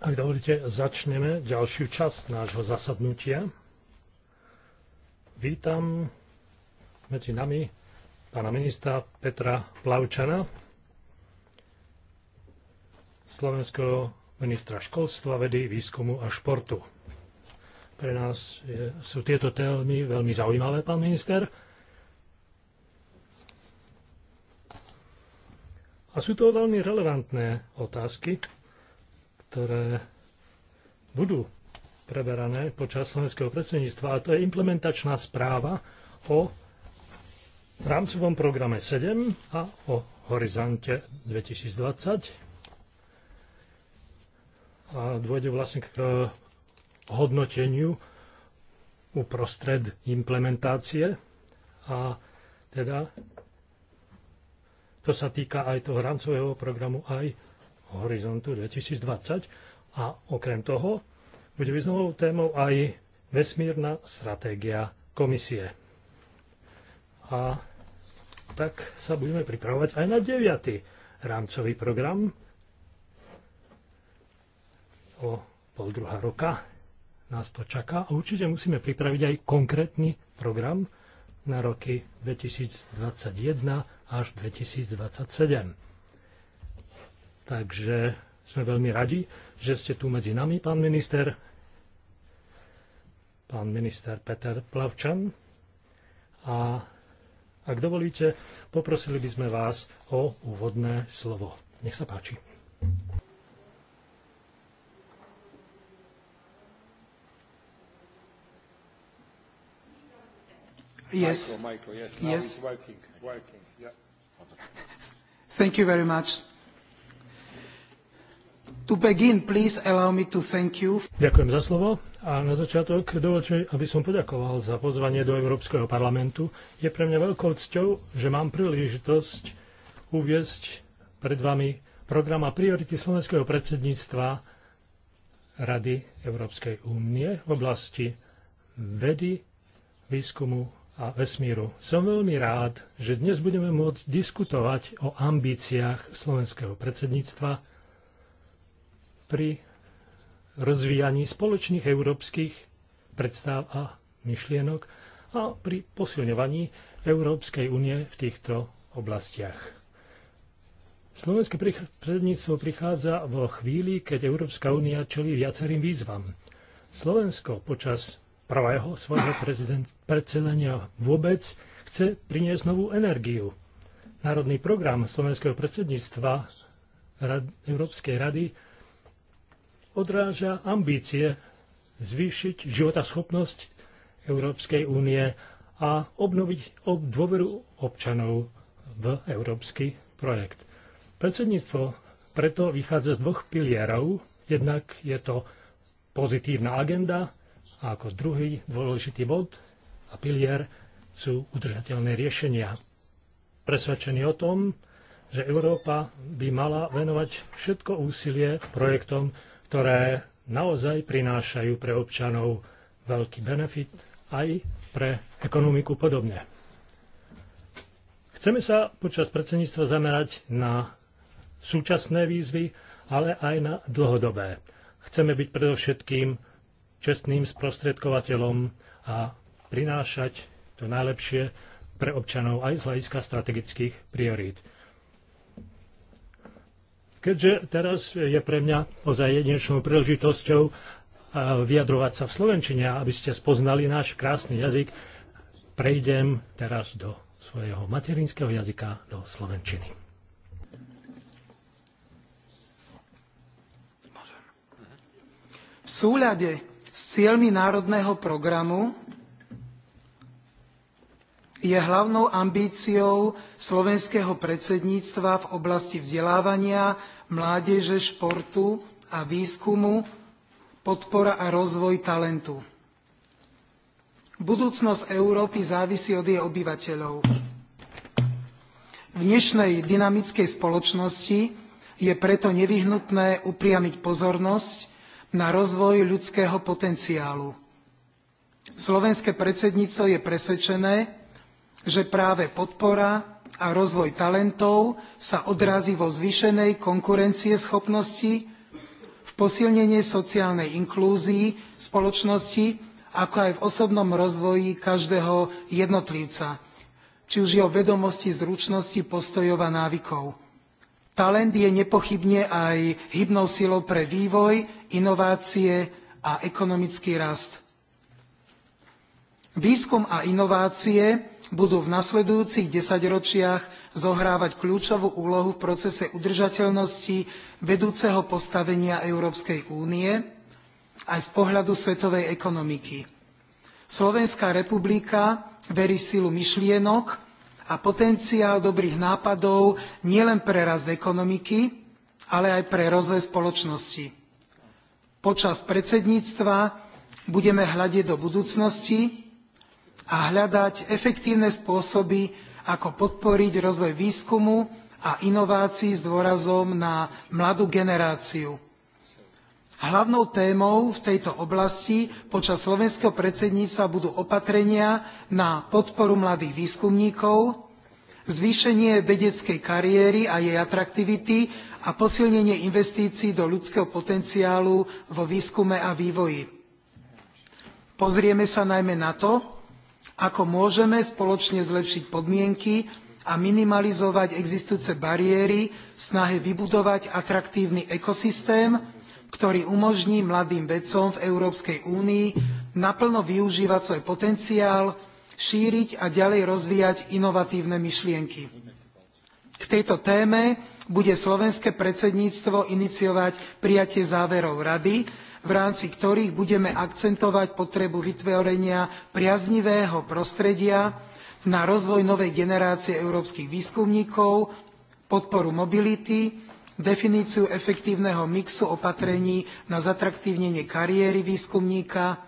Ak dovolíte, začneme ďalšiu časť nášho zasadnutia. Vítam medzi nami pána ministra Petra Plavčana, slovenského ministra školstva, vedy, výskumu a športu. Pre nás je, sú tieto témy veľmi zaujímavé, pán minister. A sú to veľmi relevantné otázky, ktoré budú preberané počas slovenského predsedníctva, a to je implementačná správa o rámcovom programe 7 a o horizonte 2020. A dôjde vlastne k eh, hodnoteniu uprostred implementácie a teda to sa týka aj toho rámcového programu, aj horizontu 2020 a okrem toho bude významnou témou aj vesmírna stratégia komisie. A tak sa budeme pripravovať aj na 9. rámcový program o pol druhá roka nás to čaká a určite musíme pripraviť aj konkrétny program na roky 2021 až 2027. Takže sme veľmi radi, že ste tu medzi nami, pán minister. Pán minister Peter Plavčan. A ak dovolíte, poprosili by sme vás o úvodné slovo. Nech sa páči. Yes. Michael, Michael, yes. Now yes. It's working. Working. Yeah. Thank you very much. Begin, Ďakujem za slovo a na začiatok dovolte, aby som poďakoval za pozvanie do Európskeho parlamentu. Je pre mňa veľkou cťou, že mám príležitosť uviezť pred vami program a priority slovenského predsedníctva Rady Európskej únie v oblasti vedy, výskumu a vesmíru. Som veľmi rád, že dnes budeme môcť diskutovať o ambíciách slovenského predsedníctva pri rozvíjaní spoločných európskych predstav a myšlienok a pri posilňovaní Európskej únie v týchto oblastiach. Slovenské predsedníctvo prichádza vo chvíli, keď Európska únia čelí viacerým výzvam. Slovensko počas pravého svojho predselenia vôbec chce priniesť novú energiu. Národný program slovenského predsedníctva Európskej rady odráža ambície zvýšiť životaschopnosť Európskej únie a obnoviť ob dôveru občanov v európsky projekt. Predsedníctvo preto vychádza z dvoch pilierov. Jednak je to pozitívna agenda a ako druhý dôležitý bod a pilier sú udržateľné riešenia. Presvedčený o tom, že Európa by mala venovať všetko úsilie projektom, ktoré naozaj prinášajú pre občanov veľký benefit aj pre ekonomiku podobne. Chceme sa počas predsedníctva zamerať na súčasné výzvy, ale aj na dlhodobé. Chceme byť predovšetkým čestným sprostredkovateľom a prinášať to najlepšie pre občanov aj z hľadiska strategických priorít. Keďže teraz je pre mňa ozaj jedinečnou príležitosťou eh, vyjadrovať sa v Slovenčine, aby ste spoznali náš krásny jazyk, prejdem teraz do svojho materinského jazyka, do Slovenčiny. V súľade s cieľmi národného programu je hlavnou ambíciou slovenského predsedníctva v oblasti vzdelávania, mládeže, športu a výskumu podpora a rozvoj talentu. Budúcnosť Európy závisí od jej obyvateľov. V dnešnej dynamickej spoločnosti je preto nevyhnutné upriamiť pozornosť na rozvoj ľudského potenciálu. Slovenské predsedníctvo je presvedčené, že práve podpora a rozvoj talentov sa odrazí vo zvýšenej konkurencieschopnosti, v posilnení sociálnej inklúzii spoločnosti, ako aj v osobnom rozvoji každého jednotlivca, či už jeho vedomosti, zručnosti, postojov a návykov. Talent je nepochybne aj hybnou silou pre vývoj, inovácie a ekonomický rast. Výskum a inovácie budú v nasledujúcich desaťročiach zohrávať kľúčovú úlohu v procese udržateľnosti vedúceho postavenia Európskej únie aj z pohľadu svetovej ekonomiky. Slovenská republika verí v silu myšlienok a potenciál dobrých nápadov nielen pre rast ekonomiky, ale aj pre rozvoj spoločnosti. Počas predsedníctva budeme hľadiť do budúcnosti a hľadať efektívne spôsoby, ako podporiť rozvoj výskumu a inovácií s dôrazom na mladú generáciu. Hlavnou témou v tejto oblasti počas slovenského predsedníctva budú opatrenia na podporu mladých výskumníkov, zvýšenie vedeckej kariéry a jej atraktivity a posilnenie investícií do ľudského potenciálu vo výskume a vývoji. Pozrieme sa najmä na to, ako môžeme spoločne zlepšiť podmienky a minimalizovať existujúce bariéry v snahe vybudovať atraktívny ekosystém, ktorý umožní mladým vedcom v Európskej únii naplno využívať svoj potenciál, šíriť a ďalej rozvíjať inovatívne myšlienky. K tejto téme bude slovenské predsedníctvo iniciovať prijatie záverov Rady, v rámci ktorých budeme akcentovať potrebu vytvorenia priaznivého prostredia na rozvoj novej generácie európskych výskumníkov, podporu mobility, definíciu efektívneho mixu opatrení na zatraktívnenie kariéry výskumníka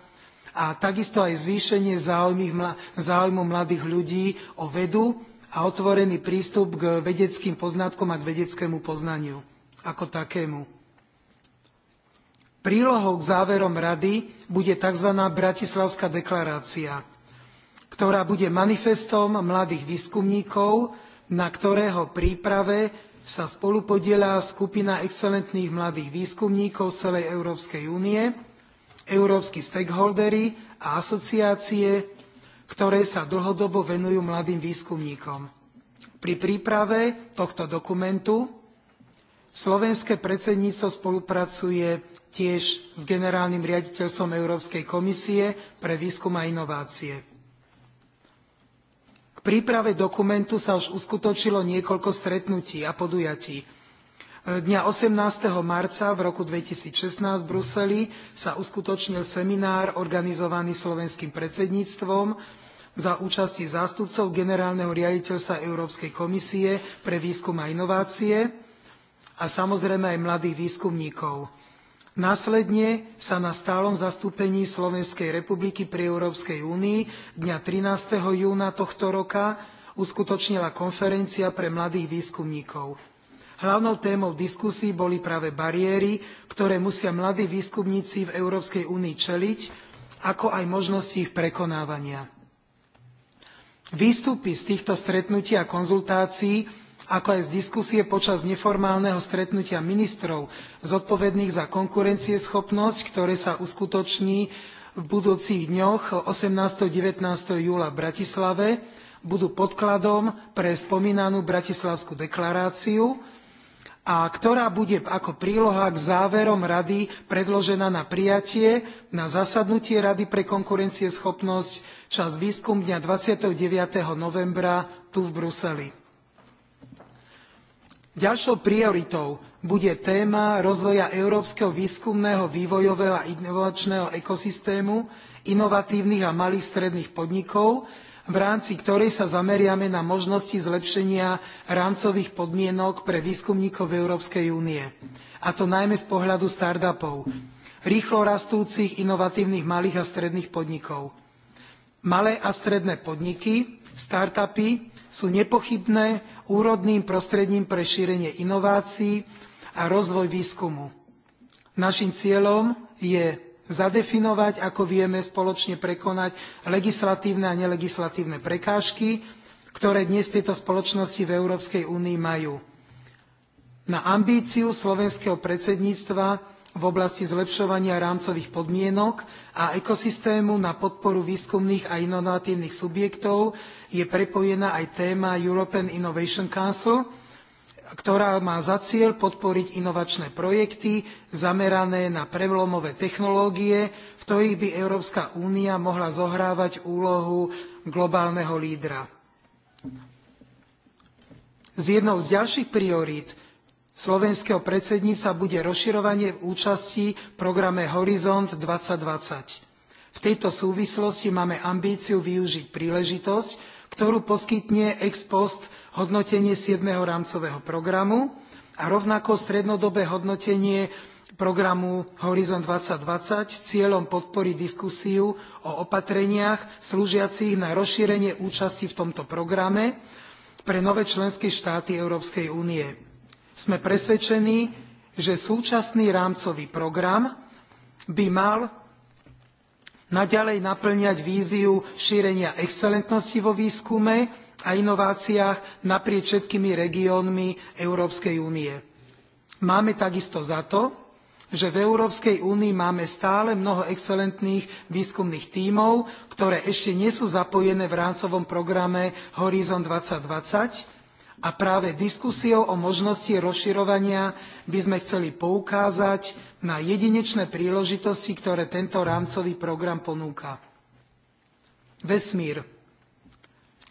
a takisto aj zvýšenie záujmu mladých ľudí o vedu a otvorený prístup k vedeckým poznatkom a k vedeckému poznaniu ako takému Prílohou k záverom Rady bude tzv. Bratislavská deklarácia, ktorá bude manifestom mladých výskumníkov, na ktorého príprave sa spolupodieľa skupina excelentných mladých výskumníkov z celej Európskej únie, európski stakeholdery a asociácie, ktoré sa dlhodobo venujú mladým výskumníkom. Pri príprave tohto dokumentu Slovenské predsedníctvo spolupracuje tiež s generálnym riaditeľstvom Európskej komisie pre výskum a inovácie. K príprave dokumentu sa už uskutočilo niekoľko stretnutí a podujatí. Dňa 18. marca v roku 2016 v Bruseli sa uskutočnil seminár organizovaný slovenským predsedníctvom za účasti zástupcov generálneho riaditeľstva Európskej komisie pre výskum a inovácie a samozrejme aj mladých výskumníkov. Následne sa na stálom zastúpení Slovenskej republiky pri Európskej únii dňa 13. júna tohto roka uskutočnila konferencia pre mladých výskumníkov. Hlavnou témou diskusí boli práve bariéry, ktoré musia mladí výskumníci v Európskej únii čeliť, ako aj možnosti ich prekonávania. Výstupy z týchto stretnutí a konzultácií ako aj z diskusie počas neformálneho stretnutia ministrov zodpovedných za konkurencieschopnosť, ktoré sa uskutoční v budúcich dňoch eighteen 19. júla v Bratislave, budú podkladom pre spomínanú Bratislavskú deklaráciu a ktorá bude ako príloha k záverom rady predložená na prijatie na zasadnutie Rady pre konkurencieschopnosť čas výskum dňa nine novembra tu v Bruseli. Ďalšou prioritou bude téma rozvoja európskeho výskumného, vývojového a inovačného ekosystému inovatívnych a malých stredných podnikov, v rámci ktorej sa zameriame na možnosti zlepšenia rámcových podmienok pre výskumníkov Európskej únie. A to najmä z pohľadu startupov, rýchlo rastúcich inovatívnych malých a stredných podnikov. Malé a stredné podniky Startupy sú nepochybné úrodným prostredím pre šírenie inovácií a rozvoj výskumu. Naším cieľom je zadefinovať, ako vieme spoločne prekonať legislatívne a nelegislatívne prekážky, ktoré dnes tieto spoločnosti v Európskej únii majú. Na ambíciu slovenského predsedníctva v oblasti zlepšovania rámcových podmienok a ekosystému na podporu výskumných a inovatívnych subjektov je prepojená aj téma European Innovation Council, ktorá má za cieľ podporiť inovačné projekty zamerané na prelomové technológie, v ktorých by Európska únia mohla zohrávať úlohu globálneho lídra. Z jednou z ďalších priorít slovenského predsedníctva bude rozširovanie účasti v programe Horizont 2020. V tejto súvislosti máme ambíciu využiť príležitosť, ktorú poskytne ex post hodnotenie 7. rámcového programu a rovnako strednodobé hodnotenie programu Horizon 2020 s cieľom podporiť diskusiu o opatreniach slúžiacich na rozšírenie účasti v tomto programe pre nové členské štáty Európskej únie sme presvedčení, že súčasný rámcový program by mal naďalej napĺňať víziu šírenia excelentnosti vo výskume a inováciách naprieč všetkými regiónmi Európskej únie. Máme takisto za to, že v Európskej únii máme stále mnoho excelentných výskumných tímov, ktoré ešte nie sú zapojené v rámcovom programe Horizon 2020 a práve diskusiou o možnosti rozširovania by sme chceli poukázať na jedinečné príležitosti, ktoré tento rámcový program ponúka. Vesmír.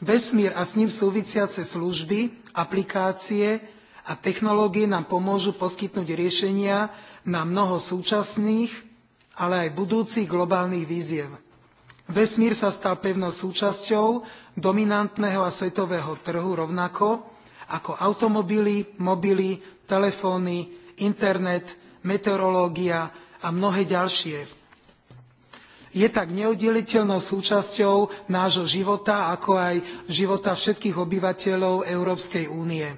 Vesmír a s ním súvisiace služby, aplikácie a technológie nám pomôžu poskytnúť riešenia na mnoho súčasných, ale aj budúcich globálnych víziev. Vesmír sa stal pevnou súčasťou dominantného a svetového trhu rovnako, ako automobily, mobily, telefóny, internet, meteorológia a mnohé ďalšie je tak neoddeliteľnou súčasťou nášho života, ako aj života všetkých obyvateľov Európskej únie.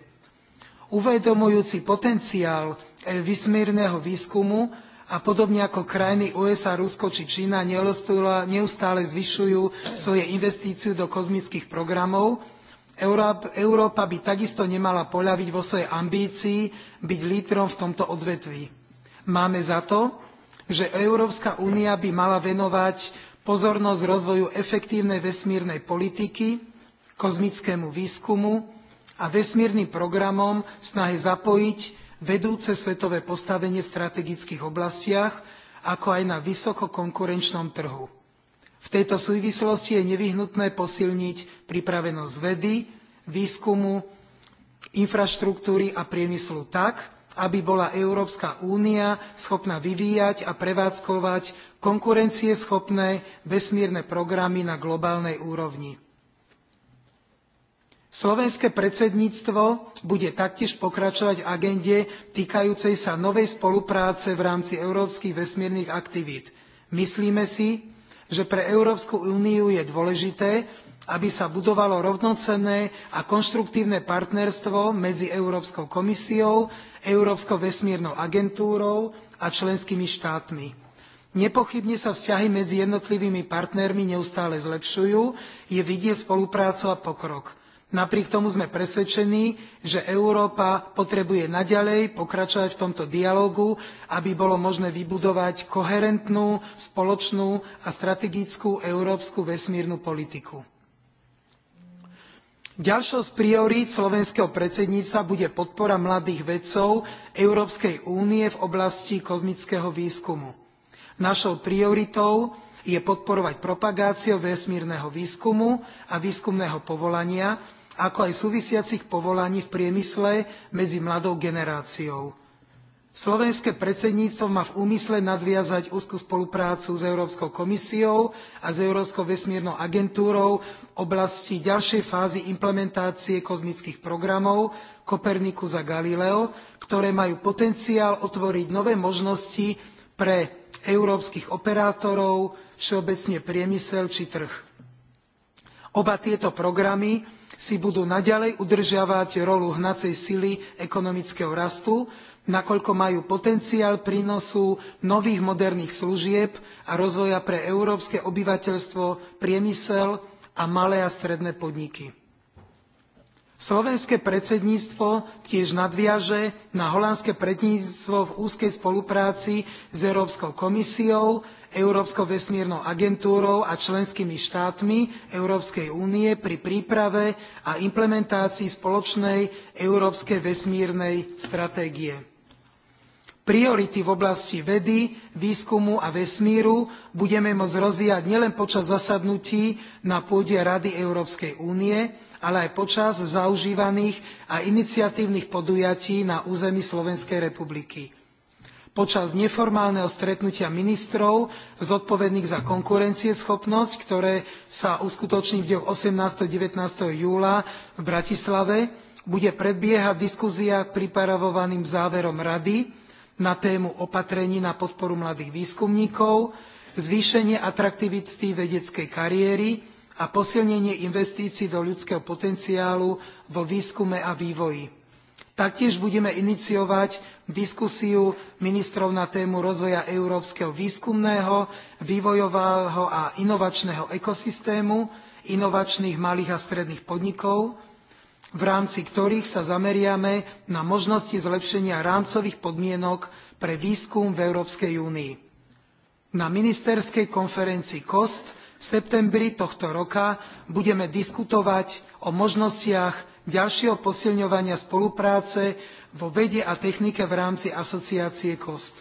Uvedomujúci potenciál e, vesmírneho výskumu a podobne ako krajiny USA, Rusko či Čína neustále zvyšujú svoje investície do kozmických programov, Európa by takisto nemala poľaviť vo svojej ambícii byť lídrom v tomto odvetví. Máme za to, že Európska únia by mala venovať pozornosť rozvoju efektívnej vesmírnej politiky, kozmickému výskumu a vesmírnym programom snahy zapojiť vedúce svetové postavenie v strategických oblastiach, ako aj na vysoko konkurenčnom trhu v tejto súvislosti je nevyhnutné posilniť pripravenosť vedy, výskumu, infraštruktúry a priemyslu tak, aby bola Európska únia schopná vyvíjať a prevádzkovať konkurencieschopné vesmírne programy na globálnej úrovni. Slovenské predsedníctvo bude taktiež pokračovať v agende týkajúcej sa novej spolupráce v rámci európskych vesmírnych aktivít. Myslíme si, že pre Európsku úniu je dôležité, aby sa budovalo rovnocenné a konštruktívne partnerstvo medzi Európskou komisiou, Európskou vesmírnou agentúrou a členskými štátmi. Nepochybne sa vzťahy medzi jednotlivými partnermi neustále zlepšujú, je vidieť spolupráca a pokrok Napriek tomu sme presvedčení, že Európa potrebuje naďalej pokračovať v tomto dialógu, aby bolo možné vybudovať koherentnú, spoločnú a strategickú európsku vesmírnu politiku. Ďalšou z priorít slovenského predsedníctva bude podpora mladých vedcov Európskej únie v oblasti kozmického výskumu. Našou prioritou je podporovať propagáciu vesmírneho výskumu a výskumného povolania, ako aj súvisiacich povolaní v priemysle medzi mladou generáciou. Slovenské predsedníctvo má v úmysle nadviazať úzku spoluprácu s Európskou komisiou a s Európskou vesmírnou agentúrou v oblasti ďalšej fázy implementácie kozmických programov Copernicus a Galileo, ktoré majú potenciál otvoriť nové možnosti pre európskych operátorov, všeobecne priemysel či trh. Oba tieto programy si budú naďalej udržiavať rolu hnacej sily ekonomického rastu, nakoľko majú potenciál prínosu nových moderných služieb a rozvoja pre európske obyvateľstvo, priemysel a malé a stredné podniky. Slovenské predsedníctvo tiež nadviaže na holandské predsedníctvo v úzkej spolupráci s Európskou komisiou Európskou vesmírnou agentúrou a členskými štátmi Európskej únie pri príprave a implementácii spoločnej európskej vesmírnej stratégie. Priority v oblasti vedy, výskumu a vesmíru budeme môcť rozvíjať nielen počas zasadnutí na pôde Rady Európskej únie, ale aj počas zaužívaných a iniciatívnych podujatí na území Slovenskej republiky počas neformálneho stretnutia ministrov zodpovedných za konkurencieschopnosť, ktoré sa uskutoční v dňoch 18. a 19. júla v Bratislave, bude predbiehať diskusia k pripravovaným záverom Rady na tému opatrení na podporu mladých výskumníkov, zvýšenie atraktivity vedeckej kariéry a posilnenie investícií do ľudského potenciálu vo výskume a vývoji Taktiež budeme iniciovať diskusiu ministrov na tému rozvoja európskeho výskumného, vývojového a inovačného ekosystému, inovačných malých a stredných podnikov, v rámci ktorých sa zameriame na možnosti zlepšenia rámcových podmienok pre výskum v Európskej únii. Na ministerskej konferencii COST v septembri tohto roka budeme diskutovať o možnostiach ďalšieho posilňovania spolupráce vo vede a technike v rámci asociácie COST.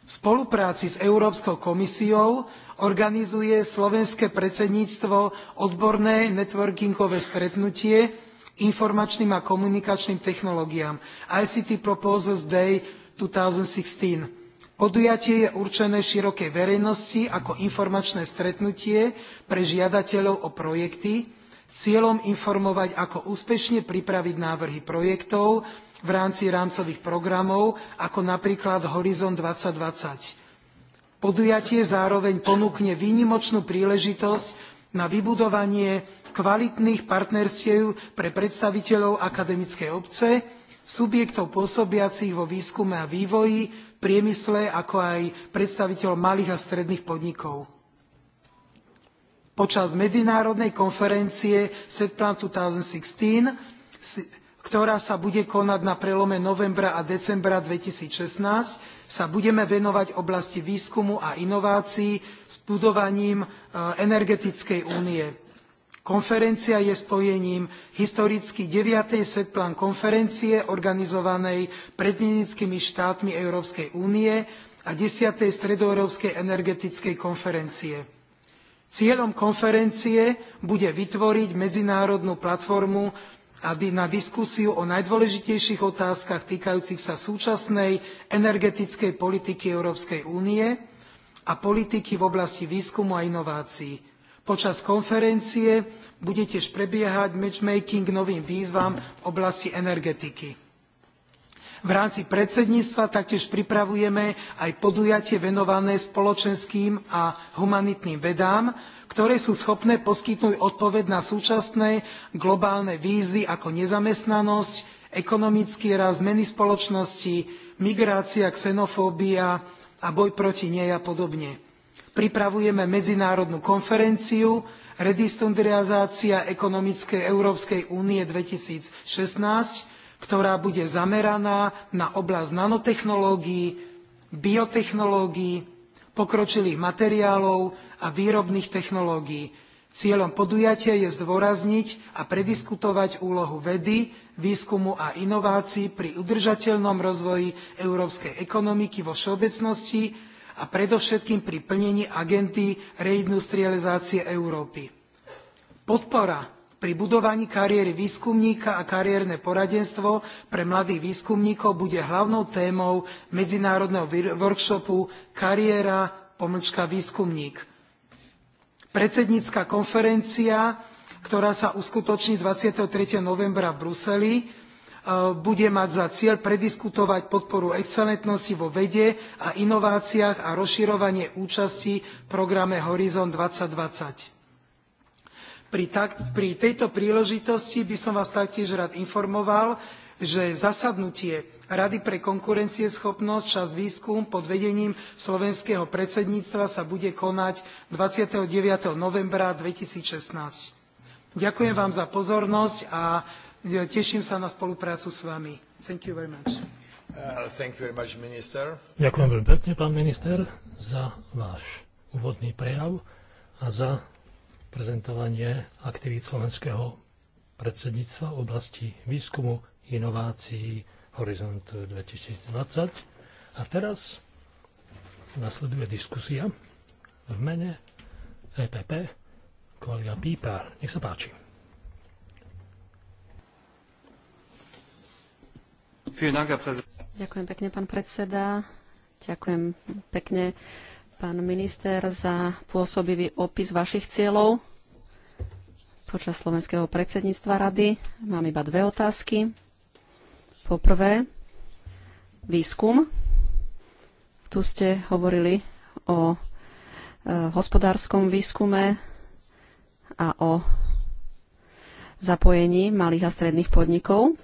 V spolupráci s Európskou komisiou organizuje slovenské predsedníctvo odborné networkingové stretnutie informačným a komunikačným technológiám ICT Proposals Day 2016 Podujatie je určené širokej verejnosti ako informačné stretnutie pre žiadateľov o projekty s cieľom informovať, ako úspešne pripraviť návrhy projektov v rámci rámcových programov, ako napríklad and 2020. Podujatie zároveň ponúkne výnimočnú príležitosť na vybudovanie kvalitných partnerstiev pre predstaviteľov akademickej obce, subjektov pôsobiacich vo výskume a vývoji, priemysle, ako aj predstaviteľov malých a stredných podnikov. Počas medzinárodnej konferencie Plan 2016, ktorá sa bude konať na prelome novembra a decembra 2016, sa budeme venovať oblasti výskumu a inovácií s budovaním e, energetickej únie Konferencia je spojením historicky deviatej setplan konferencie organizovanej predsedníckymi štátmi Európskej únie a desiatej stredoeurópskej energetickej konferencie. Cieľom konferencie bude vytvoriť medzinárodnú platformu na diskusiu o najdôležitejších otázkach týkajúcich sa súčasnej energetickej politiky Európskej únie a politiky v oblasti výskumu a inovácií Počas konferencie bude tiež prebiehať matchmaking novým výzvam v oblasti energetiky. V rámci predsedníctva taktiež pripravujeme aj podujatie venované spoločenským a humanitným vedám, ktoré sú schopné poskytnúť odpoveď na súčasné globálne výzvy ako nezamestnanosť, ekonomický rast, zmeny spoločnosti, migrácia, xenofóbia a boj proti nej a podobne pripravujeme medzinárodnú konferenciu redistundializácia ekonomickej Európskej únie 2016, ktorá bude zameraná na oblasť nanotechnológií, biotechnológií, pokročilých materiálov a výrobných technológií. Cieľom podujatia je zdôrazniť a prediskutovať úlohu vedy, výskumu a inovácií pri udržateľnom rozvoji európskej ekonomiky vo všeobecnosti a predovšetkým pri plnení agendy reindustrializácie Európy. Podpora pri budovaní kariéry výskumníka a kariérne poradenstvo pre mladých výskumníkov bude hlavnou témou medzinárodného workshopu Kariéra pomlčka výskumník. Predsednícka konferencia, ktorá sa uskutoční 23. novembra v Bruseli, bude mať za cieľ prediskutovať podporu excelentnosti vo vede a inováciách a rozširovanie účasti v programe Horizont 2020. Pri, twenty pri tejto príležitosti by som vás taktiež rád informoval, že zasadnutie Rady pre konkurencieschopnosť čas výskum pod vedením slovenského predsedníctva sa bude konať 29. novembra sixteen Ďakujem vám za pozornosť a Teším sa na spoluprácu s vami. Thank you very much. Uh, thank you very much, minister. Ďakujem veľmi pekne, pán minister, za váš úvodný prejav a za prezentovanie aktivít slovenského predsedníctva v oblasti výskumu, inovácií Horizont 2020. A teraz nasleduje diskusia v mene EPP kolega Pípa. Nech sa páči. Ďakujem pekne, pán predseda. Ďakujem pekne, pán minister, za pôsobivý opis vašich cieľov počas slovenského predsedníctva rady. Mám iba dve otázky. Poprvé, výskum. Tu ste hovorili o e, hospodárskom výskume a o zapojení malých a stredných podnikov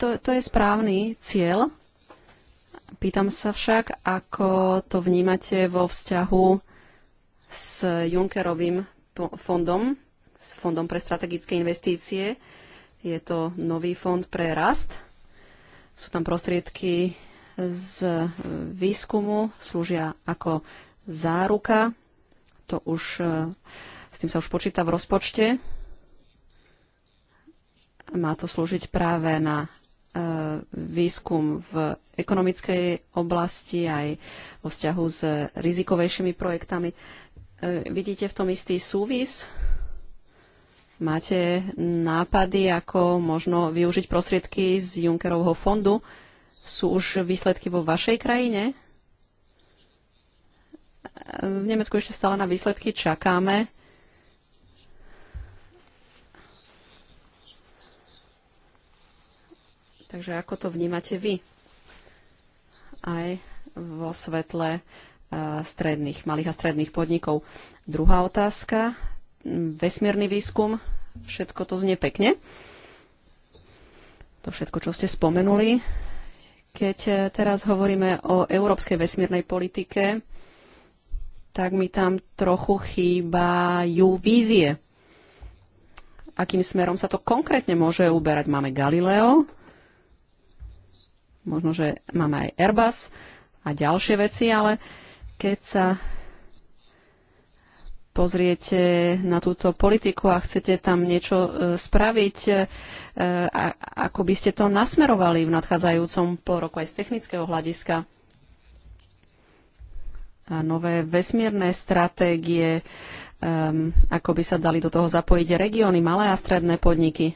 to, to je správny cieľ. Pýtam sa však, ako to vnímate vo vzťahu s Junckerovým fondom, s Fondom pre strategické investície. Je to nový fond pre rast. Sú tam prostriedky z e, výskumu, slúžia ako záruka. To už, e, s tým sa už počíta v rozpočte. Má to slúžiť práve na E, výskum v ekonomickej oblasti aj vo vzťahu s rizikovejšími projektami. E, vidíte v tom istý súvis? Máte nápady, ako možno využiť prostriedky z Junckerovho fondu? Sú už výsledky vo vašej krajine? E, v Nemecku ešte stále na výsledky čakáme. Takže ako to vnímate vy? Aj vo svetle eh, stredných, malých a stredných podnikov. Druhá otázka, vesmírny výskum, všetko to znie pekne. To všetko, čo ste spomenuli. Keď eh, teraz hovoríme o európskej vesmírnej politike, tak mi tam trochu chýbajú vízie. Akým smerom sa to konkrétne môže uberať? Máme Galileo, Možno, že máme aj Airbus a ďalšie veci, ale keď sa pozriete na túto politiku a chcete tam niečo e, spraviť, e, ako by ste to nasmerovali v nadchádzajúcom pol roku aj z technického hľadiska? A nové vesmírne stratégie, ehm, ako by sa dali do toho zapojiť regióny, malé a stredné podniky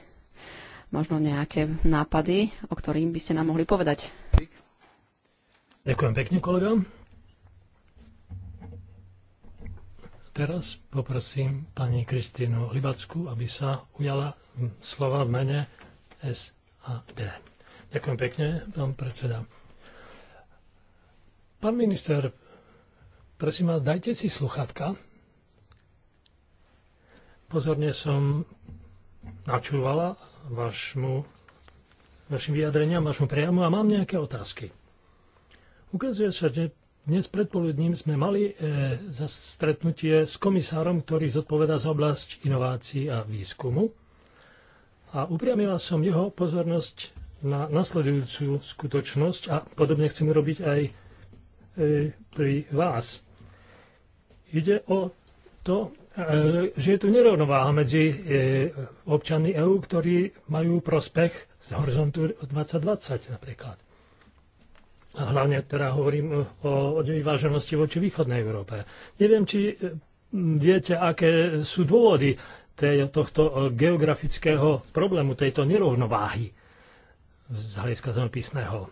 možno nejaké nápady, o ktorým by ste nám mohli povedať. Ďakujem pekne, kolega. Teraz poprosím pani Kristínu Libacku, aby sa ujala slova v mene SAD. Ďakujem pekne, pán predseda. Pán minister, prosím vás, dajte si sluchatka. Pozorne som načúvala vašmu, vašim vyjadreniam, vašmu priamu a mám nejaké otázky. Ukazuje sa, že dnes predpoludním sme mali e, za stretnutie s komisárom, ktorý zodpoveda za oblasť inovácií a výskumu. A upriamila som jeho pozornosť na nasledujúcu skutočnosť a podobne chcem robiť aj e, pri vás. Ide o to, E, že je tu nerovnováha medzi e, občanmi EÚ, ktorí majú prospech z horizontu 2020 napríklad. A hlavne teda hovorím o vyváženosti voči východnej Európe. Neviem, či e, viete, aké sú dôvody tohto geografického problému, tejto nerovnováhy z hľadiska zemepisného.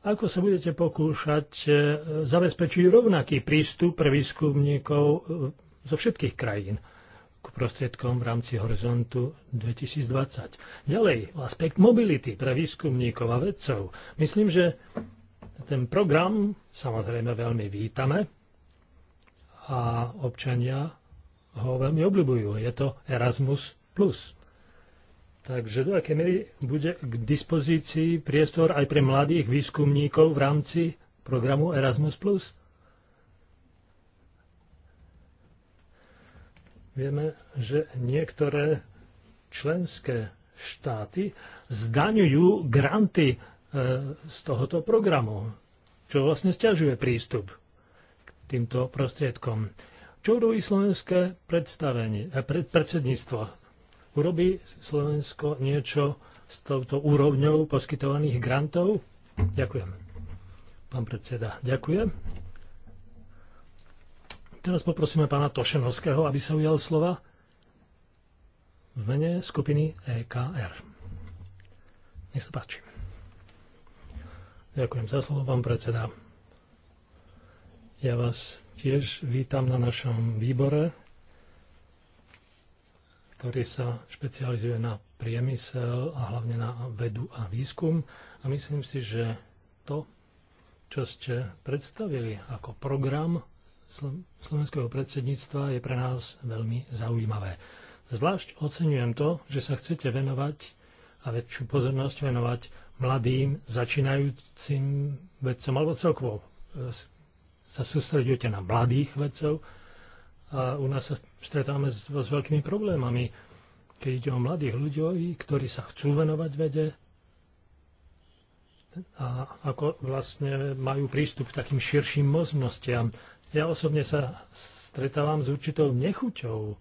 Ako sa budete pokúšať e, zabezpečiť rovnaký prístup pre výskumníkov e, zo všetkých krajín k prostriedkom v rámci horizontu 2020? Ďalej, aspekt mobility pre výskumníkov a vedcov. Myslím, že ten program samozrejme veľmi vítame a občania ho veľmi obľúbujú. Je to Erasmus+. Takže do akej miery bude k dispozícii priestor aj pre mladých výskumníkov v rámci programu Erasmus+. Vieme, že niektoré členské štáty zdaňujú granty e, z tohoto programu, čo vlastne stiažuje prístup k týmto prostriedkom. Čo urobí slovenské predstavenie, e, predsedníctvo Urobí Slovensko niečo s touto úrovňou poskytovaných grantov? Ďakujem. Pán predseda, ďakujem. Teraz poprosíme pána Tošenovského, aby sa ujal slova v mene skupiny EKR. Nech sa páči. Ďakujem za slovo, pán predseda. Ja vás tiež vítam na našom výbore ktorý sa špecializuje na priemysel a hlavne na vedu a výskum. A myslím si, že to, čo ste predstavili ako program slovenského predsedníctva, je pre nás veľmi zaujímavé. Zvlášť oceňujem to, že sa chcete venovať a väčšiu pozornosť venovať mladým, začínajúcim vedcom alebo celkovo e, sa sústredujete na mladých vedcov a u nás sa stretáme s, s veľkými problémami, keď ide o mladých ľudí, ktorí sa chcú venovať vede a ako vlastne majú prístup k takým širším možnostiam. Ja osobne sa stretávam s určitou nechuťou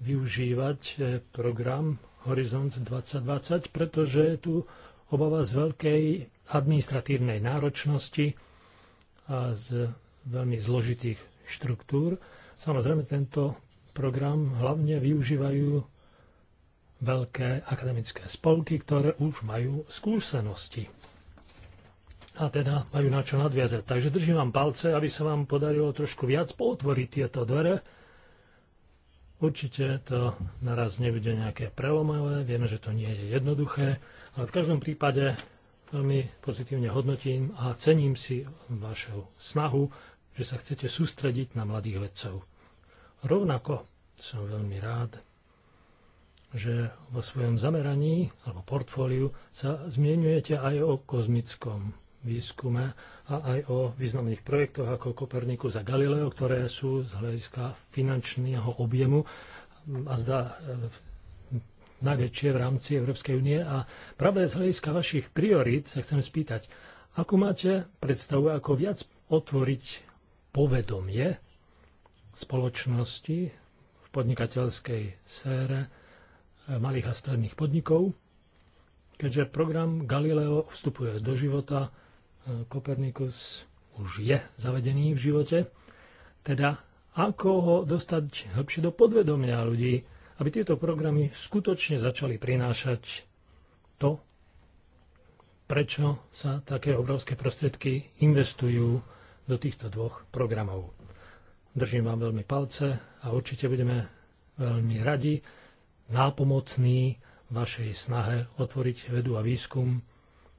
využívať e, program Horizont 2020, pretože je tu obava z veľkej administratívnej náročnosti a z veľmi zložitých štruktúr Samozrejme, tento program hlavne využívajú veľké akademické spolky, ktoré už majú skúsenosti. A teda majú na čo nadviazať. Takže držím vám palce, aby sa vám podarilo trošku viac pootvoriť tieto dvere. Určite to naraz nebude nejaké prelomové, vieme, že to nie je jednoduché, ale v každom prípade veľmi pozitívne hodnotím a cením si vašu snahu že sa chcete sústrediť na mladých vedcov. Rovnako som veľmi rád, že vo svojom zameraní alebo portfóliu sa zmienujete aj o kozmickom výskume a aj o významných projektoch ako Koperniku a Galileo, ktoré sú z hľadiska finančného objemu a zdá e, najväčšie v rámci Európskej únie. A práve z hľadiska vašich priorít sa chcem spýtať, akú máte predstavu, ako viac otvoriť povedomie spoločnosti v podnikateľskej sfére eh, malých a stredných podnikov, keďže program Galileo vstupuje do života, eh, Kopernikus už je zavedený v živote, teda ako ho dostať hlbšie do podvedomia ľudí, aby tieto programy skutočne začali prinášať to, prečo sa také obrovské prostriedky investujú do týchto dvoch programov. Držím vám veľmi palce a určite budeme veľmi radi, nápomocní vašej snahe otvoriť vedu a výskum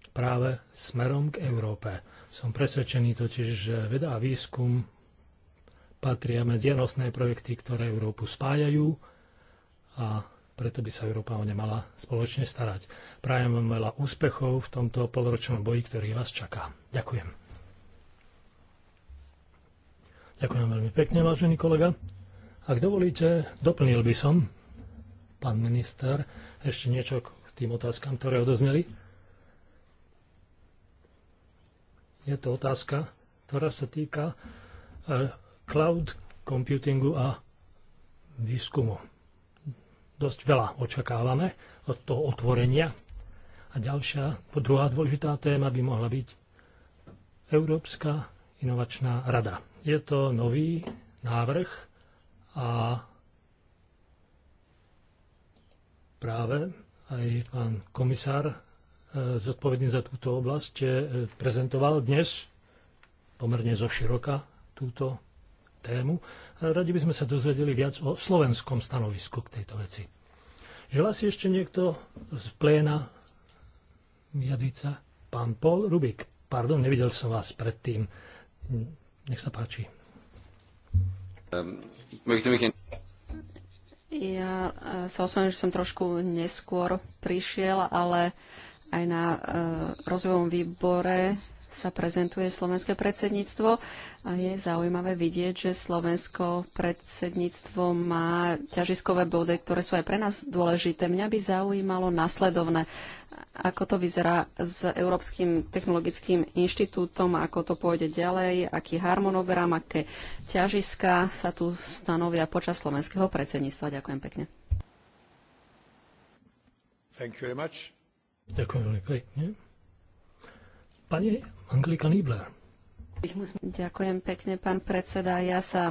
práve smerom k Európe. Som presvedčený totiž, že veda a výskum patria medzi nosné projekty, ktoré Európu spájajú a preto by sa Európa o ne mala spoločne starať. Prajem vám veľa úspechov v tomto polročnom boji, ktorý vás čaká. Ďakujem. Ďakujem veľmi pekne, vážený kolega. Ak dovolíte, doplnil by som, pán minister, ešte niečo k tým otázkam, ktoré odozneli. Je to otázka, ktorá sa týka e, cloud computingu a výskumu. Dosť veľa očakávame od toho otvorenia. A ďalšia, druhá dôležitá téma by mohla byť európska inovačná rada. Je to nový návrh a práve aj pán komisár e, zodpovedný za túto oblasť e, prezentoval dnes pomerne zo široka túto tému. E, radi by sme sa dozvedeli viac o slovenskom stanovisku k tejto veci. Želá si ešte niekto z pléna vyjadriť sa? Pán Paul Rubik. Pardon, nevidel som vás predtým. Nech sa páči. Ehm, ja eh, sa osvojím, že som trošku neskôr prišiel, ale aj na eh, rozvojovom výbore sa prezentuje slovenské predsedníctvo a je zaujímavé vidieť, že Slovensko predsedníctvo má ťažiskové body, ktoré sú aj pre nás dôležité. Mňa by zaujímalo nasledovné, ako to vyzerá s Európskym technologickým inštitútom, ako to pôjde ďalej, aký harmonogram, aké ťažiska sa tu stanovia počas slovenského predsedníctva. Ďakujem pekne. Thank you very much. Ďakujem veľmi pekne. Pani Anglika Niebler. Ďakujem pekne, pán predseda. Ja sa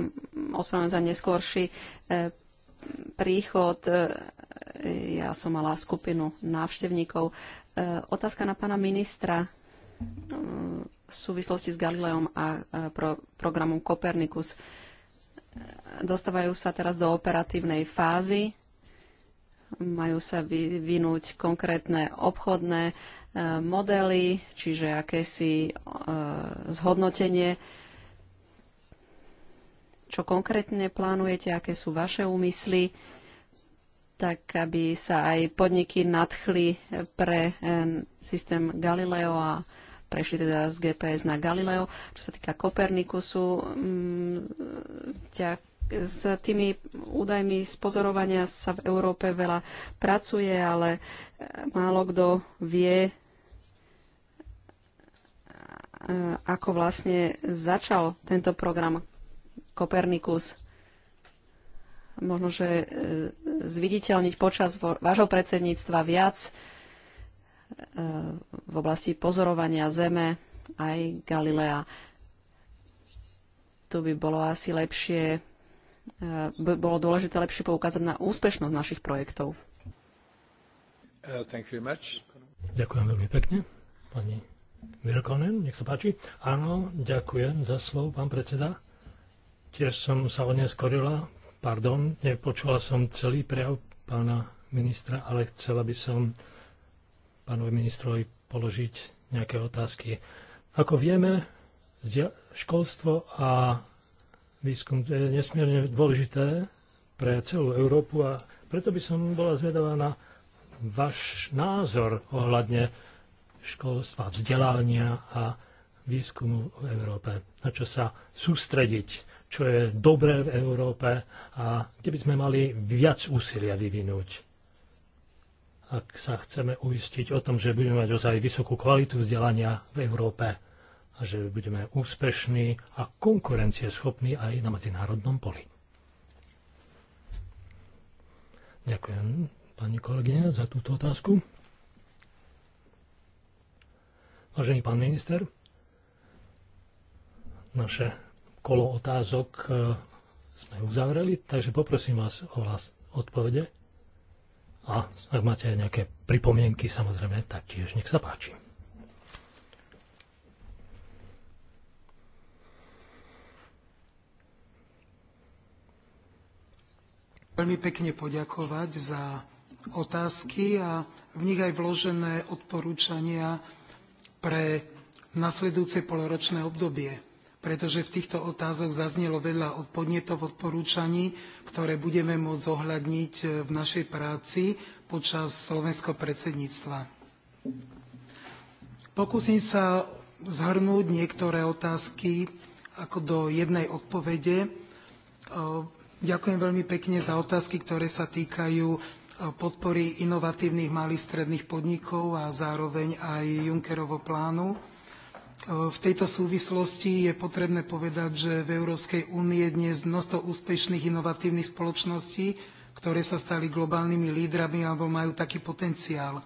ospravedlňujem za neskôrší e, príchod. E, ja som mala skupinu návštevníkov. E, otázka na pána ministra v súvislosti s Galileom a pro programom Copernicus. Dostávajú sa teraz do operatívnej fázy majú sa vyvinúť konkrétne obchodné E, modely, čiže akési e, zhodnotenie, čo konkrétne plánujete, aké sú vaše úmysly, tak aby sa aj podniky nadchli pre e, systém Galileo a prešli teda z GPS na Galileo. Čo sa týka Kopernikusu, mm, ťah s tými údajmi z pozorovania sa v Európe veľa pracuje, ale e, málo kto vie, e, ako vlastne začal tento program Kopernikus. Možno, že e, zviditeľniť počas vášho predsedníctva viac v oblasti pozorovania Zeme aj Galilea. Tu by bolo asi lepšie Eh, by bolo dôležité lepšie poukázať na úspešnosť našich projektov. Eh, ďakujem veľmi pekne. Pani Virkonen, nech sa páči. Áno, ďakujem za slovo, pán predseda. Tiež som sa neskorila. Pardon, nepočula som celý prejav pána ministra, ale chcela by som pánovi ministrovi položiť nejaké otázky. Ako vieme, školstvo a Výskum to je nesmierne dôležité pre celú Európu a preto by som bola zvedavá na váš názor ohľadne školstva, vzdelávania a výskumu v Európe. Na čo sa sústrediť, čo je dobré v Európe a kde by sme mali viac úsilia vyvinúť. Ak sa chceme uistiť o tom, že budeme mať ozaj vysokú kvalitu vzdelania v Európe a že budeme úspešní a konkurencieschopní aj na medzinárodnom poli. Ďakujem pani kolegyňa za túto otázku. Vážený pán minister, naše kolo otázok e, sme uzavreli, takže poprosím vás o vás odpovede. A ak máte nejaké pripomienky, samozrejme, tak tiež nech sa páči. veľmi pekne poďakovať za otázky a v nich aj vložené odporúčania pre nasledujúce poloročné obdobie pretože v týchto otázoch zaznelo veľa podnetov odporúčaní, ktoré budeme môcť zohľadniť e, v našej práci počas slovenského predsedníctva. Pokúsim sa zhrnúť niektoré otázky ako do jednej odpovede. E, Ďakujem veľmi pekne za otázky, ktoré sa týkajú e, podpory inovatívnych malých stredných podnikov a zároveň aj Junckerovho plánu. E, v tejto súvislosti je potrebné povedať, že v Európskej únii je dnes množstvo úspešných inovatívnych spoločností, ktoré sa stali globálnymi lídrami alebo majú taký potenciál.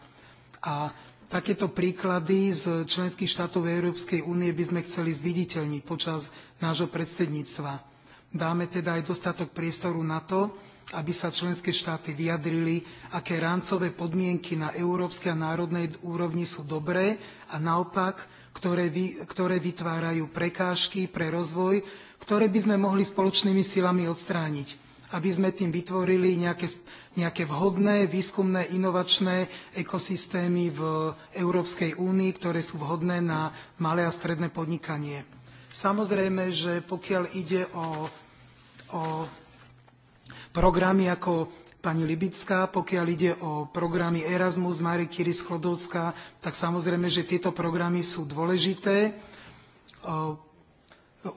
A takéto príklady z členských štátov Európskej únie by sme chceli zviditeľniť počas nášho predsedníctva Dáme teda aj dostatok priestoru na to, aby sa členské štáty vyjadrili, aké rámcové podmienky na európskej a národnej úrovni sú dobré a naopak, ktoré, vy, ktoré vytvárajú prekážky pre rozvoj, ktoré by sme mohli spoločnými silami odstrániť aby sme tým vytvorili nejaké, nejaké vhodné výskumné inovačné ekosystémy v Európskej únii, ktoré sú vhodné na malé a stredné podnikanie. Samozrejme, že pokiaľ ide o o programy ako pani Libická, pokiaľ ide o programy Erasmus, Marie Curie Sklodovská, tak samozrejme, že tieto programy sú dôležité.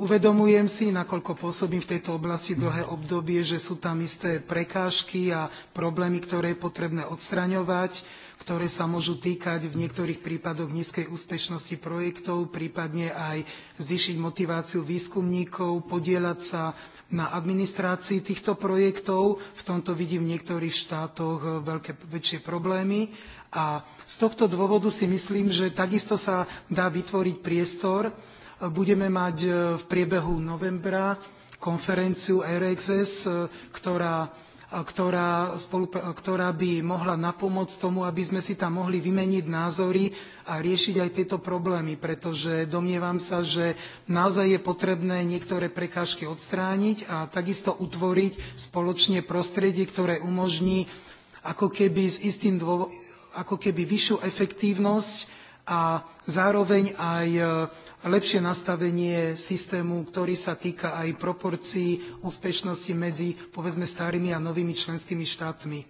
Uvedomujem si, nakoľko pôsobím v tejto oblasti dlhé obdobie, že sú tam isté prekážky a problémy, ktoré je potrebné odstraňovať ktoré sa môžu týkať v niektorých prípadoch nízkej úspešnosti projektov, prípadne aj zvýšiť motiváciu výskumníkov, podieľať sa na administrácii týchto projektov. V tomto vidím v niektorých štátoch eh, veľké, väčšie problémy. A z tohto dôvodu si myslím, že takisto sa dá vytvoriť priestor. Eh, budeme mať eh, v priebehu novembra konferenciu RXS, ktorá ktorá, ktorá by mohla napomôcť tomu, aby sme si tam mohli vymeniť názory a riešiť aj tieto problémy, pretože domnievam sa, že naozaj je potrebné niektoré prekážky odstrániť a takisto utvoriť spoločne prostredie, ktoré umožní ako keby, s istým dôvo- ako keby vyššiu efektívnosť a zároveň aj lepšie nastavenie systému, ktorý sa týka aj proporcií úspešnosti medzi, povedzme, starými a novými členskými štátmi.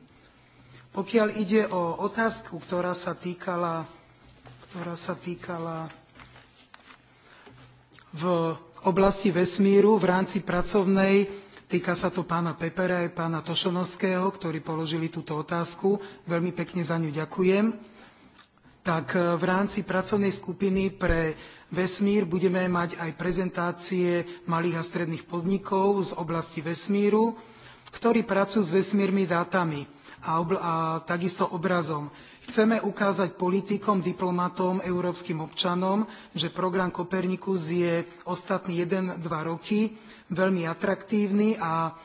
Pokiaľ ide o otázku, ktorá sa týkala, ktorá sa týkala v oblasti vesmíru v rámci pracovnej Týka sa to pána Pepera aj pána Tošonovského, ktorí položili túto otázku. Veľmi pekne za ňu ďakujem. Tak v rámci pracovnej skupiny pre vesmír budeme mať aj prezentácie malých a stredných podnikov z oblasti vesmíru, ktorí pracujú s vesmírnymi dátami a, a takisto obrazom. Chceme ukázať politikom, diplomatom, európskym občanom, že program Kopernikus je ostatný 1-2 roky veľmi atraktívny a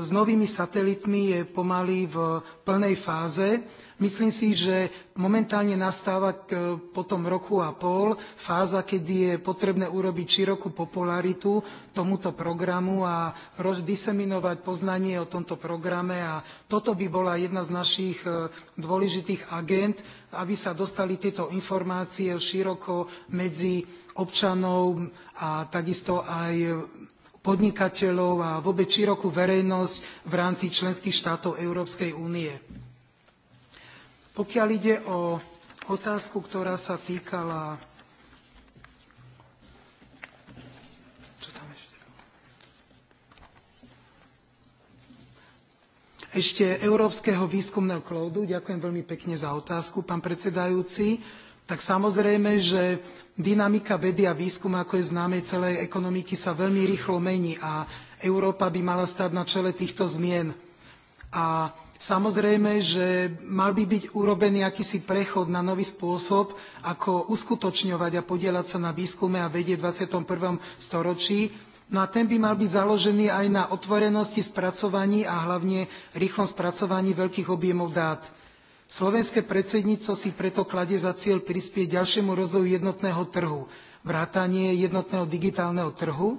s novými satelitmi je pomaly v plnej fáze. Myslím si, že momentálne nastáva po tom roku a pol fáza, kedy je potrebné urobiť širokú popularitu tomuto programu a diseminovať poznanie o tomto programe. A toto by bola jedna z našich e, dôležitých agent, aby sa dostali tieto informácie široko medzi občanov a takisto aj podnikateľov a vôbec širokú verejnosť v rámci členských štátov Európskej únie. Pokiaľ ide o otázku, ktorá sa týkala ešte Európskeho výskumného cloudu. Ďakujem veľmi pekne za otázku, pán predsedajúci tak samozrejme, že dynamika vedy a výskumu, ako je známe celej ekonomiky, sa veľmi rýchlo mení a Európa by mala stať na čele týchto zmien. A samozrejme, že mal by byť urobený akýsi prechod na nový spôsob, ako uskutočňovať a podieľať sa na výskume a vede v 21. storočí. No a ten by mal byť založený aj na otvorenosti, spracovaní a hlavne rýchlom spracovaní veľkých objemov dát. Slovenské predsedníctvo si preto kladie za cieľ prispieť ďalšiemu rozvoju jednotného trhu, vrátanie jednotného digitálneho trhu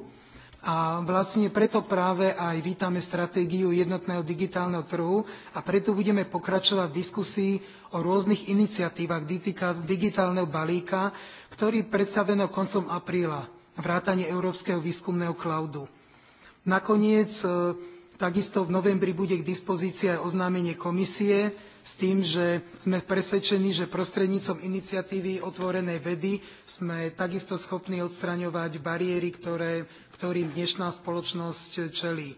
a vlastne preto práve aj vítame stratégiu jednotného digitálneho trhu a preto budeme pokračovať v diskusii o rôznych iniciatívach digitálneho balíka, ktorý predstaveno koncom apríla, vrátanie Európskeho výskumného klaudu. Nakoniec e, takisto v novembri bude k dispozícii aj oznámenie komisie, s tým, že sme presvedčení, že prostredníctvom iniciatívy otvorenej vedy sme takisto schopní odstraňovať bariéry, ktoré, ktorým dnešná spoločnosť čelí.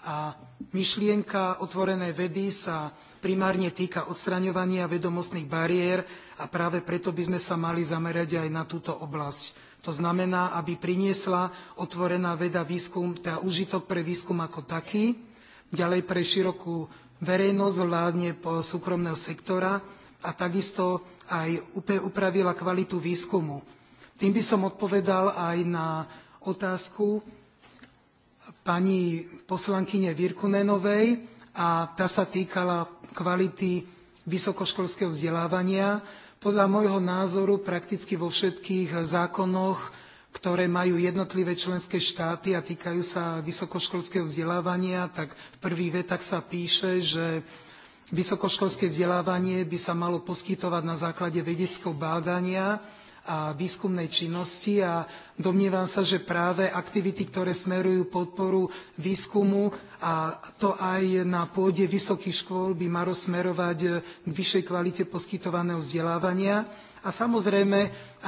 A myšlienka otvorenej vedy sa primárne týka odstraňovania vedomostných bariér a práve preto by sme sa mali zamerať aj na túto oblasť. To znamená, aby priniesla otvorená veda výskum, teda užitok pre výskum ako taký, ďalej pre širokú verejnosť vládne súkromného sektora a takisto aj upravila kvalitu výskumu. Tým by som odpovedal aj na otázku pani poslankyne Virkunenovej a tá sa týkala kvality vysokoškolského vzdelávania. Podľa môjho názoru prakticky vo všetkých zákonoch ktoré majú jednotlivé členské štáty a týkajú sa vysokoškolského vzdelávania, tak v prvých vetách sa píše, že vysokoškolské vzdelávanie by sa malo poskytovať na základe vedeckého bádania a výskumnej činnosti a domnievam sa, že práve aktivity, ktoré smerujú podporu výskumu a to aj na pôde vysokých škôl by malo smerovať k vyššej kvalite poskytovaného vzdelávania a samozrejme,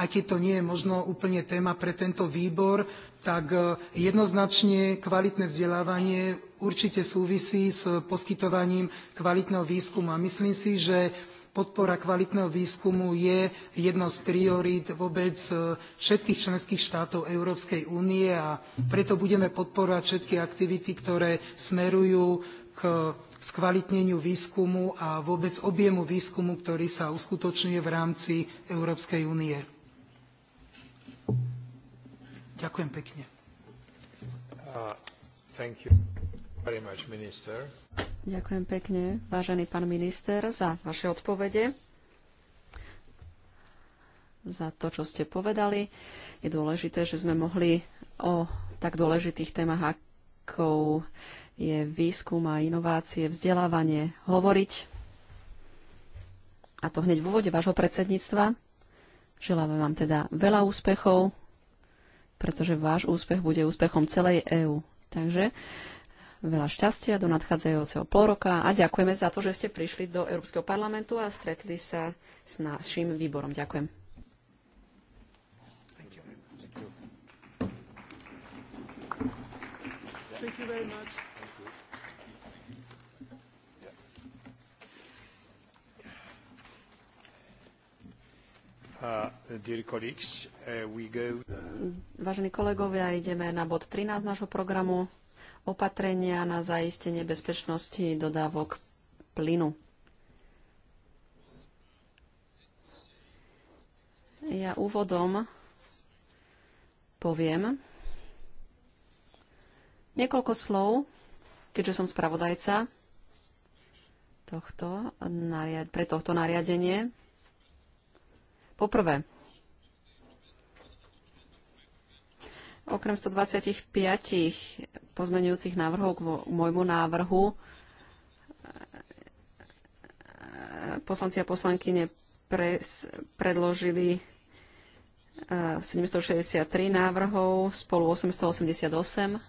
aj keď to nie je možno úplne téma pre tento výbor, tak e, jednoznačne kvalitné vzdelávanie určite súvisí s poskytovaním kvalitného výskumu. A myslím si, že podpora kvalitného výskumu je jednou z priorít vôbec e, všetkých členských štátov Európskej únie a preto budeme podporovať všetky aktivity, ktoré smerujú k skvalitneniu výskumu a vôbec objemu výskumu, ktorý sa uskutočňuje v rámci Európskej únie. Ďakujem pekne. Uh, much, Ďakujem pekne, vážený pán minister, za vaše odpovede za to, čo ste povedali. Je dôležité, že sme mohli o tak dôležitých témach, takov je výskum a inovácie, vzdelávanie, hovoriť. A to hneď v úvode vášho predsedníctva. Želáme vám teda veľa úspechov, pretože váš úspech bude úspechom celej EÚ. Takže veľa šťastia do nadchádzajúceho pol roka a ďakujeme za to, že ste prišli do Európskeho parlamentu a stretli sa s našim výborom. Ďakujem. Thank you very much. Uh, uh, Vážení kolegovia, ideme na bod 13 nášho programu. Opatrenia na zaistenie bezpečnosti dodávok plynu. Ja úvodom poviem, Niekoľko slov, keďže som spravodajca tohto, pre tohto nariadenie. Poprvé, okrem 125 pozmenujúcich návrhov k môjmu návrhu, poslanci a poslankyne pres, predložili 763 e, návrhov, spolu 888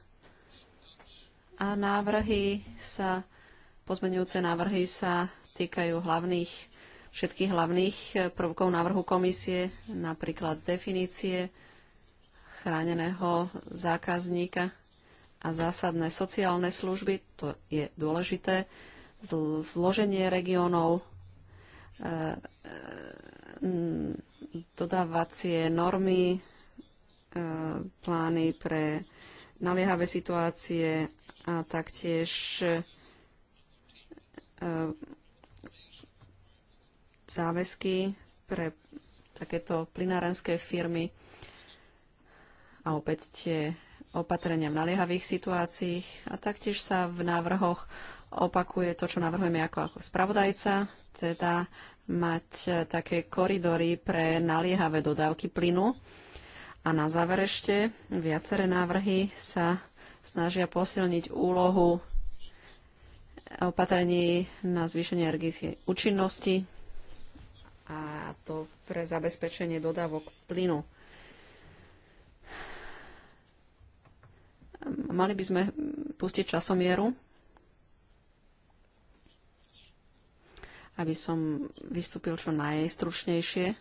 a návrhy sa, pozmenujúce návrhy sa týkajú hlavných, všetkých hlavných e, prvkov návrhu komisie, napríklad definície chráneného zákazníka a zásadné sociálne služby, to je dôležité, zloženie regiónov, e, e, dodávacie normy, plány pre naliehavé situácie a taktiež e, záväzky pre takéto plinárenské firmy a opäť tie opatrenia v naliehavých situáciách a taktiež sa v návrhoch opakuje to, čo navrhujeme ako, ako spravodajca, teda mať e, také koridory pre naliehavé dodávky plynu. A na záver ešte viaceré návrhy sa snažia posilniť úlohu opatrení na zvýšenie energetickej účinnosti a to pre zabezpečenie dodávok plynu. Mali by sme pustiť časomieru, aby som vystúpil čo najstručnejšie.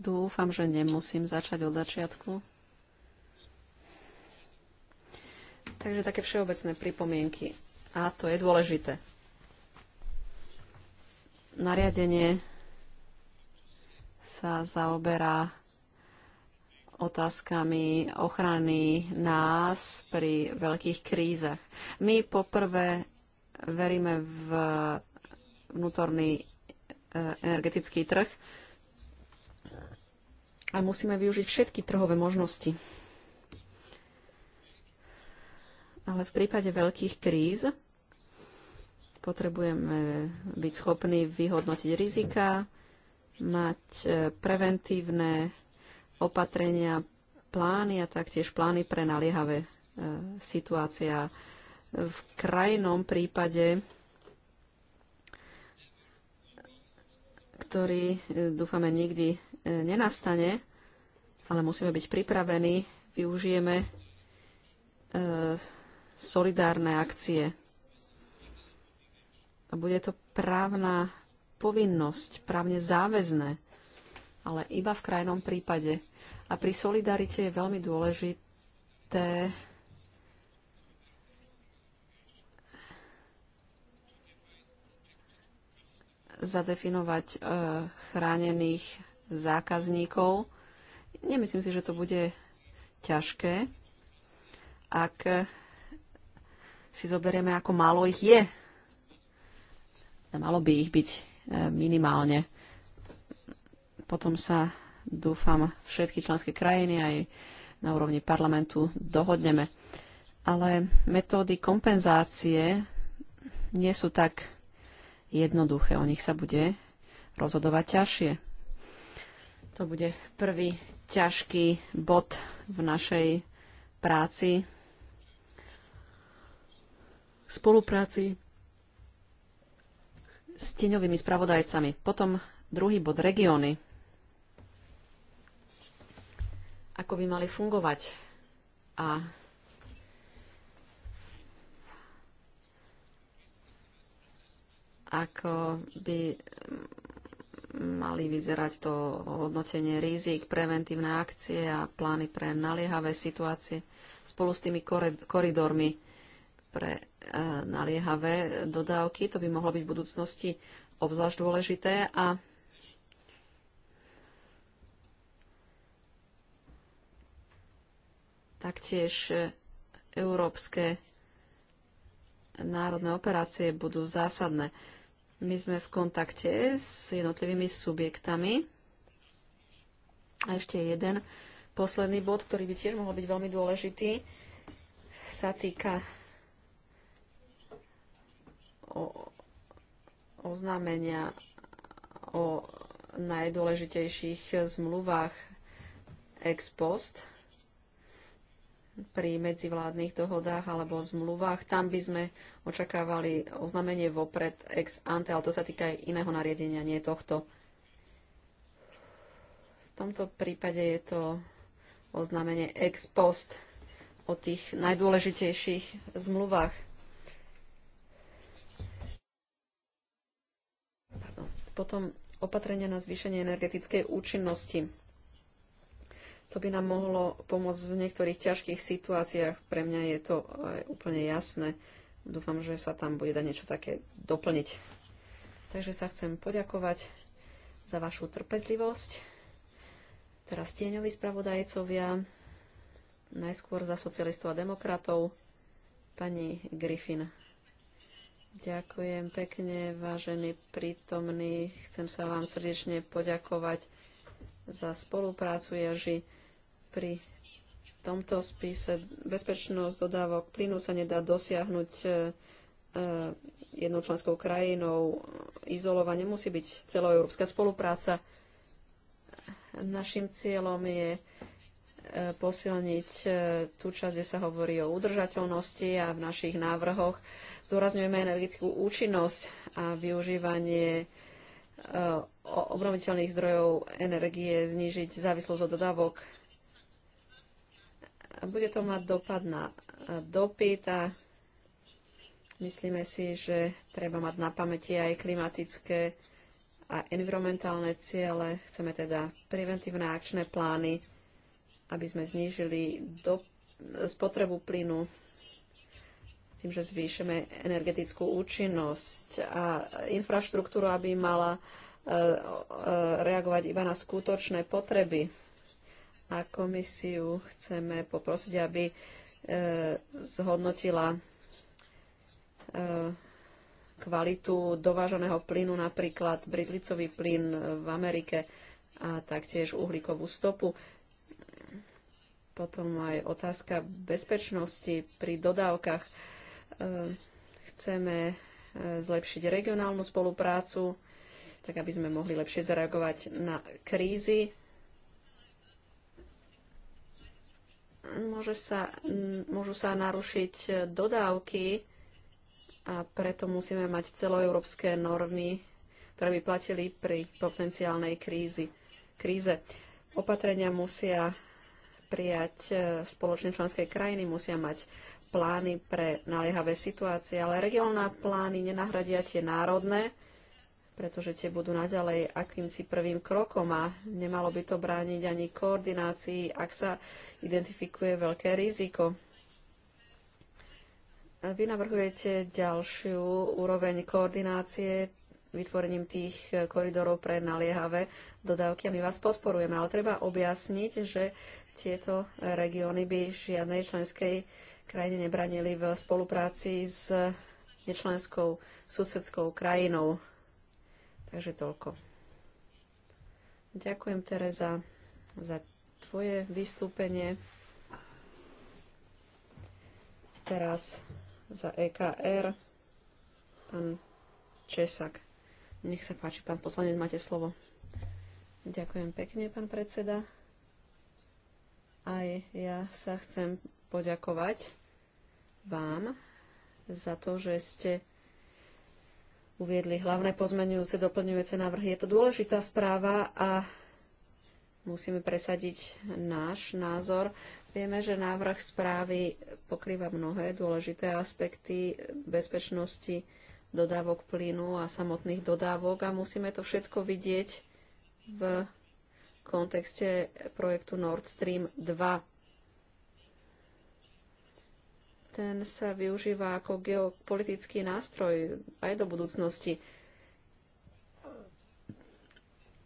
Dúfam, že nemusím začať od začiatku. Takže také všeobecné pripomienky. A to je dôležité. Nariadenie sa zaoberá otázkami ochrany nás pri veľkých krízach. My poprvé veríme v vnútorný e, energetický trh a musíme využiť všetky trhové možnosti. Ale v prípade veľkých kríz potrebujeme byť schopní vyhodnotiť rizika, mať e, preventívne opatrenia, plány a taktiež plány pre naliehavé e, situácia. V krajnom prípade, ktorý e, dúfame nikdy nenastane, ale musíme byť pripravení, využijeme solidárne akcie. A bude to právna povinnosť, právne záväzné, ale iba v krajnom prípade. A pri solidarite je veľmi dôležité zadefinovať e, chránených zákazníkov. Nemyslím si, že to bude ťažké, ak si zoberieme, ako málo ich je. Malo by ich byť e, minimálne. Potom sa, dúfam, všetky členské krajiny aj na úrovni parlamentu dohodneme. Ale metódy kompenzácie nie sú tak jednoduché. O nich sa bude rozhodovať ťažšie. To bude prvý ťažký bod v našej práci spolupráci s tieňovými spravodajcami. Potom druhý bod, regióny. Ako by mali fungovať a ako by mali vyzerať to hodnotenie rizik, preventívne akcie a plány pre naliehavé situácie spolu s tými koridormi pre naliehavé dodávky. To by mohlo byť v budúcnosti obzvlášť dôležité a taktiež e, európske národné operácie budú zásadné. My sme v kontakte s jednotlivými subjektami. A ešte jeden posledný bod, ktorý by tiež mohol byť veľmi dôležitý, sa týka o, oznámenia o najdôležitejších zmluvách ex post pri medzivládnych dohodách alebo zmluvách. Tam by sme očakávali oznámenie vopred ex ante, ale to sa týka aj iného nariadenia, nie tohto. V tomto prípade je to oznámenie ex post o tých najdôležitejších zmluvách. Potom opatrenia na zvýšenie energetickej účinnosti. To by nám mohlo pomôcť v niektorých ťažkých situáciách. Pre mňa je to úplne jasné. Dúfam, že sa tam bude dať niečo také doplniť. Takže sa chcem poďakovať za vašu trpezlivosť. Teraz tieňoví spravodajcovia, najskôr za socialistov a demokratov, pani Griffin. Ďakujem pekne, vážení prítomní. Chcem sa vám srdečne poďakovať za spoluprácu Jaži pri tomto spise. Bezpečnosť dodávok plynu sa nedá dosiahnuť e, e, jednou členskou krajinou. Izolovanie musí byť celoeurópska spolupráca. Našim cieľom je E, posilniť e, tú časť, kde sa hovorí o udržateľnosti a v našich návrhoch zdôrazňujeme energetickú účinnosť a využívanie e, obnoviteľných zdrojov energie, znižiť závislosť od dodávok. Bude to mať dopad na dopyt a myslíme si, že treba mať na pamäti aj klimatické a environmentálne ciele. Chceme teda preventívne akčné plány aby sme znížili do, spotrebu plynu tým, že zvýšime energetickú účinnosť a infraštruktúru, aby mala e, e, reagovať iba na skutočné potreby. A komisiu chceme poprosiť, aby e, zhodnotila kvalitu dovážaného plynu, napríklad bridlicový plyn v Amerike a taktiež uhlíkovú stopu. Potom aj otázka bezpečnosti pri dodávkach. E, chceme e, zlepšiť regionálnu spoluprácu, tak aby sme mohli lepšie zareagovať na krízy. Môže sa, môžu sa narušiť dodávky a preto musíme mať celoeurópske normy, ktoré by platili pri potenciálnej krízi, kríze. Opatrenia musia prijať e, spoločné členské krajiny, musia mať plány pre naliehavé situácie, ale regionálne plány nenahradia tie národné, pretože tie budú naďalej akýmsi prvým krokom a nemalo by to brániť ani koordinácii, ak sa identifikuje veľké riziko. Vy navrhujete ďalšiu úroveň koordinácie vytvorením tých koridorov pre naliehavé dodávky a my vás podporujeme, ale treba objasniť, že tieto regióny by žiadnej členskej krajine nebranili v spolupráci s nečlenskou susedskou krajinou. Takže toľko. Ďakujem, Tereza, za tvoje vystúpenie. Teraz za EKR pán Česak. Nech sa páči, pán poslanec, máte slovo. Ďakujem pekne, pán predseda. Aj ja sa chcem poďakovať vám za to, že ste uviedli hlavné pozmenujúce, doplňujúce návrhy. Je to dôležitá správa a musíme presadiť náš názor. Vieme, že návrh správy pokrýva mnohé dôležité aspekty bezpečnosti dodávok plynu a samotných dodávok a musíme to všetko vidieť v kontexte projektu Nord Stream 2. Ten sa využíva ako geopolitický nástroj aj do budúcnosti.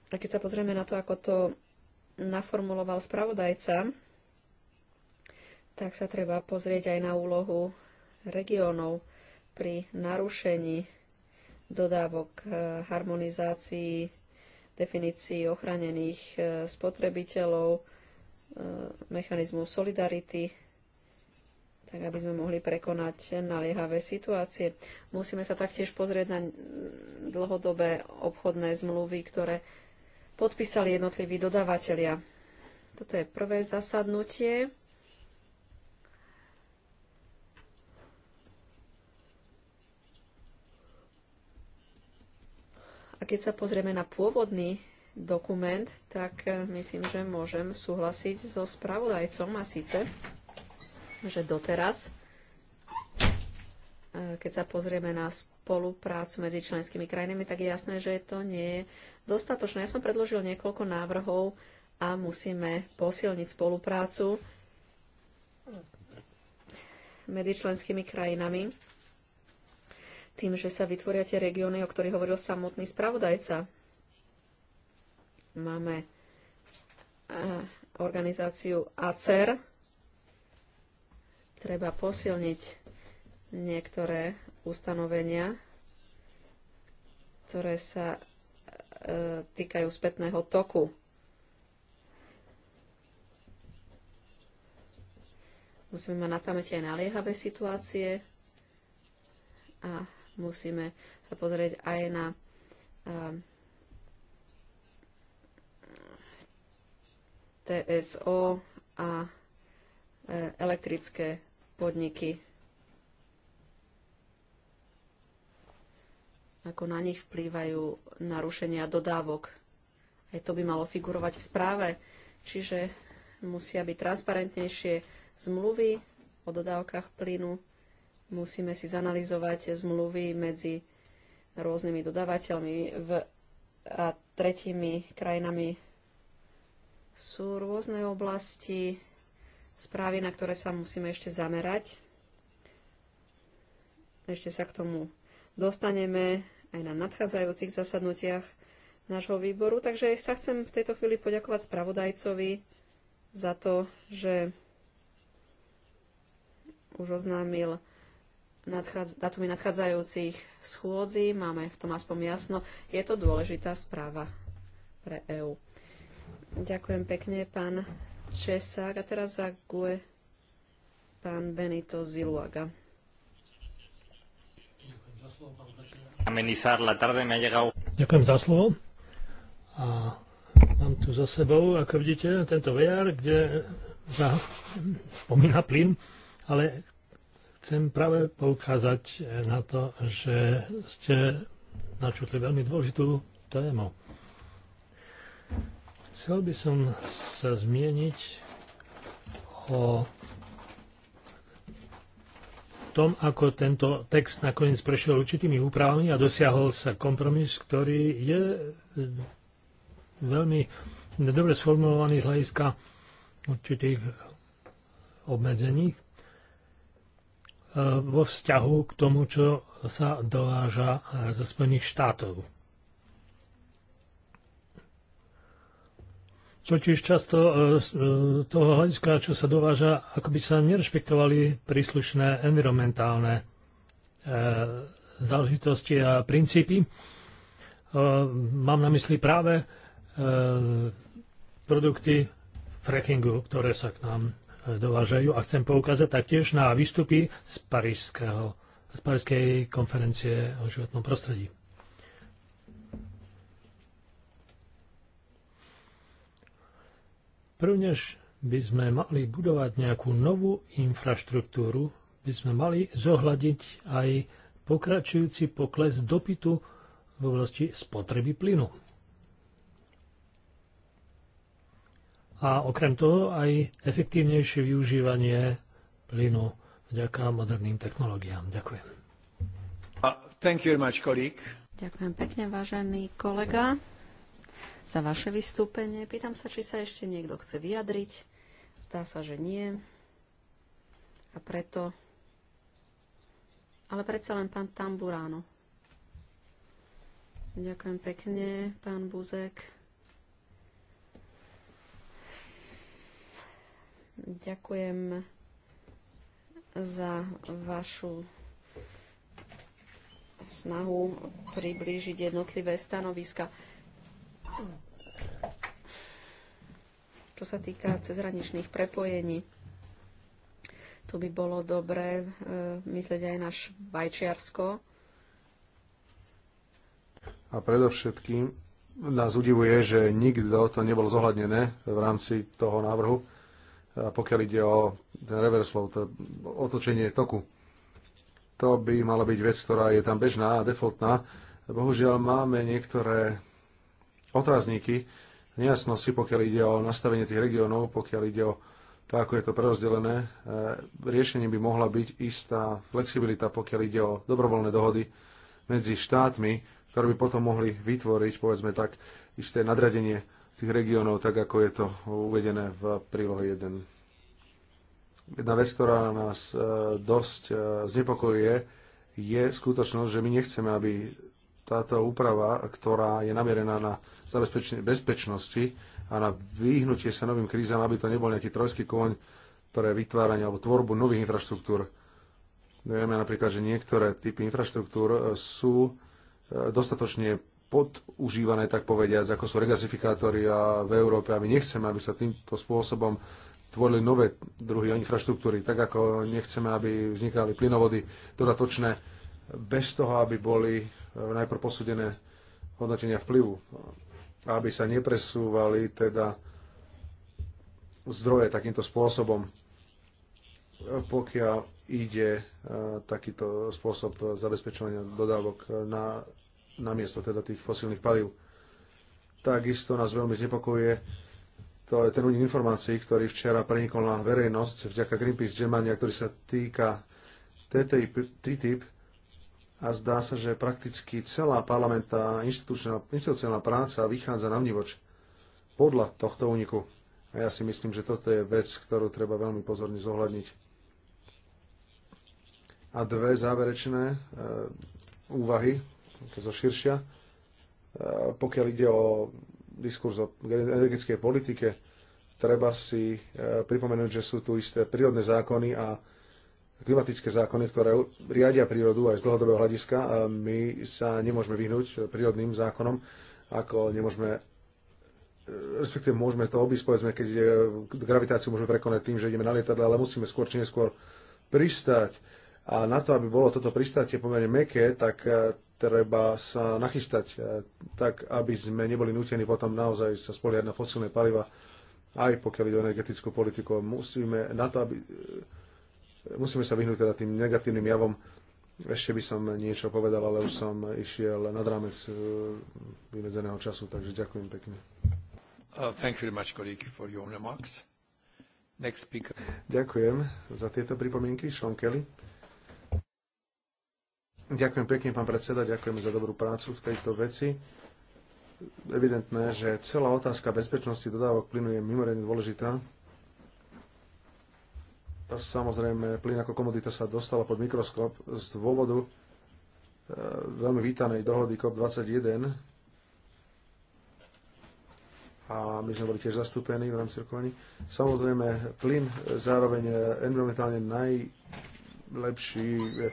A keď sa pozrieme na to, ako to naformuloval spravodajca, tak sa treba pozrieť aj na úlohu regiónov pri narušení dodávok eh, harmonizácii definícii ochranených e, spotrebiteľov, e, mechanizmu solidarity, tak aby sme mohli prekonať naliehavé situácie. Musíme sa taktiež pozrieť na dlhodobé obchodné zmluvy, ktoré podpísali jednotliví dodávateľia. Toto je prvé zasadnutie. A keď sa pozrieme na pôvodný dokument, tak eh, myslím, že môžem súhlasiť so spravodajcom a síce, že doteraz, eh, keď sa pozrieme na spoluprácu medzi členskými krajinami, tak je jasné, že to nie je dostatočné. Ja som predložil niekoľko návrhov a musíme posilniť spoluprácu medzi členskými krajinami tým, že sa vytvoria tie regióny, o ktorých hovoril samotný spravodajca. Máme eh, organizáciu ACER. Treba posilniť niektoré ustanovenia, ktoré sa eh, týkajú spätného toku. Musíme mať na pamäti aj naliehavé situácie a musíme sa pozrieť aj na eh, TSO a eh, elektrické podniky. Ako na nich vplývajú narušenia dodávok. Aj to by malo figurovať v správe. Čiže musia byť transparentnejšie zmluvy o dodávkach plynu Musíme si zanalizovať zmluvy medzi rôznymi dodávateľmi v, a tretími krajinami. Sú rôzne oblasti správy, na ktoré sa musíme ešte zamerať. Ešte sa k tomu dostaneme aj na nadchádzajúcich zasadnutiach nášho výboru. Takže sa chcem v tejto chvíli poďakovať spravodajcovi za to, že už oznámil datumy nadchádzajúcich schôdzí, máme v tom aspoň jasno. Je to dôležitá správa pre EÚ. Ďakujem pekne, pán Česák. A teraz za GUE pán Benito Ziluaga. Ďakujem za slovo. A mám tu za sebou, ako vidíte, tento VR, kde spomína plyn, ale chcem práve poukázať eh, na to, že ste načutli veľmi dôležitú tému. Chcel by som sa zmieniť o tom, ako tento text nakoniec prešiel určitými úpravami a dosiahol sa kompromis, ktorý je eh, veľmi dobre sformulovaný z hľadiska určitých obmedzení, vo vzťahu k tomu, čo sa dováža zo Spojených štátov. Totiž často e, z e, toho hľadiska, čo sa dováža, ako by sa nerešpektovali príslušné environmentálne e, záležitosti a princípy. Mám na mysli práve produkty frackingu, ktoré sa k nám dovážajú. A chcem poukázať taktiež na výstupy z, parížského, z parížskej konferencie o životnom prostredí. Prvnež by sme mali budovať nejakú novú infraštruktúru, by sme mali zohľadiť aj pokračujúci pokles dopytu v oblasti spotreby plynu. a okrem toho aj efektívnejšie využívanie plynu vďaka moderným technológiám. Ďakujem. thank you very much, colleague. Ďakujem pekne, vážený kolega, za vaše vystúpenie. Pýtam sa, či sa ešte niekto chce vyjadriť. Zdá sa, že nie. A preto... Ale predsa len pán Tamburáno. Ďakujem pekne, pán Buzek. Ďakujem za vašu snahu priblížiť jednotlivé stanoviska. Čo sa týka cezhraničných prepojení, tu by bolo dobré e, myslieť aj na Švajčiarsko. A predovšetkým nás udivuje, že nikto to nebol zohľadnené v rámci toho návrhu pokiaľ ide o ten reverse flow, to otočenie toku. To by mala byť vec, ktorá je tam bežná a defaultná. Bohužiaľ máme niektoré otázniky, nejasnosti, pokiaľ ide o nastavenie tých regiónov, pokiaľ ide o to, ako je to prerozdelené. E, riešením by mohla byť istá flexibilita, pokiaľ ide o dobrovoľné dohody medzi štátmi, ktoré by potom mohli vytvoriť, povedzme tak, isté nadradenie tých regiónov, tak ako je to uvedené v prílohe 1. Jedna vec, ktorá nás e, dosť e, znepokojuje, je skutočnosť, že my nechceme, aby táto úprava, ktorá je namierená na zabezpečenie bezpečnosti a na vyhnutie sa novým krízam, aby to nebol nejaký trojský koň pre vytváranie alebo tvorbu nových infraštruktúr. Vieme napríklad, že niektoré typy infraštruktúr e, sú dostatočne podužívané, tak povediať, ako sú regasifikátory a v Európe. A my nechceme, aby sa týmto spôsobom tvorili nové druhy infraštruktúry, tak ako nechceme, aby vznikali plynovody dodatočné, bez toho, aby boli najprv posúdené hodnotenia vplyvu, aby sa nepresúvali teda zdroje takýmto spôsobom, pokiaľ ide eh, takýto spôsob zabezpečovania dodávok na namiesto teda tých fosílnych palív. Takisto nás veľmi znepokojuje to je ten únik informácií, ktorý včera prenikol na verejnosť vďaka Greenpeace Germania, ktorý sa týka TTIP, TTIP a zdá sa, že prakticky celá parlamentá institucionálna práca vychádza na vnívoč podľa tohto úniku. A ja si myslím, že toto je vec, ktorú treba veľmi pozorne zohľadniť. A dve záverečné e, úvahy zo širšia. E, pokiaľ ide o diskurs o energetickej politike, treba si e, pripomenúť, že sú tu isté prírodné zákony a klimatické zákony, ktoré riadia prírodu aj z dlhodobého hľadiska. A my sa nemôžeme vyhnúť prírodným zákonom, ako nemôžeme e, respektíve môžeme to obísť, povedzme, keď gravitáciu môžeme prekonať tým, že ideme na lietadle, ale musíme skôr či neskôr pristať. A na to, aby bolo toto pristátie pomerne meké, tak treba sa nachystať e, tak, aby sme neboli nutení potom naozaj sa spoliať na fosilné paliva, aj pokiaľ ide o energetickú politiku. Musíme, na to, aby, e, musíme sa vyhnúť teda tým negatívnym javom. Ešte by som niečo povedal, ale už som išiel nad rámec e, vymedzeného času, takže ďakujem pekne. Uh, thank you very much, colleague, for your remarks. Next speaker. Ďakujem za tieto pripomienky, Sean Kelly. Ďakujem pekne, pán predseda, ďakujeme za dobrú prácu v tejto veci. Evidentné, že celá otázka bezpečnosti dodávok plynu je mimoriadne dôležitá. Samozrejme, plyn ako komodita sa dostala pod mikroskop z dôvodu e, veľmi vítanej dohody COP21. A my sme boli tiež zastúpení v rámci rokovaní. Samozrejme, plyn zároveň environmentálne najlepší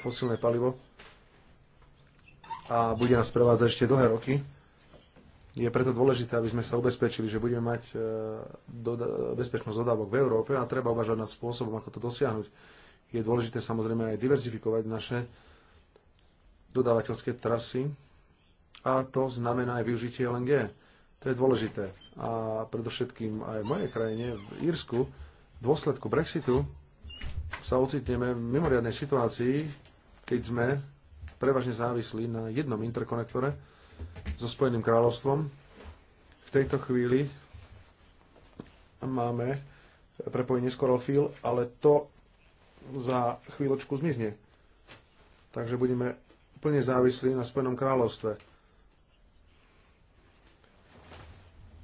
fosílne palivo a bude nás prevádzať ešte dlhé roky. Je preto dôležité, aby sme sa ubezpečili, že budeme mať e, doda- bezpečnosť dodávok v Európe a treba uvažovať nad spôsobom, ako to dosiahnuť. Je dôležité samozrejme aj diverzifikovať naše dodávateľské trasy a to znamená aj využitie LNG. To je dôležité. A predovšetkým aj v mojej krajine, v Írsku, v dôsledku Brexitu sa ocitneme v mimoriadnej situácii, keď sme prevažne závislí na jednom interkonektore so Spojeným kráľovstvom. V tejto chvíli máme prepojenie s Corelfield, ale to za chvíľočku zmizne. Takže budeme úplne závislí na Spojenom kráľovstve.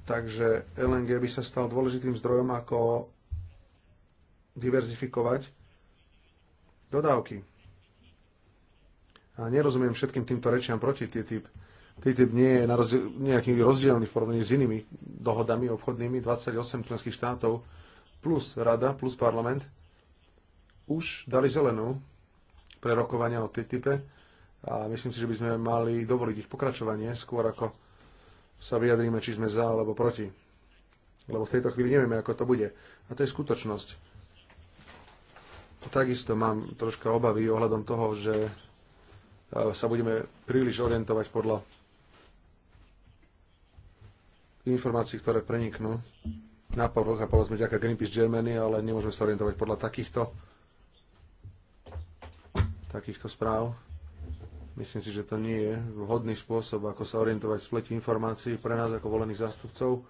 Takže LNG by sa stal dôležitým zdrojom, ako diverzifikovať dodávky. A nerozumiem všetkým týmto rečiam proti TTIP. TTIP nie je na rozdiel, nejaký rozdielný v porovnaní s inými dohodami obchodnými 28 členských štátov plus rada, plus parlament už dali zelenú pre rokovania o TTIP a myslím si, že by sme mali dovoliť ich pokračovanie skôr ako sa vyjadríme, či sme za alebo proti. Lebo v tejto chvíli nevieme, ako to bude. A to je skutočnosť. Takisto mám troška obavy ohľadom toho, že sa budeme príliš orientovať podľa informácií, ktoré preniknú na povrch a povedzme ďaká Greenpeace Germany, ale nemôžeme sa orientovať podľa takýchto takýchto správ. Myslím si, že to nie je vhodný spôsob, ako sa orientovať v spleti informácií pre nás ako volených zástupcov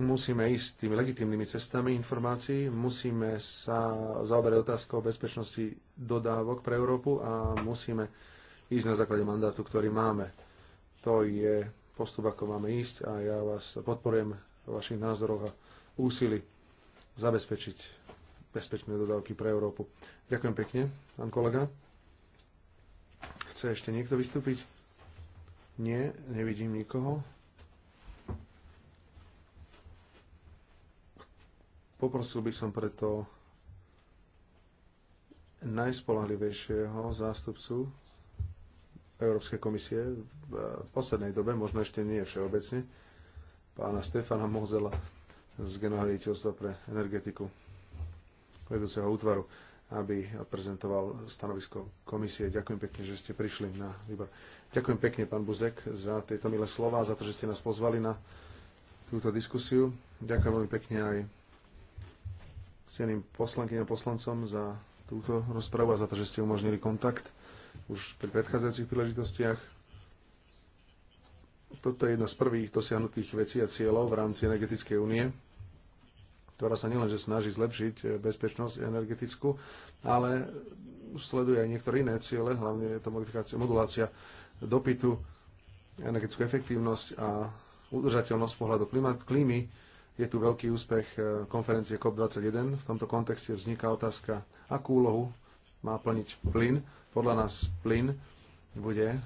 musíme ísť tými legitimnými cestami informácií, musíme sa zaoberať otázkou bezpečnosti dodávok pre Európu a musíme ísť na základe mandátu, ktorý máme. To je postup, ako máme ísť a ja vás podporujem v vašich názoroch a úsilí zabezpečiť bezpečné dodávky pre Európu. Ďakujem pekne, pán kolega. Chce ešte niekto vystúpiť? Nie, nevidím nikoho. Poprosil by som preto najspolahlivejšieho zástupcu Európskej komisie eh, v poslednej dobe, možno ešte nie všeobecne, pána Stefana Mozela z Generáliteľstva pre energetiku vedúceho útvaru, aby prezentoval stanovisko komisie. Ďakujem pekne, že ste prišli na výbor. Ďakujem pekne, pán Buzek, za tieto milé slova, za to, že ste nás pozvali na túto diskusiu. Ďakujem veľmi pekne aj steným poslankyňom a poslancom za túto rozpravu a za to, že ste umožnili kontakt už pri predchádzajúcich príležitostiach. Toto je jedna z prvých dosiahnutých vecí a cieľov v rámci energetickej únie, ktorá sa nielenže snaží zlepšiť eh, bezpečnosť energetickú, ale sleduje aj niektoré iné ciele, hlavne je to modulácia dopytu, energetickú efektívnosť a udržateľnosť z pohľadu klímy, je tu veľký úspech e, konferencie COP21. V tomto kontexte vzniká otázka, akú úlohu má plniť plyn. Podľa nás plyn bude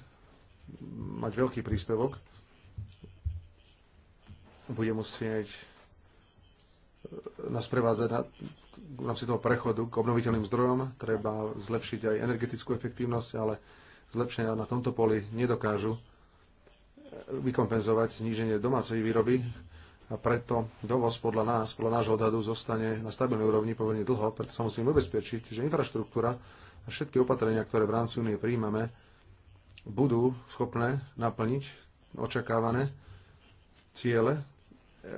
mať veľký príspevok. Bude musieť e, nás prevázať na, v rámci toho prechodu k obnoviteľným zdrojom. Treba zlepšiť aj energetickú efektívnosť, ale zlepšenia na tomto poli nedokážu e, vykompenzovať zníženie domácej výroby a preto dovoz podľa nás, podľa nášho odhadu zostane na stabilnej úrovni pomerne dlho, preto sa musíme ubezpečiť, že infraštruktúra a všetky opatrenia, ktoré v rámci únie príjmame, budú schopné naplniť očakávané ciele.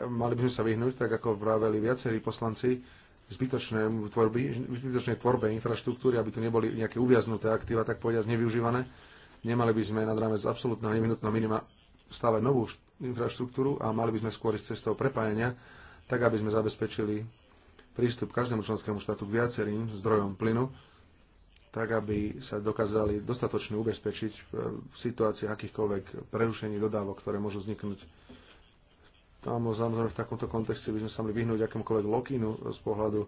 Mali by sme sa vyhnúť, tak ako vraveli viacerí poslanci, zbytočnej tvorby, zbytočnej tvorbe infraštruktúry, aby tu neboli nejaké uviaznuté aktíva, tak povediať, nevyužívané. Nemali by sme nad rámec absolútneho neminutného minima stávať novú infraštruktúru a mali by sme skôr ísť cestou prepájania, tak aby sme zabezpečili prístup každému členskému štátu k viacerým zdrojom plynu, tak aby sa dokázali dostatočne ubezpečiť v situácii akýchkoľvek prerušení dodávok, ktoré môžu vzniknúť. No a samozrejme v takomto kontexte by sme sa mali vyhnúť akémukoľvek lokínu z pohľadu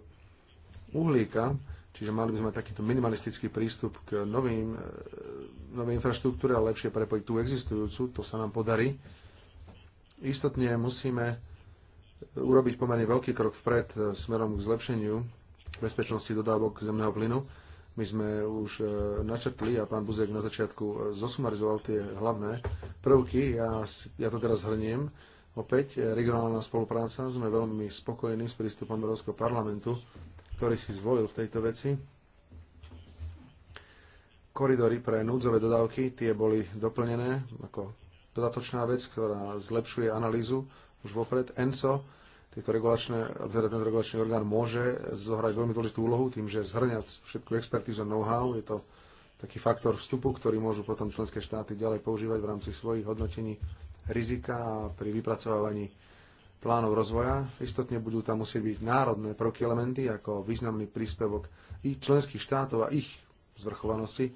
uhlíka, čiže mali by sme takýto minimalistický prístup k novým, e, novej infraštruktúre a lepšie prepojiť tú existujúcu, to sa nám podarí Istotne musíme urobiť pomerne veľký krok vpred e, smerom k zlepšeniu bezpečnosti dodávok zemného plynu. My sme už e, načrtli a pán Buzek na začiatku e, zosumarizoval tie hlavné prvky. Ja, ja to teraz hrniem. Opäť regionálna spolupráca. Sme veľmi spokojní s prístupom Európskeho parlamentu, ktorý si zvolil v tejto veci. Koridory pre núdzové dodávky, tie boli doplnené ako dodatočná vec, ktorá zlepšuje analýzu už vopred. ENSO, tieto regulačné, teda ten regulačný orgán môže zohrať veľmi dôležitú úlohu tým, že zhrňa všetku expertízu a know-how. Je to taký faktor vstupu, ktorý môžu potom členské štáty ďalej používať v rámci svojich hodnotení rizika a pri vypracovávaní plánov rozvoja. Istotne budú tam musieť byť národné prvky elementy ako významný príspevok i členských štátov a ich zvrchovanosti,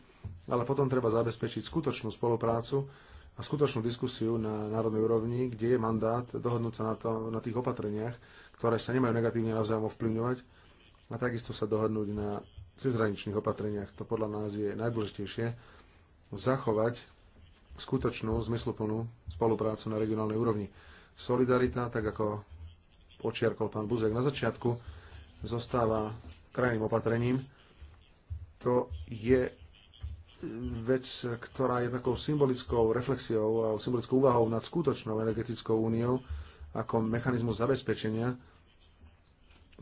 ale potom treba zabezpečiť skutočnú spoluprácu a skutočnú diskusiu na národnej úrovni, kde je mandát dohodnúť sa na, to, na tých opatreniach, ktoré sa nemajú negatívne navzájom ovplyvňovať a takisto sa dohodnúť na cezhraničných opatreniach. To podľa nás je najdôležitejšie. Zachovať skutočnú, zmysluplnú spoluprácu na regionálnej úrovni. Solidarita, tak ako počiarkol pán Buzek na začiatku, zostáva krajným opatrením. To je vec, ktorá je takou symbolickou reflexiou a symbolickou úvahou nad skutočnou energetickou úniou ako mechanizmus zabezpečenia.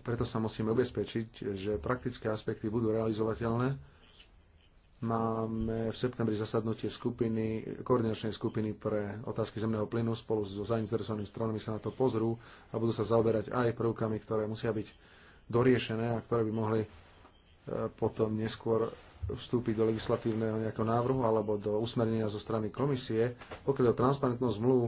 Preto sa musíme ubezpečiť, že praktické aspekty budú realizovateľné. Máme v septembri zasadnutie skupiny, koordinačnej skupiny pre otázky zemného plynu. Spolu so zainteresovanými stranami sa na to pozrú a budú sa zaoberať aj prvkami, ktoré musia byť doriešené a ktoré by mohli potom neskôr vstúpiť do legislatívneho nejakého návrhu alebo do usmernenia zo strany komisie. Pokiaľ o transparentnosť zmluv,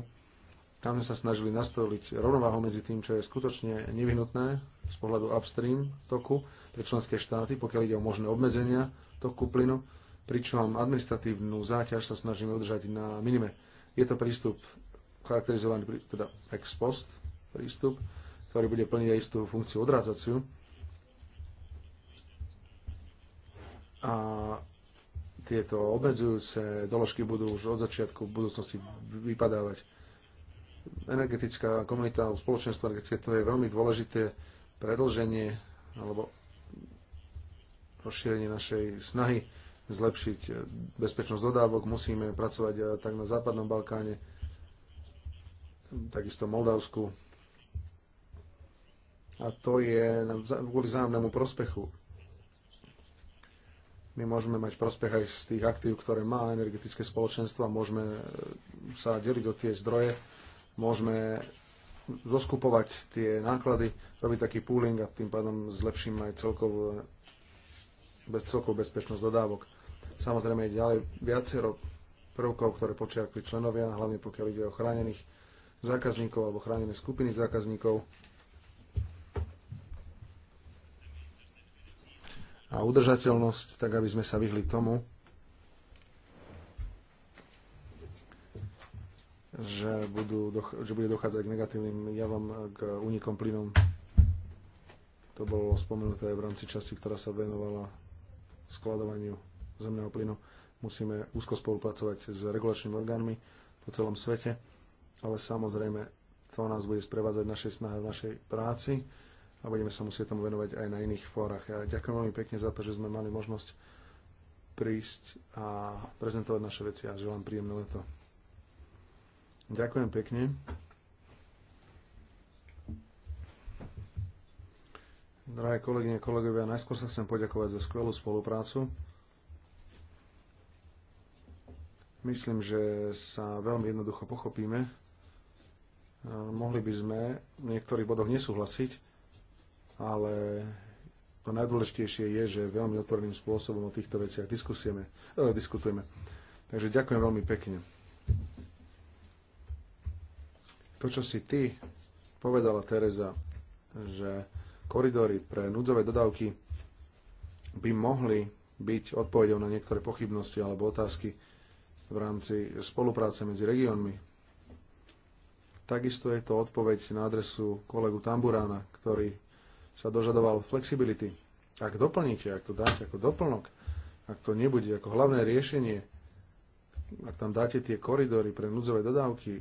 tam sme sa snažili nastoliť rovnováhu medzi tým, čo je skutočne nevyhnutné z pohľadu upstream toku pre členské štáty, pokiaľ ide o možné obmedzenia toku plynu, pričom administratívnu záťaž sa snažíme udržať na minime. Je to prístup charakterizovaný, teda ex post prístup, ktorý bude plniť aj istú funkciu odrádzaciu, A tieto obmedzujúce doložky budú už od začiatku v budúcnosti vypadávať. Energetická komunita, spoločenstvo energetické, to je veľmi dôležité predlženie alebo rozšírenie našej snahy zlepšiť bezpečnosť dodávok. Musíme pracovať tak na Západnom Balkáne, takisto Moldavsku. A to je kvôli zájomnému prospechu my môžeme mať prospech aj z tých aktív, ktoré má energetické spoločenstvo a môžeme eh, sa deliť o tie zdroje, môžeme zoskupovať tie náklady, robiť taký pooling a tým pádom zlepším aj celkovú, bez, celkovú bezpečnosť dodávok. Samozrejme je ďalej viacero prvkov, ktoré počiarkli členovia, hlavne pokiaľ ide o chránených zákazníkov alebo chránené skupiny zákazníkov. a udržateľnosť, tak aby sme sa vyhli tomu, že, budú, že bude dochádzať k negatívnym javom, k únikom plynom. To bolo spomenuté v rámci časti, ktorá sa venovala skladovaniu zemného plynu. Musíme úzko spolupracovať s regulačnými orgánmi po celom svete, ale samozrejme to nás bude sprevádzať v našej snahe, v našej práci a budeme sa musieť tomu venovať aj na iných fórach. Ja ďakujem veľmi pekne za to, že sme mali možnosť prísť a prezentovať naše veci a želám príjemné leto. Ďakujem pekne. Drahé kolegyne, kolegovia, najskôr sa chcem poďakovať za skvelú spoluprácu. Myslím, že sa veľmi jednoducho pochopíme. Mohli by sme v niektorých bodoch nesúhlasiť, ale to najdôležitejšie je, že veľmi otvoreným spôsobom o týchto veciach Eh, diskutujeme. Takže ďakujem veľmi pekne. To, čo si ty povedala, Tereza, že koridory pre núdzové dodávky by mohli byť odpovedou na niektoré pochybnosti alebo otázky v rámci spolupráce medzi regiónmi. Takisto je to odpoveď na adresu kolegu Tamburána, ktorý sa dožadoval flexibility. Ak doplníte, ak to dáte ako doplnok, ak to nebude ako hlavné riešenie, ak tam dáte tie koridory pre núdzové dodávky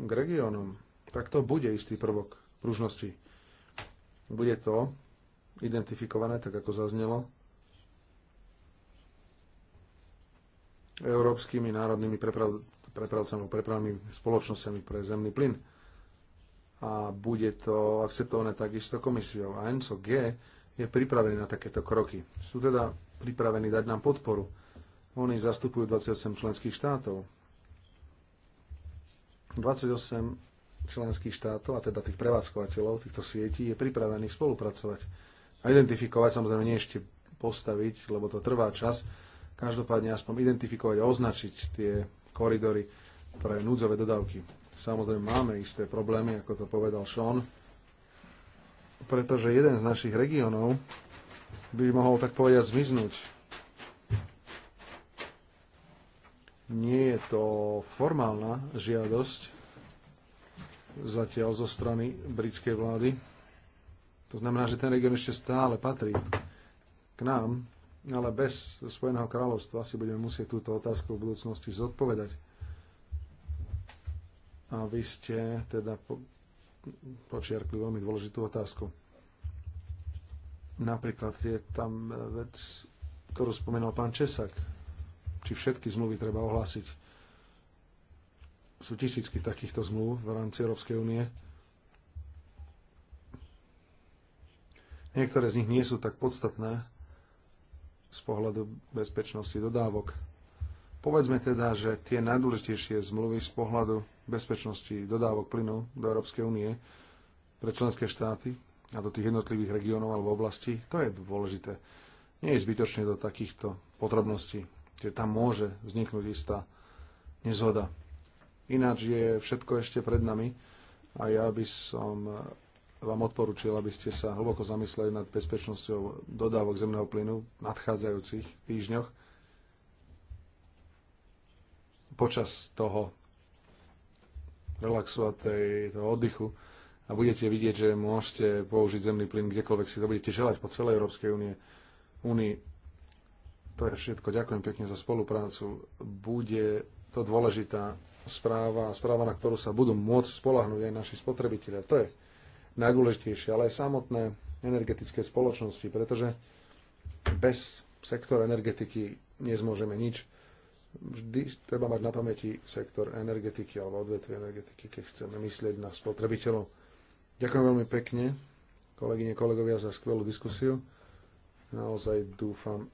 k regiónom, tak to bude istý prvok pružnosti. Bude to identifikované, tak ako zaznelo, európskymi národnými preprav, prepravcami, prepravnými spoločnosťami pre zemný plyn a bude to akceptované takisto komisiou. A ENCO G je pripravený na takéto kroky. Sú teda pripravení dať nám podporu. Oni zastupujú 28 členských štátov. 28 členských štátov, a teda tých prevádzkovateľov týchto sietí, je pripravený spolupracovať. A identifikovať samozrejme nie ešte postaviť, lebo to trvá čas. Každopádne aspoň identifikovať a označiť tie koridory pre núdzové dodávky. Samozrejme máme isté problémy, ako to povedal Sean, pretože jeden z našich regiónov by mohol tak povedať zmiznúť. Nie je to formálna žiadosť zatiaľ zo strany britskej vlády. To znamená, že ten región ešte stále patrí k nám, ale bez Spojeného kráľovstva si budeme musieť túto otázku v budúcnosti zodpovedať. A vy ste teda po, počiarkli veľmi dôležitú otázku. Napríklad je tam e, vec, ktorú spomenul pán Česak. Či všetky zmluvy treba ohlásiť. Sú tisícky takýchto zmluv v rámci Európskej únie. Niektoré z nich nie sú tak podstatné z pohľadu bezpečnosti dodávok. Povedzme teda, že tie najdôležitejšie zmluvy z pohľadu bezpečnosti dodávok plynu do Európskej únie pre členské štáty a do tých jednotlivých regiónov alebo oblastí, to je dôležité. Nie je zbytočne do takýchto potrebností, že tam môže vzniknúť istá nezhoda. Ináč je všetko ešte pred nami a ja by som vám odporúčil, aby ste sa hlboko zamysleli nad bezpečnosťou dodávok zemného plynu v nadchádzajúcich týždňoch počas toho relaxovať, toho oddychu a budete vidieť, že môžete použiť zemný plyn kdekoľvek si to budete želať po celej Európskej únie. Únii. To je všetko. Ďakujem pekne za spoluprácu. Bude to dôležitá správa, správa, na ktorú sa budú môcť spolahnúť aj naši spotrebitelia. To je najdôležitejšie, ale aj samotné energetické spoločnosti, pretože bez sektora energetiky nezmôžeme nič. Vždy treba mať na pamäti sektor energetiky alebo odvetvie energetiky, keď chceme myslieť na spotrebiteľov. Ďakujem veľmi pekne, kolegyne, kolegovia, za skvelú diskusiu. Naozaj dúfam,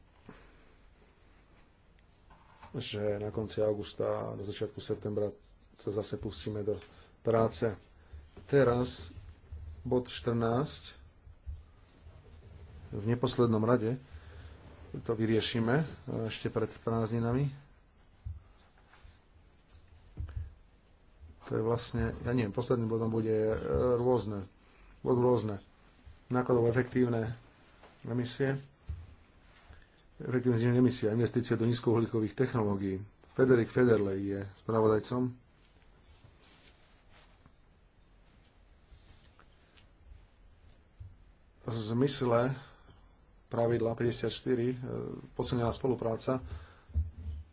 že na konci augusta a na začiatku septembra sa zase pustíme do práce. Teraz bod 14 v neposlednom rade to vyriešime ešte pred prázdninami. To je vlastne, ja neviem, posledný bodom bude e, rôzne, bod rôzne. nákladové efektívne emisie, efektívne zniženie emisie a investície do nízkouhlíkových technológií. Federik Federley je spravodajcom. V zmysle pravidla 54 e, posilnená spolupráca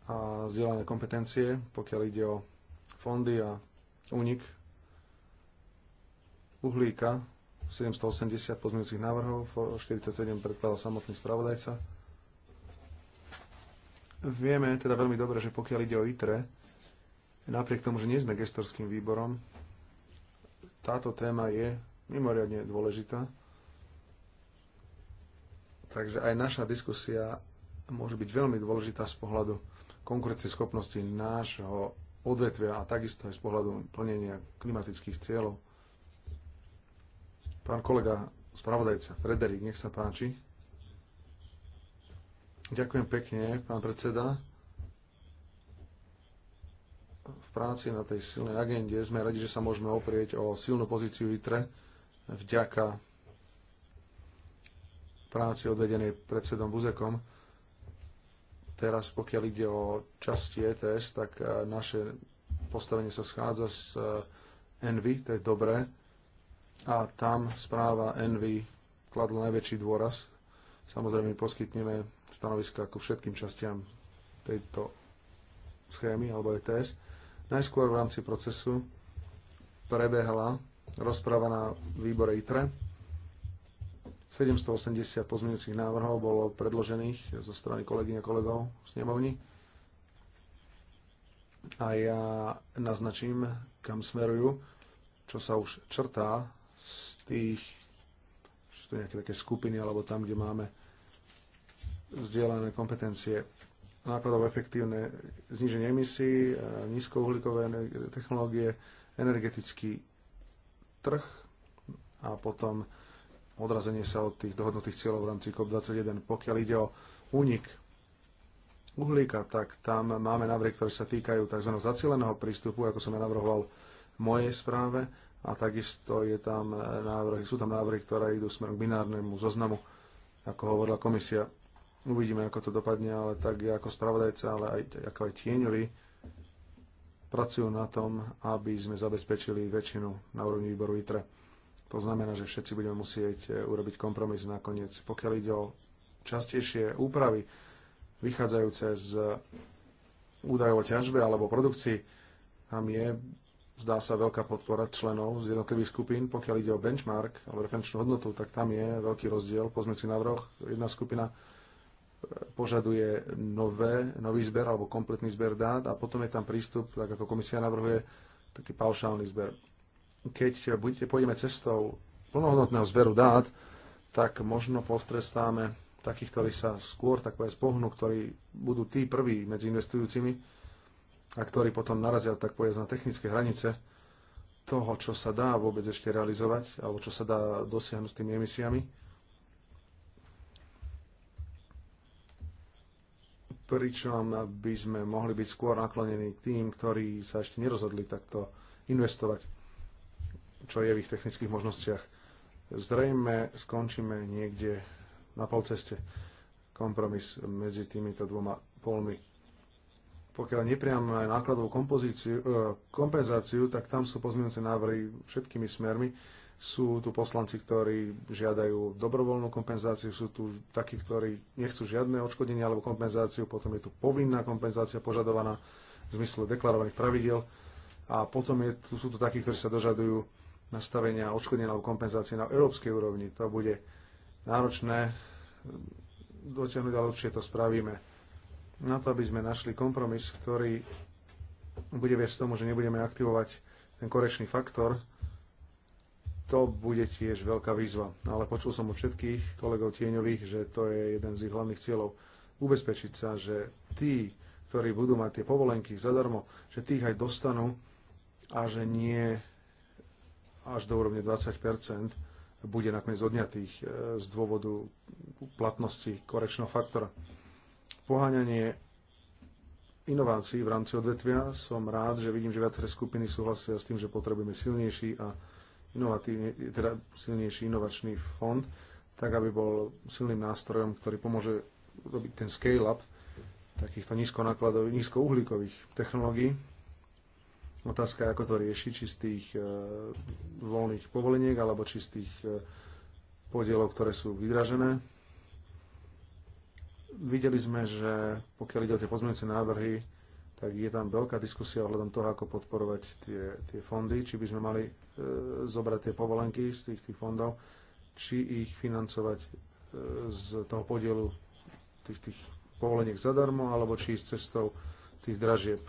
a zdieľané kompetencie, pokiaľ ide o fondy a únik uhlíka, 780 pozmeňujúcich návrhov, 47 predkladal samotný spravodajca. Vieme teda veľmi dobre, že pokiaľ ide o ITRE, napriek tomu, že nie sme gestorským výborom, táto téma je mimoriadne dôležitá. Takže aj naša diskusia môže byť veľmi dôležitá z pohľadu konkurencieschopnosti nášho odvetvia a takisto aj z pohľadu plnenia klimatických cieľov. Pán kolega spravodajca Frederik, nech sa páči. Ďakujem pekne, pán predseda. V práci na tej silnej agende sme radi, že sa môžeme oprieť o silnú pozíciu ITRE vďaka práci odvedenej predsedom Buzekom Teraz, pokiaľ ide o časti ETS, tak e, naše postavenie sa schádza z Envy, to je dobré. A tam správa Envy kladla najväčší dôraz. Samozrejme, poskytneme stanoviska ku všetkým častiam tejto schémy alebo ETS. Najskôr v rámci procesu prebehla rozpráva na výbore ITRE, 780 pozmeňujúcich návrhov bolo predložených zo strany kolegy a kolegov snemovni. A ja naznačím, kam smerujú, čo sa už črtá z tých, či to nejaké také skupiny, alebo tam, kde máme vzdielané kompetencie nákladov efektívne zniženie emisí, e, nízkouhlíkové technológie, energetický trh a potom odrazenie sa od tých dohodnutých cieľov v rámci COP21. Pokiaľ ide o únik uhlíka, tak tam máme návrhy, ktoré sa týkajú tzv. zacieleného prístupu, ako som ja navrhoval v mojej správe, a takisto je tam návrhy, sú tam návrhy, ktoré idú smerom k binárnemu zoznamu, ako hovorila komisia. Uvidíme, ako to dopadne, ale tak ja ako spravodajca, ale aj, ako aj tieňovi, pracujú na tom, aby sme zabezpečili väčšinu na úrovni výboru ITRE. To znamená, že všetci budeme musieť e, urobiť kompromis nakoniec. Pokiaľ ide o častejšie úpravy vychádzajúce z údajov o ťažbe alebo produkcii, tam je, zdá sa, veľká podpora členov z jednotlivých skupín. Pokiaľ ide o benchmark alebo referenčnú hodnotu, tak tam je veľký rozdiel. Pozme si návrh. Jedna skupina e, požaduje nové, nový zber alebo kompletný zber dát a potom je tam prístup, tak ako komisia navrhuje, taký paušálny zber keď budete, pôjdeme cestou plnohodnotného zberu dát, tak možno postrestáme takých, ktorí sa skôr tak povedať pohnú, ktorí budú tí prví medzi investujúcimi a ktorí potom narazia tak povedať na technické hranice toho, čo sa dá vôbec ešte realizovať alebo čo sa dá dosiahnuť s tými emisiami. Pričom by sme mohli byť skôr naklonení k tým, ktorí sa ešte nerozhodli takto investovať čo je v ich technických možnostiach. Zrejme skončíme niekde na polceste kompromis medzi týmito dvoma polmi. Pokiaľ nepriame nákladovú kompozíciu, e, kompenzáciu, tak tam sú pozmienujúce návrhy všetkými smermi. Sú tu poslanci, ktorí žiadajú dobrovoľnú kompenzáciu, sú tu takí, ktorí nechcú žiadne odškodenie alebo kompenzáciu, potom je tu povinná kompenzácia požadovaná v zmysle deklarovaných pravidel a potom je, tu sú tu takí, ktorí sa dožadujú nastavenia odškodnenia alebo kompenzácie na európskej úrovni. To bude náročné ehm, dotiahnuť, ale určite to spravíme. Na to, aby sme našli kompromis, ktorý bude viesť tomu, že nebudeme aktivovať ten korečný faktor, to bude tiež veľká výzva. No, ale počul som od všetkých kolegov tieňových, že to je jeden z ich hlavných cieľov. Ubezpečiť sa, že tí, ktorí budú mať tie povolenky zadarmo, že tých aj dostanú a že nie až do úrovne 20 bude nakoniec odňatých e, z dôvodu platnosti korečného faktora. Poháňanie inovácií v rámci odvetvia som rád, že vidím, že viaceré skupiny súhlasia s tým, že potrebujeme silnejší a teda silnejší inovačný fond, tak aby bol silným nástrojom, ktorý pomôže robiť ten scale-up takýchto nízkonákladových, nízkouhlíkových technológií Otázka, ako to rieši, či z tých e, voľných povoleniek, alebo či z tých e, podielov, ktoré sú vydražené. Videli sme, že pokiaľ ide o tie pozmeňujúce návrhy, tak je tam veľká diskusia ohľadom toho, ako podporovať tie, tie fondy, či by sme mali e, zobrať tie povolenky z tých, tých fondov, či ich financovať e, z toho podielu tých, tých povoleniek zadarmo, alebo či ísť cestou tých dražieb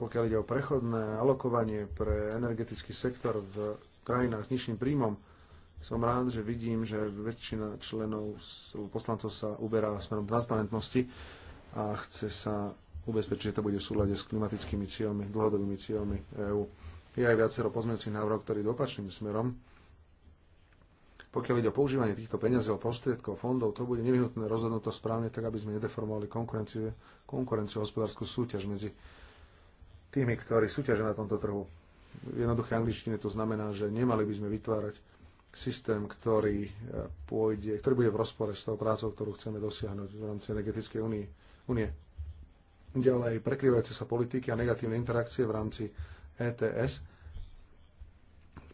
pokiaľ ide o prechodné alokovanie pre energetický sektor v krajinách s nižším príjmom, som rád, že vidím, že väčšina členov, poslancov sa uberá smerom transparentnosti a chce sa ubezpečiť, že to bude v súlade s klimatickými cieľmi, dlhodobými cieľmi EÚ. Je aj viacero pozmeňujúcich návrhov, ktorí idú opačným smerom. Pokiaľ ide o používanie týchto peniazí, prostriedkov, fondov, to bude nevyhnutné rozhodnúť to správne, tak aby sme nedeformovali konkurenciu, konkurenciu hospodárskú súťaž medzi tými, ktorí súťažia na tomto trhu. V jednoduché angličtine to znamená, že nemali by sme vytvárať systém, ktorý, e, pôjde, ktorý bude v rozpore s tou prácou, ktorú chceme dosiahnuť v rámci energetickej únie. únie. Ďalej prekrývajúce sa politiky a negatívne interakcie v rámci ETS.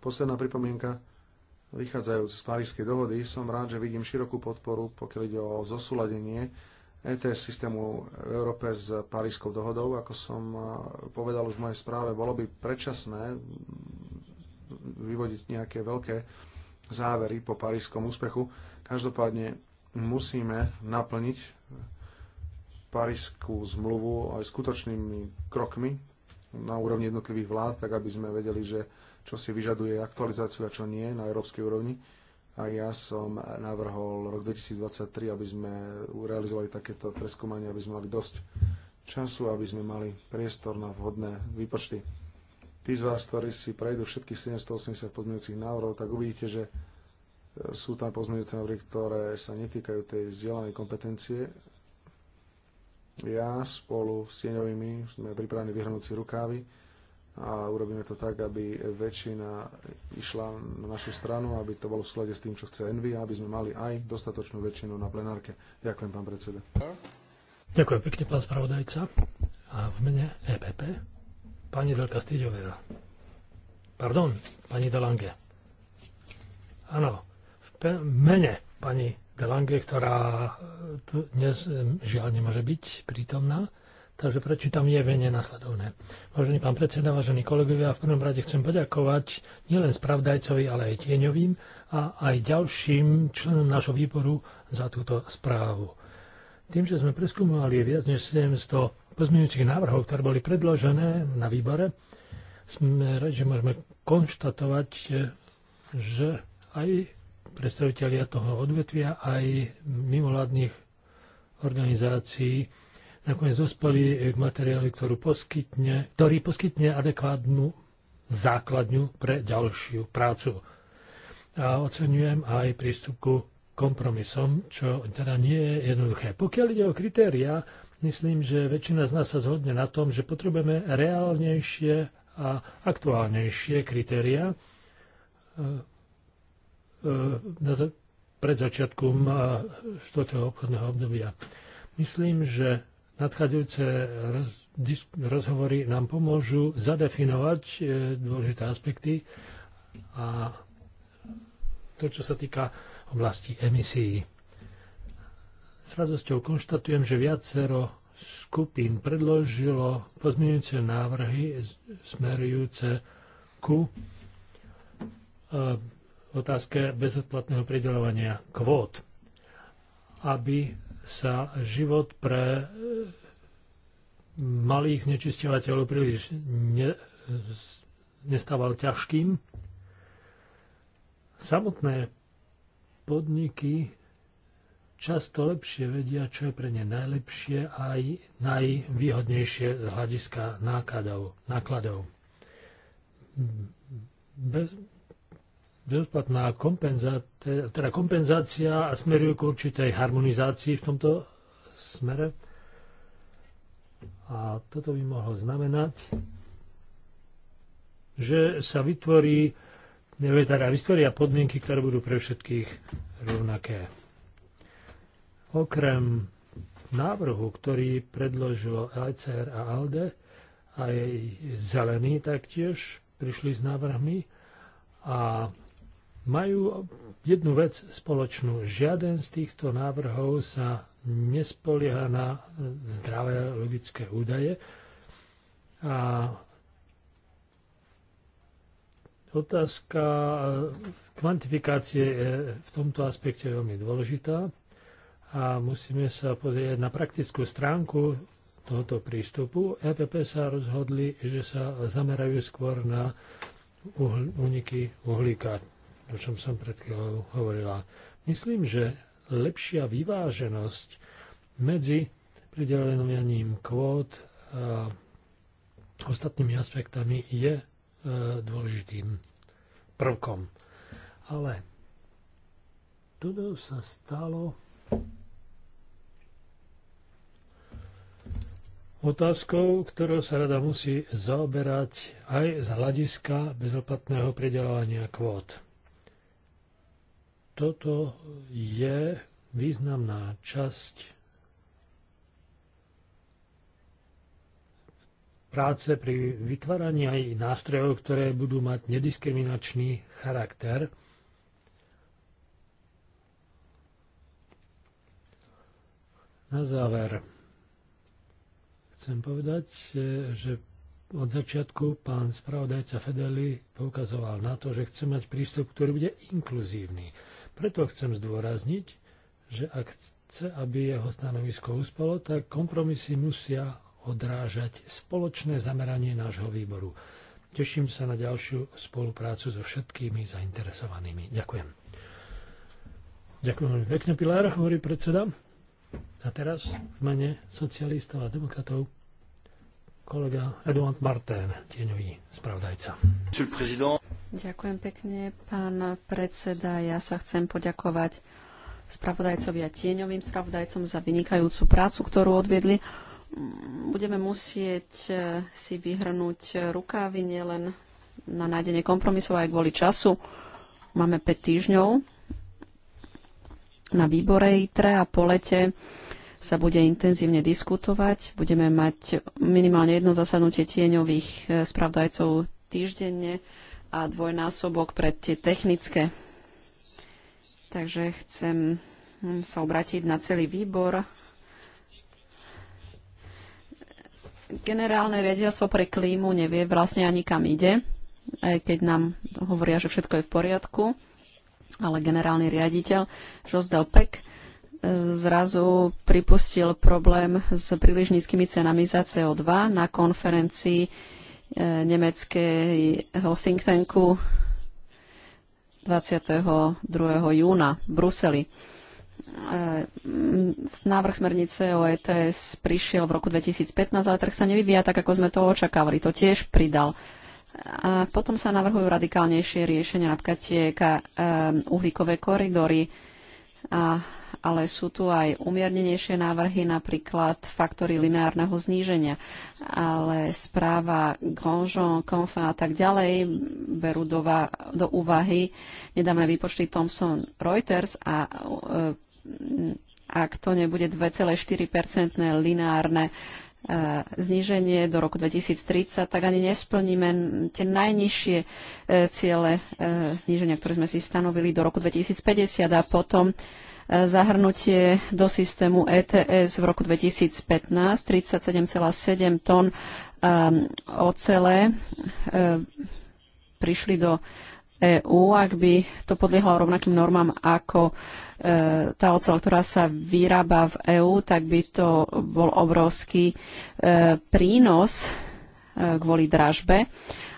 Posledná pripomienka, vychádzajúc z Parížskej dohody, som rád, že vidím širokú podporu, pokiaľ ide o zosúladenie ETS systému v Európe s Parížskou dohodou. Ako som e, povedal už v mojej správe, bolo by predčasné vyvodiť nejaké veľké závery po parískom úspechu. Každopádne musíme naplniť parískú zmluvu aj skutočnými krokmi na úrovni jednotlivých vlád, tak aby sme vedeli, že čo si vyžaduje aktualizáciu a čo nie na európskej úrovni a ja som navrhol rok 2023, aby sme realizovali takéto preskúmanie, aby sme mali dosť času, aby sme mali priestor na vhodné výpočty. Tí z vás, ktorí si prejdú všetkých 780 pozmeňujúcich návrhov, tak uvidíte, že e, sú tam pozmeňujúce návrhy, ktoré sa netýkajú tej vzdelanej kompetencie. Ja spolu s tieňovými sme pripravení vyhrnúť si rukávy a urobíme to tak, aby väčšina išla na našu stranu, aby to bolo v sklade s tým, čo chce Envy a aby sme mali aj dostatočnú väčšinu na plenárke. Ďakujem, pán predseda. Ďakujem pekne, pán spravodajca. A v mene EPP pani Delka Stýďovera. Pardon, pani Delange. Áno, v mene pani Delange, ktorá tu dnes eh, žiaľ nemôže byť prítomná, Takže prečítam jevenie nasledovné. Vážený pán predseda, vážení kolegovia, v prvom rade chcem poďakovať nielen spravdajcovi, ale aj tieňovým a aj ďalším členom nášho výboru za túto správu. Tým, že sme preskúmovali viac než 700 pozmeňujúcich návrhov, ktoré boli predložené na výbore, sme radi, že môžeme konštatovať, že aj predstavitelia toho odvetvia, aj mimoládnych organizácií nakoniec dospeli k materiálu, ktorú poskytne, ktorý poskytne adekvátnu základňu pre ďalšiu prácu. A oceňujem aj prístup ku kompromisom, čo teda nie je jednoduché. Pokiaľ ide o kritéria, myslím, že väčšina z nás sa zhodne na tom, že potrebujeme reálnejšie a aktuálnejšie kritéria e, e, pred začiatkom 4. E, obchodného obdobia. Myslím, že Nadchádzajúce rozhovory nám pomôžu zadefinovať e, dôležité aspekty a to, čo sa týka oblasti emisí. S radosťou konštatujem, že viacero skupín predložilo pozmeňujúce návrhy smerujúce ku e, otázke bezodplatného pridelovania kvót, aby sa život pre e, malých znečisťovateľov príliš ne, nestával ťažkým. Samotné podniky často lepšie vedia, čo je pre ne najlepšie a aj najvýhodnejšie z hľadiska nákladov. nákladov. Bez, bezplatná kompenzácia, teda kompenzácia a smerujú k určitej harmonizácii v tomto smere. A toto by mohlo znamenať, že sa vytvorí, teda vytvoria podmienky, ktoré budú pre všetkých rovnaké. Okrem návrhu, ktorý predložilo LCR a ALDE, aj zelení taktiež prišli s návrhmi a majú jednu vec spoločnú. Žiaden z týchto návrhov sa nespolieha na zdravé logické údaje. A otázka kvantifikácie je v tomto aspekte veľmi dôležitá a musíme sa pozrieť na praktickú stránku tohoto prístupu. EPP sa rozhodli, že sa zamerajú skôr na uniky uhlíka, o čom som pred chvíľou hovorila. Myslím, že lepšia vyváženosť medzi prideleným kvót a ostatnými aspektami je e, dôležitým prvkom. Ale toto sa stalo otázkou, ktorou sa rada musí zaoberať aj z hľadiska bezoplatného pridelovania kvót. Toto je významná časť práce pri vytváraní aj nástrojov, ktoré budú mať nediskriminačný charakter. Na záver chcem povedať, že od začiatku pán spravodajca Fedeli poukazoval na to, že chce mať prístup, ktorý bude inkluzívny. Preto chcem zdôrazniť, že ak chce, aby jeho stanovisko uspelo, tak kompromisy musia odrážať spoločné zameranie nášho výboru. Teším sa na ďalšiu spoluprácu so všetkými zainteresovanými. Ďakujem. Ďakujem veľmi pekne, Pilár, hovorí predseda. A teraz v mene socialistov a demokratov kolega Eduard Martin, tieňový spravodajca. Ďakujem pekne, pán predseda. Ja sa chcem poďakovať spravodajcovi a tieňovým spravodajcom za vynikajúcu prácu, ktorú odviedli. Budeme musieť eh, si vyhrnúť rukávy nielen na nájdenie kompromisov aj kvôli času. Máme 5 týždňov na výbore ITRE a po lete sa bude intenzívne diskutovať. Budeme mať minimálne jedno zasadnutie tieňových eh, spravdajcov týždenne a dvojnásobok pre tie technické. Takže chcem sa obratiť na celý výbor. Generálne riaditeľstvo pre klímu nevie vlastne ani kam ide, aj keď nám hovoria, že všetko je v poriadku, ale generálny riaditeľ Jos Del e, zrazu pripustil problém s príliš nízkymi cenami za CO2 na konferencii nemeckého think tanku 22. júna v Bruseli. E, návrh smernice o ETS prišiel v roku 2015, ale trh sa nevyvíja tak, ako sme to očakávali. To tiež pridal. A potom sa navrhujú radikálnejšie riešenia, napríklad tie e, uhlíkové koridory a ale sú tu aj umiernenejšie návrhy, napríklad faktory lineárneho zníženia. Ale správa Grandjean, Confa a tak ďalej berú do, do úvahy nedávne výpočty Thomson Reuters a e, ak to nebude 2,4-percentné lineárne e, zníženie do roku 2030, tak ani nesplníme tie najnižšie e, ciele zníženia, ktoré sme si stanovili do roku 2050 a potom zahrnutie do systému ETS v roku 2015 37,7 tón um, ocele um, prišli do EÚ, ak by to podliehalo rovnakým normám ako um, tá oceľ, ktorá sa vyrába v EÚ, tak by to bol obrovský prínos uh, kvôli dražbe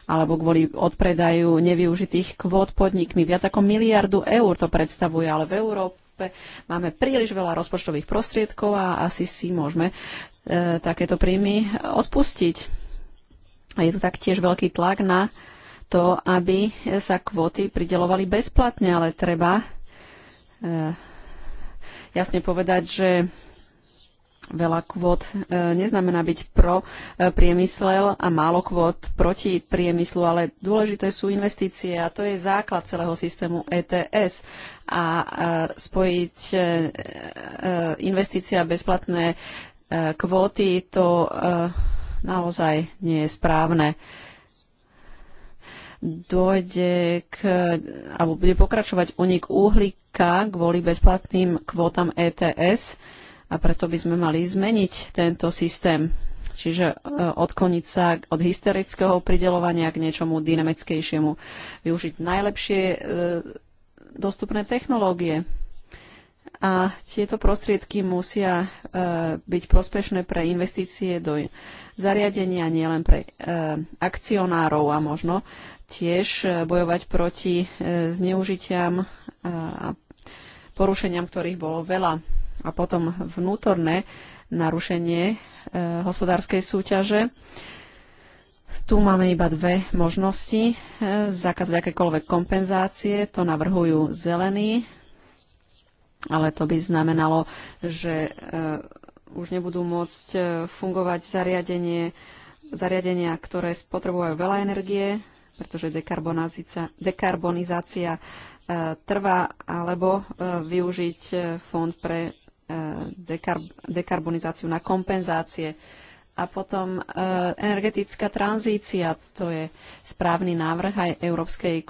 alebo kvôli odpredaju nevyužitých kvót podnikmi. Viac ako miliardu eur to predstavuje, ale v Európe Európe máme príliš veľa rozpočtových prostriedkov a asi si môžeme e, takéto príjmy odpustiť. A je tu taktiež veľký tlak na to, aby sa kvóty pridelovali bezplatne, ale treba e, jasne povedať, že veľa kvót e, neznamená byť pro e, priemysel a málo kvót proti priemyslu, ale dôležité sú investície a to je základ celého systému ETS. A e, spojiť investícia a bezplatné kvóty, to naozaj nie je správne dôjde k, alebo bude pokračovať unik uhlíka kvôli bezplatným kvótam ETS a preto by sme mali zmeniť tento systém. Čiže e, odkloniť sa od hysterického pridelovania k niečomu dynamickejšiemu, využiť najlepšie e, dostupné technológie. A tieto prostriedky musia e, byť prospešné pre investície do zariadenia, nielen pre akcionárov a možno tiež bojovať proti zneužitiam a porušeniam, ktorých bolo veľa a potom vnútorné narušenie e, hospodárskej súťaže. Tu máme iba dve možnosti. E, zákaz akékoľvek kompenzácie, to navrhujú zelení, ale to by znamenalo, že e, už nebudú môcť e, fungovať zariadenie, zariadenia, ktoré spotrebujú veľa energie, pretože dekarbonizácia, dekarbonizácia e, trvá, alebo e, využiť fond pre dekarbonizáciu, na kompenzácie. A potom e, energetická tranzícia, to je správny návrh aj Európskej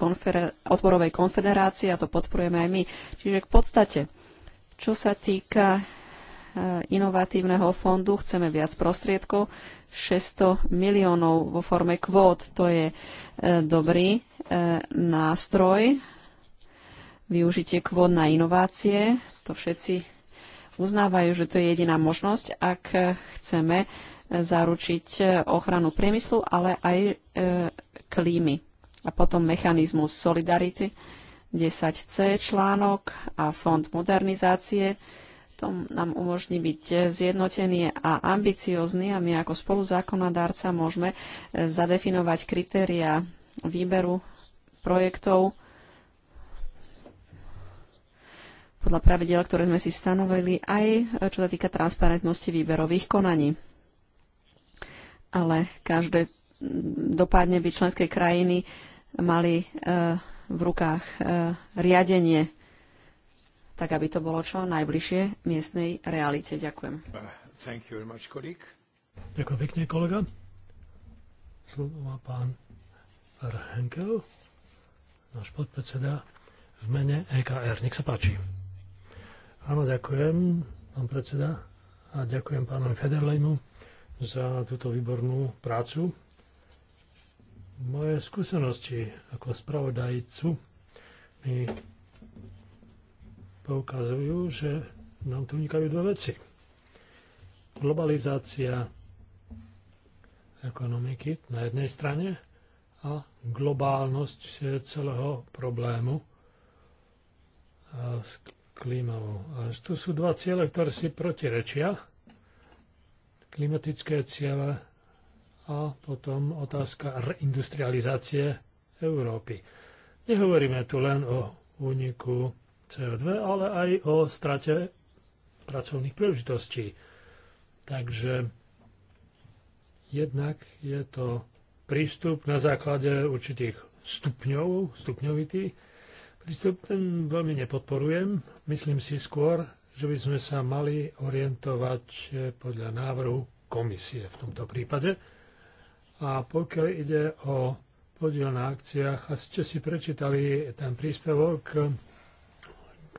odborovej konfederácie a to podporujeme aj my. Čiže v podstate, čo sa týka e, inovatívneho fondu chceme viac prostriedkov, 600 miliónov vo forme kvót. To je e, dobrý nástroj. Využitie kvót na inovácie, to všetci uznávajú, že to je jediná možnosť, ak chceme zaručiť ochranu priemyslu, ale aj e, klímy. A potom mechanizmus solidarity, 10C článok a fond modernizácie. To nám umožní byť zjednotený a ambiciozný a my ako spoluzákonodárca môžeme e, zadefinovať kritéria výberu projektov, podľa pravidel, ktoré sme si stanovili, aj eh, čo sa týka transparentnosti výberových konaní. Ale každé mm, dopadne by členské krajiny mali eh, v rukách eh, riadenie, tak aby to bolo čo najbližšie miestnej realite. Ďakujem. Much, Ďakujem pekne, kolega. Slovo má pán Henkel, náš podpredseda v mene EKR. Nech sa páči. Áno, ďakujem, pán predseda, a ďakujem pánu Federlejmu za túto výbornú prácu. Moje skúsenosti ako spravodajcu mi poukazujú, že nám tu unikajú dve veci. Globalizácia ekonomiky na jednej strane a globálnosť celého problému, klímou. A tu sú dva ciele, ktoré si protirečia. Klimatické ciele a potom otázka reindustrializácie Európy. Nehovoríme tu len o úniku CO2, ale aj o strate pracovných príležitostí. Takže jednak je to prístup na základe určitých stupňov, stupňovitý, prístup ten veľmi nepodporujem. Myslím si skôr, že by sme sa mali orientovať eh, podľa návrhu komisie v tomto prípade. A pokiaľ ide o podiel na akciách, a ste si prečítali ten príspevok,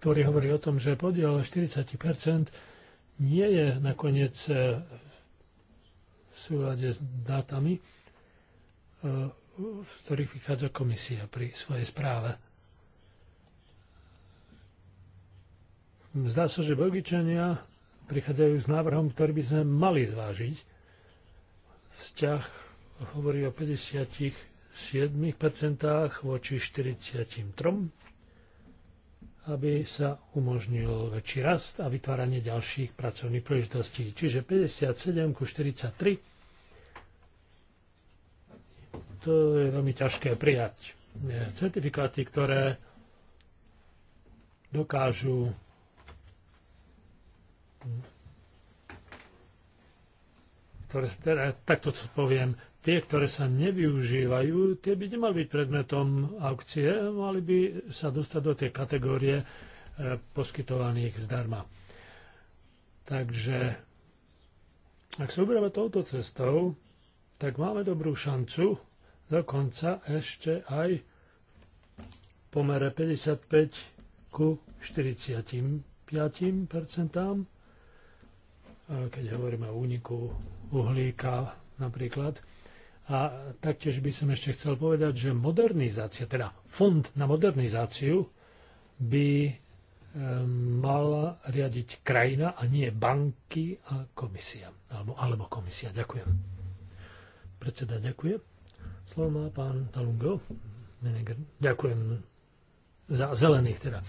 ktorý hovorí o tom, že podiel 40 nie je nakoniec eh, v súlade s dátami, eh, z ktorých vychádza komisia pri svojej správe. Zdá sa, že Belgičania prichádzajú s návrhom, ktorý by sme mali zvážiť. Vzťah hovorí o 57% voči 43%, aby sa umožnil väčší rast a vytváranie ďalších pracovných príležitostí. Čiže 57 ku 43 to je veľmi ťažké prijať. Certifikáty, ktoré dokážu ktoré, teda, takto to poviem, tie, ktoré sa nevyužívajú, tie by nemali byť predmetom aukcie, mali by sa dostať do tej kategórie e, poskytovaných zdarma. Takže, ak sa uberieme touto cestou, tak máme dobrú šancu, dokonca ešte aj v pomere 55 ku 45 percentám keď hovoríme o úniku uhlíka napríklad. A taktiež by som ešte chcel povedať, že modernizácia, teda fond na modernizáciu by mala riadiť krajina a nie banky a komisia. Alebo, alebo komisia. Ďakujem. Predseda, ďakujem. Slovo má pán Talungo. Ďakujem za zelených teda.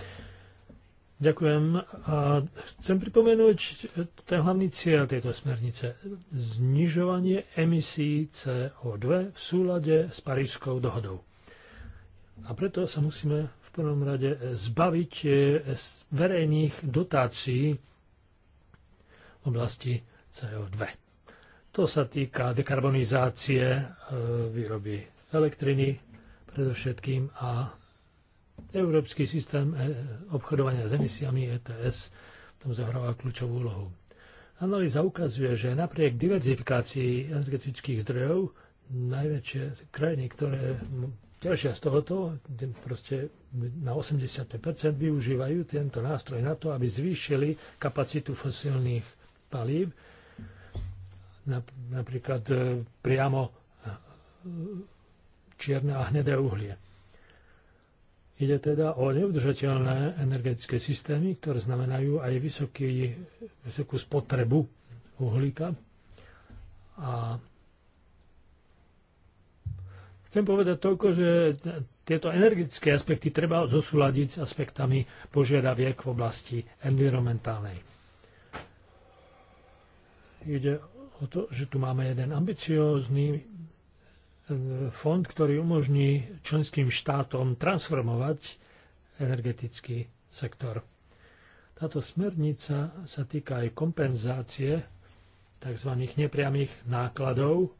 Ďakujem. A chcem pripomenúť ten hlavný cieľ tejto smernice. Znižovanie emisí CO2 v súlade s Parížskou dohodou. A preto sa musíme v prvom rade zbaviť eh, verejných dotácií v oblasti CO2. To sa týka dekarbonizácie eh, výroby elektriny predovšetkým a Európsky systém obchodovania s emisiami ETS tom zohráva kľúčovú úlohu. Analýza ukazuje, že napriek diverzifikácii energetických zdrojov najväčšie krajiny, ktoré ťažia z tohoto, proste na 85% využívajú tento nástroj na to, aby zvýšili kapacitu fosílnych palív. Napríklad priamo čierne a hnedé uhlie. Ide teda o neudržateľné energetické systémy, ktoré znamenajú aj vysoký, vysokú spotrebu uhlíka. A chcem povedať toľko, že tieto energetické aspekty treba zosúľadiť s aspektami požiadaviek v oblasti environmentálnej. Ide o to, že tu máme jeden ambiciózny fond, ktorý umožní členským štátom transformovať energetický sektor. Táto smernica sa týka aj kompenzácie tzv. nepriamých nákladov eh,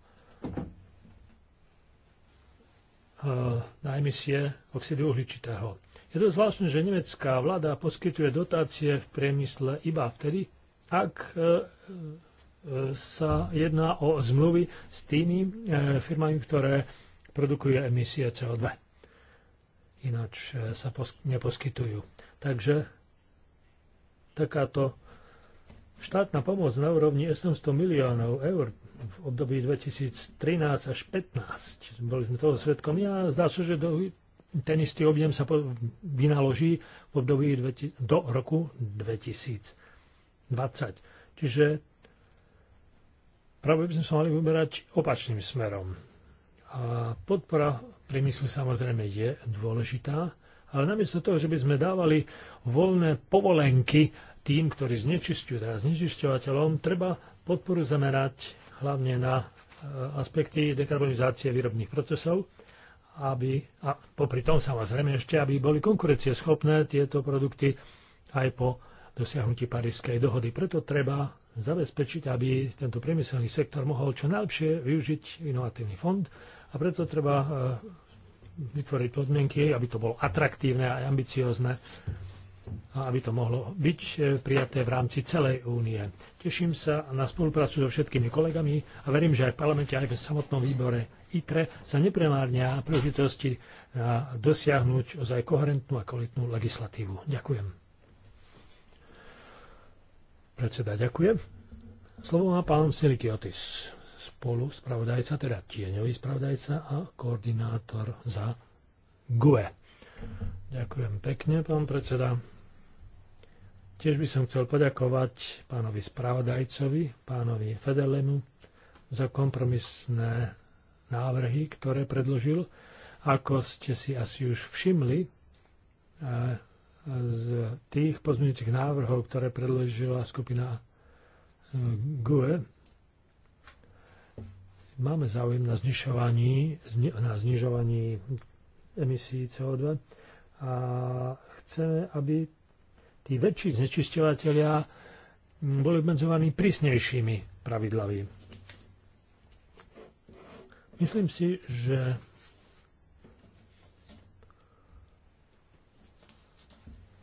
na emisie oxidu uhličitého. Je to zvláštne, že nemecká vláda poskytuje dotácie v priemysle iba vtedy, ak eh, sa jedná o zmluvy s tými e, firmami, ktoré produkujú emisie CO2. Ináč e, sa neposkytujú. Takže takáto štátna pomoc na úrovni 800 miliónov eur v období 2013 až 2015. Boli sme toho svetkom. Ja zdá sa, že do, ten istý objem sa po, vynaloží v období 20, do roku 2020. Čiže Práve by sme sa mali vyberať opačným smerom. A podpora priemyslu samozrejme je dôležitá, ale namiesto toho, že by sme dávali voľné povolenky tým, ktorí znečistujú, teda znečisťovateľom, treba podporu zamerať hlavne na e, aspekty dekarbonizácie výrobných procesov, aby, a popri tom samozrejme ešte, aby boli konkurencieschopné tieto produkty aj po dosiahnutí Parískej dohody. Preto treba zabezpečiť, aby tento priemyselný sektor mohol čo najlepšie využiť inovatívny fond a preto treba e, vytvoriť podmienky, aby to bolo atraktívne a ambiciozne a aby to mohlo byť e, prijaté v rámci celej únie. Teším sa na spoluprácu so všetkými kolegami a verím, že aj v parlamente, aj v samotnom výbore ITRE sa nepremárnia príležitosti e, dosiahnuť ozaj koherentnú a kvalitnú legislatívu. Ďakujem. Predseda, ďakujem. Slovo má pán Silikiotis, spolu spravodajca, teda tieňový spravodajca a koordinátor za GUE. Ďakujem pekne, pán predseda. Tiež by som chcel poďakovať pánovi spravodajcovi, pánovi Fedelenu za kompromisné návrhy, ktoré predložil. Ako ste si asi už všimli, eh, z tých pozmeňujúcich návrhov, ktoré predložila skupina e, GUE, máme záujem na znižovaní, na znižovaní emisí CO2 a chceme, aby tí väčší znečisťovateľia boli obmedzovaní prísnejšími pravidlami. Myslím si, že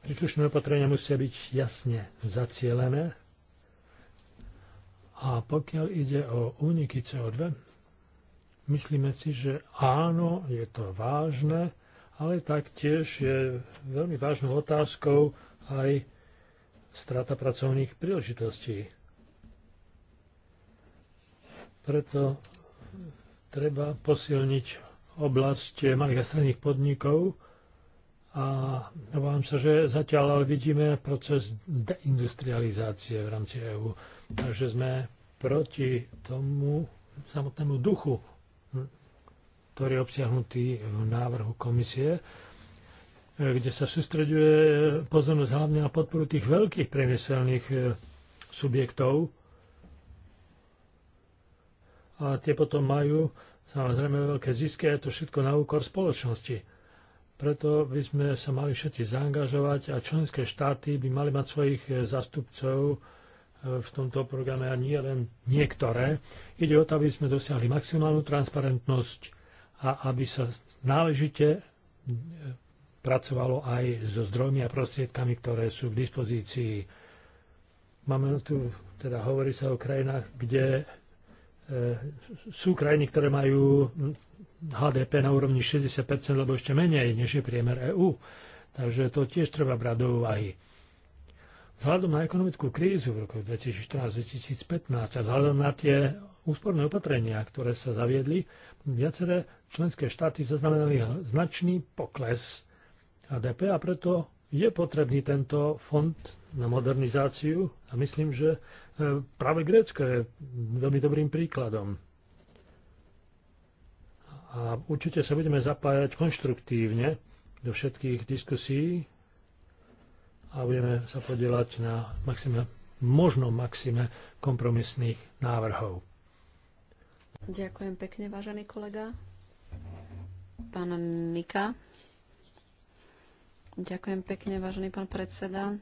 Príslušné opatrenia musia byť jasne zacielené a pokiaľ ide o úniky CO2, myslíme si, že áno, je to vážne, ale taktiež je veľmi vážnou otázkou aj strata pracovných príležitostí. Preto treba posilniť oblasť malých a stredných podnikov, a obávam sa, že zatiaľ ale vidíme proces deindustrializácie v rámci EÚ. Takže sme proti tomu samotnému duchu, ktorý je obsiahnutý v návrhu komisie, kde sa sústreďuje pozornosť hlavne na podporu tých veľkých priemyselných e, subjektov. A tie potom majú samozrejme veľké zisky a je to všetko na úkor spoločnosti. Preto by sme sa mali všetci zaangažovať a členské štáty by mali mať svojich eh, zastupcov eh, v tomto programe a nie len niektoré. Ide o to, aby sme dosiahli maximálnu transparentnosť a aby sa náležite eh, pracovalo aj so zdrojmi a prostriedkami, ktoré sú k dispozícii. Máme tu, teda hovorí sa o krajinách, kde E, sú krajiny, ktoré majú HDP na úrovni 60%, lebo ešte menej než je priemer EÚ. Takže to tiež treba brať do úvahy. Vzhľadom na ekonomickú krízu v roku 2014-2015 a vzhľadom na tie úsporné opatrenia, ktoré sa zaviedli, viaceré členské štáty zaznamenali značný pokles HDP a preto je potrebný tento fond na modernizáciu a myslím, že e, práve Grécko je veľmi dobrým príkladom. A určite sa budeme zapájať konštruktívne do všetkých diskusí a budeme sa podielať na maxime, možno maxime kompromisných návrhov. Ďakujem pekne, vážený kolega. Pán Nika. Ďakujem pekne, vážený pán predseda.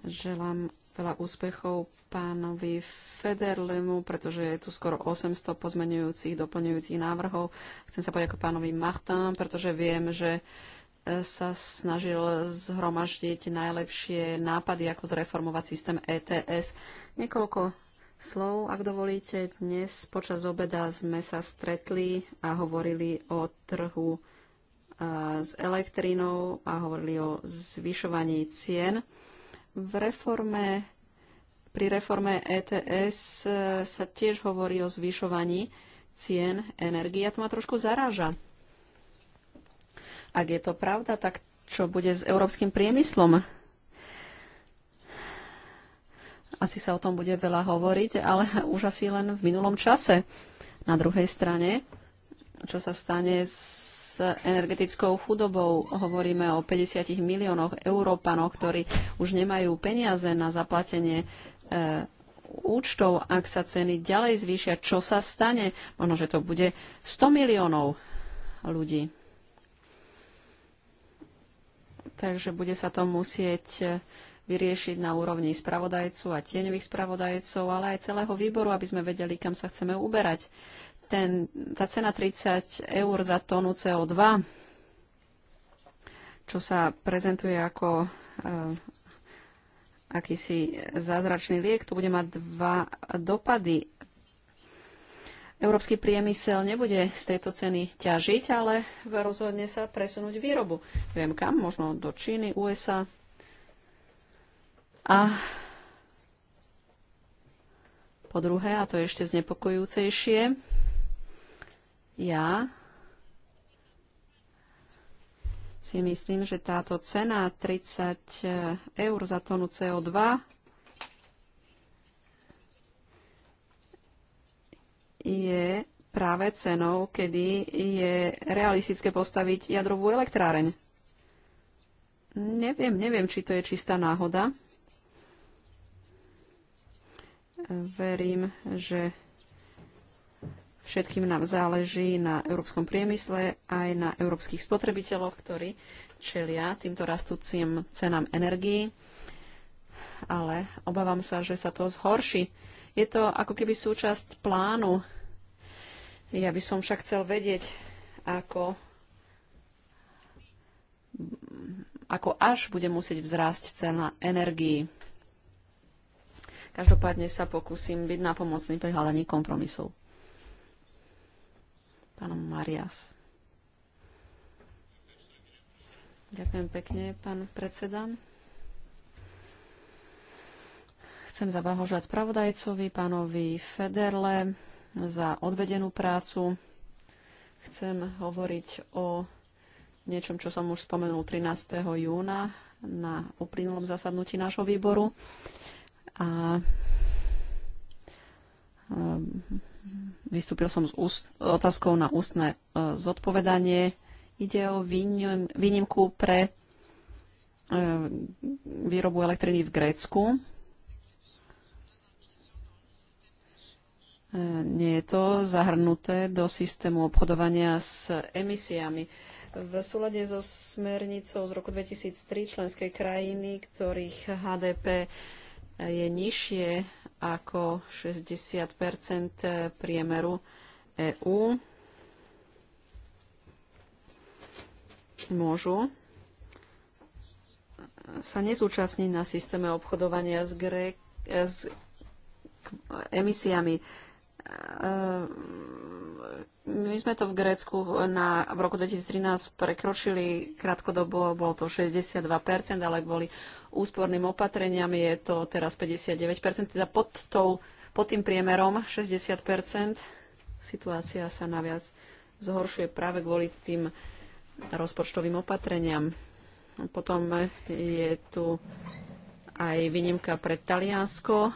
Želám veľa úspechov pánovi Federlemu, pretože je tu skoro 800 pozmenujúcich, doplňujúcich návrhov. Chcem sa poďakovať pánovi Martin, pretože viem, že e, sa snažil zhromaždiť najlepšie nápady, ako zreformovať systém ETS. Niekoľko slov, ak dovolíte. Dnes počas obeda sme sa stretli a hovorili o trhu e, s elektrínou a hovorili o zvyšovaní cien v reforme, pri reforme ETS e, sa tiež hovorí o zvyšovaní cien energie a to ma trošku zaráža. Ak je to pravda, tak čo bude s európskym priemyslom? Asi sa o tom bude veľa hovoriť, ale už asi len v minulom čase. Na druhej strane, čo sa stane s s energetickou chudobou. Hovoríme o 50 miliónoch Európanov, ktorí už nemajú peniaze na zaplatenie e, účtov, ak sa ceny ďalej zvýšia, čo sa stane? Možno, že to bude 100 miliónov ľudí. Takže bude sa to musieť e, vyriešiť na úrovni spravodajcu a tieňových spravodajcov, ale aj celého výboru, aby sme vedeli, kam sa chceme uberať ten, tá cena 30 eur za tónu CO2, čo sa prezentuje ako uh, akýsi zázračný liek, to bude mať dva dopady. Európsky priemysel nebude z tejto ceny ťažiť, ale rozhodne sa presunúť výrobu. Viem kam, možno do Číny, USA. A po druhé, a to je ešte znepokojúcejšie, ja si myslím, že táto cena 30 e, eur za tonu CO2 je práve cenou, kedy je realistické postaviť jadrovú elektráreň. Neviem, neviem, či to je čistá náhoda. Verím, že Všetkým nám záleží na európskom priemysle aj na európskych spotrebiteľoch, ktorí čelia týmto rastúcim cenám energii. Ale obávam sa, že sa to zhorší. Je to ako keby súčasť plánu. Ja by som však chcel vedieť, ako, ako až bude musieť vzrásť cena energii. Každopádne sa pokúsim byť napomocný pri hľadaní kompromisov pánom Marias. Ďakujem pekne, pán predseda. Chcem zabahožľať spravodajcovi, pánovi Federle, za odvedenú prácu. Chcem hovoriť o niečom, čo som už spomenul 13. júna na uplynulom zasadnutí nášho výboru. A um, Vystúpil som s úst, otázkou na ústne e, zodpovedanie. Ide o výnimku pre e, výrobu elektriny v Grécku. E, nie je to zahrnuté do systému obchodovania s emisiami. V súlade so smernicou z roku 2003 členské krajiny, ktorých HDP je nižšie ako 60 priemeru EÚ. Môžu sa nezúčastniť na systéme obchodovania s, gre, s emisiami. E, my sme to v Grécku na, v roku 2013 prekročili krátkodobo, bolo to 62%, ale kvôli úsporným opatreniam je to teraz 59%, teda pod, tou, pod tým priemerom 60%. Situácia sa naviac zhoršuje práve kvôli tým rozpočtovým opatreniam. Potom je tu aj výnimka pre Taliansko,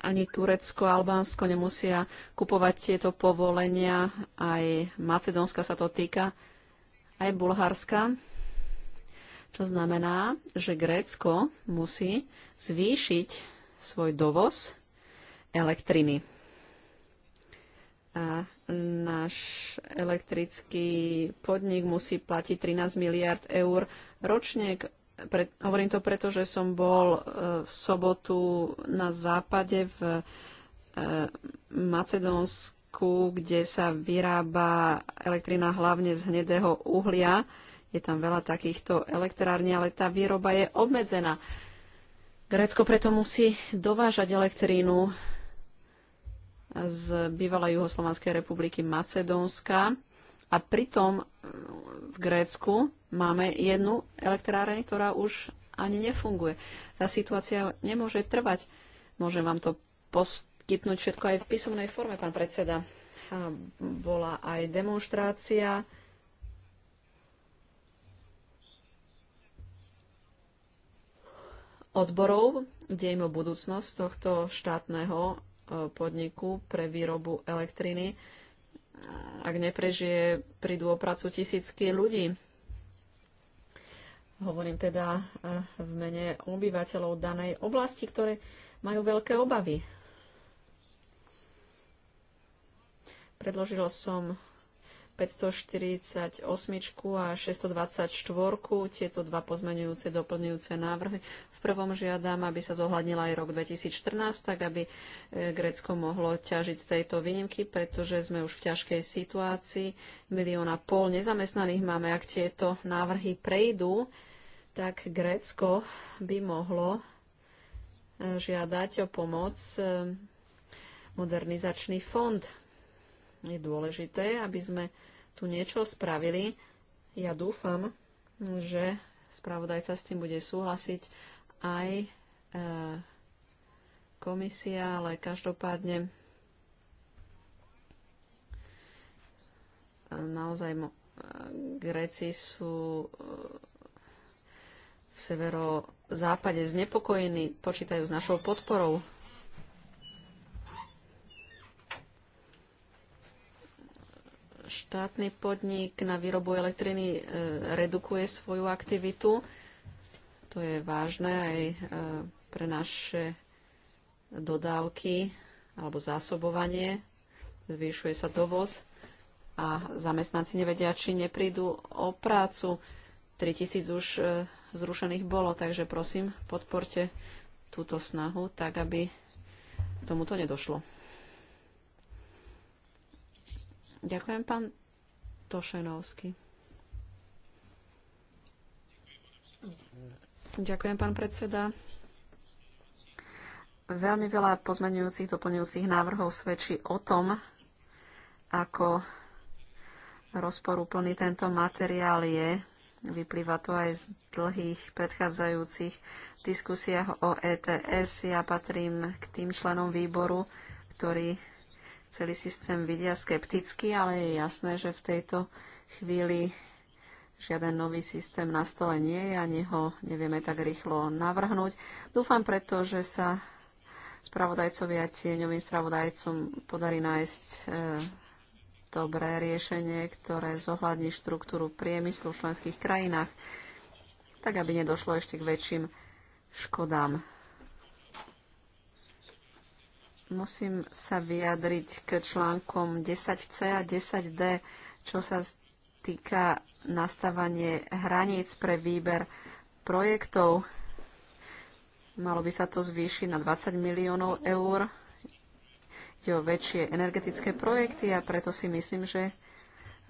ani Turecko, Albánsko nemusia kupovať tieto povolenia, aj Macedónska sa to týka, aj Bulharska. To znamená, že Grécko musí zvýšiť svoj dovoz elektriny. A náš elektrický podnik musí platiť 13 miliard eur ročne k pre, hovorím to preto, že som bol e, v sobotu na západe v e, Macedónsku, kde sa vyrába elektrina hlavne z hnedého uhlia. Je tam veľa takýchto elektrární, ale tá výroba je obmedzená. Grécko preto musí dovážať elektrínu z bývalej Juhoslovanskej republiky Macedónska a pritom v Grécku máme jednu elektráreň, ktorá už ani nefunguje. Tá situácia nemôže trvať. Môžem vám to poskytnúť všetko aj v písomnej forme, pán predseda. Bola aj demonstrácia. odborov, Dejmo budúcnosť tohto štátneho e, podniku pre výrobu elektriny. Ak neprežije, prídu o prácu tisícky ľudí. Hovorím teda eh, v mene obyvateľov danej oblasti, ktoré majú veľké obavy. Predložil som 548 a 624, tieto dva pozmenujúce, doplňujúce návrhy. V prvom žiadam, aby sa zohľadnila aj rok 2014, tak aby eh, Grécko mohlo ťažiť z tejto výnimky, pretože sme už v ťažkej situácii. Milióna pol nezamestnaných máme, ak tieto návrhy prejdú tak Grécko by mohlo e, žiadať o pomoc e, modernizačný fond. Je dôležité, aby sme tu niečo spravili. Ja dúfam, že spravodajca s tým bude súhlasiť aj e, komisia, ale každopádne naozaj Gréci sú v severozápade znepokojení, počítajú s našou podporou. Štátny podnik na výrobu elektriny e, redukuje svoju aktivitu. To je vážne aj e, pre naše dodávky alebo zásobovanie. Zvyšuje sa dovoz a zamestnanci nevedia, či neprídu o prácu. 3000 už e, zrušených bolo, takže prosím, podporte túto snahu, tak aby k tomuto nedošlo. Ďakujem, pán Tošenovský. Ďakujem, pán predseda. Veľmi veľa pozmenujúcich, doplňujúcich návrhov svedčí o tom, ako rozporúplný tento materiál je Vyplýva to aj z dlhých predchádzajúcich diskusiách o ETS. Ja patrím k tým členom výboru, ktorí celý systém vidia skepticky, ale je jasné, že v tejto chvíli žiaden nový systém na stole nie je, a neho nevieme tak rýchlo navrhnúť. Dúfam preto, že sa spravodajcovi a tieňovým spravodajcom podarí nájsť e, dobré riešenie, ktoré zohľadní štruktúru priemyslu v členských krajinách, tak aby nedošlo ešte k väčším škodám. Musím sa vyjadriť k článkom 10c a 10d, čo sa týka nastavanie hraníc pre výber projektov. Malo by sa to zvýšiť na 20 miliónov eur ide o väčšie energetické projekty a preto si myslím, že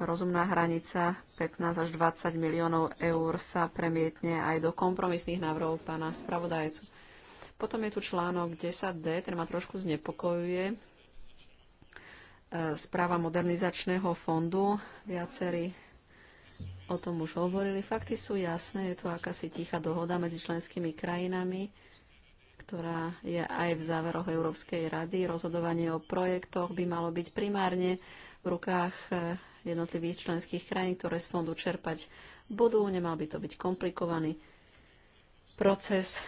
rozumná hranica 15 až 20 miliónov eur sa premietne aj do kompromisných návrhov pána spravodajcu. Potom je tu článok 10d, ten ma trošku znepokojuje. E, správa modernizačného fondu. Viacerí o tom už hovorili. Fakty sú jasné, je to akási tichá dohoda medzi členskými krajinami ktorá je aj v záveroch Európskej rady. Rozhodovanie o projektoch by malo byť primárne v rukách eh, jednotlivých členských krajín, ktoré z fondu čerpať budú. Nemal by to byť komplikovaný proces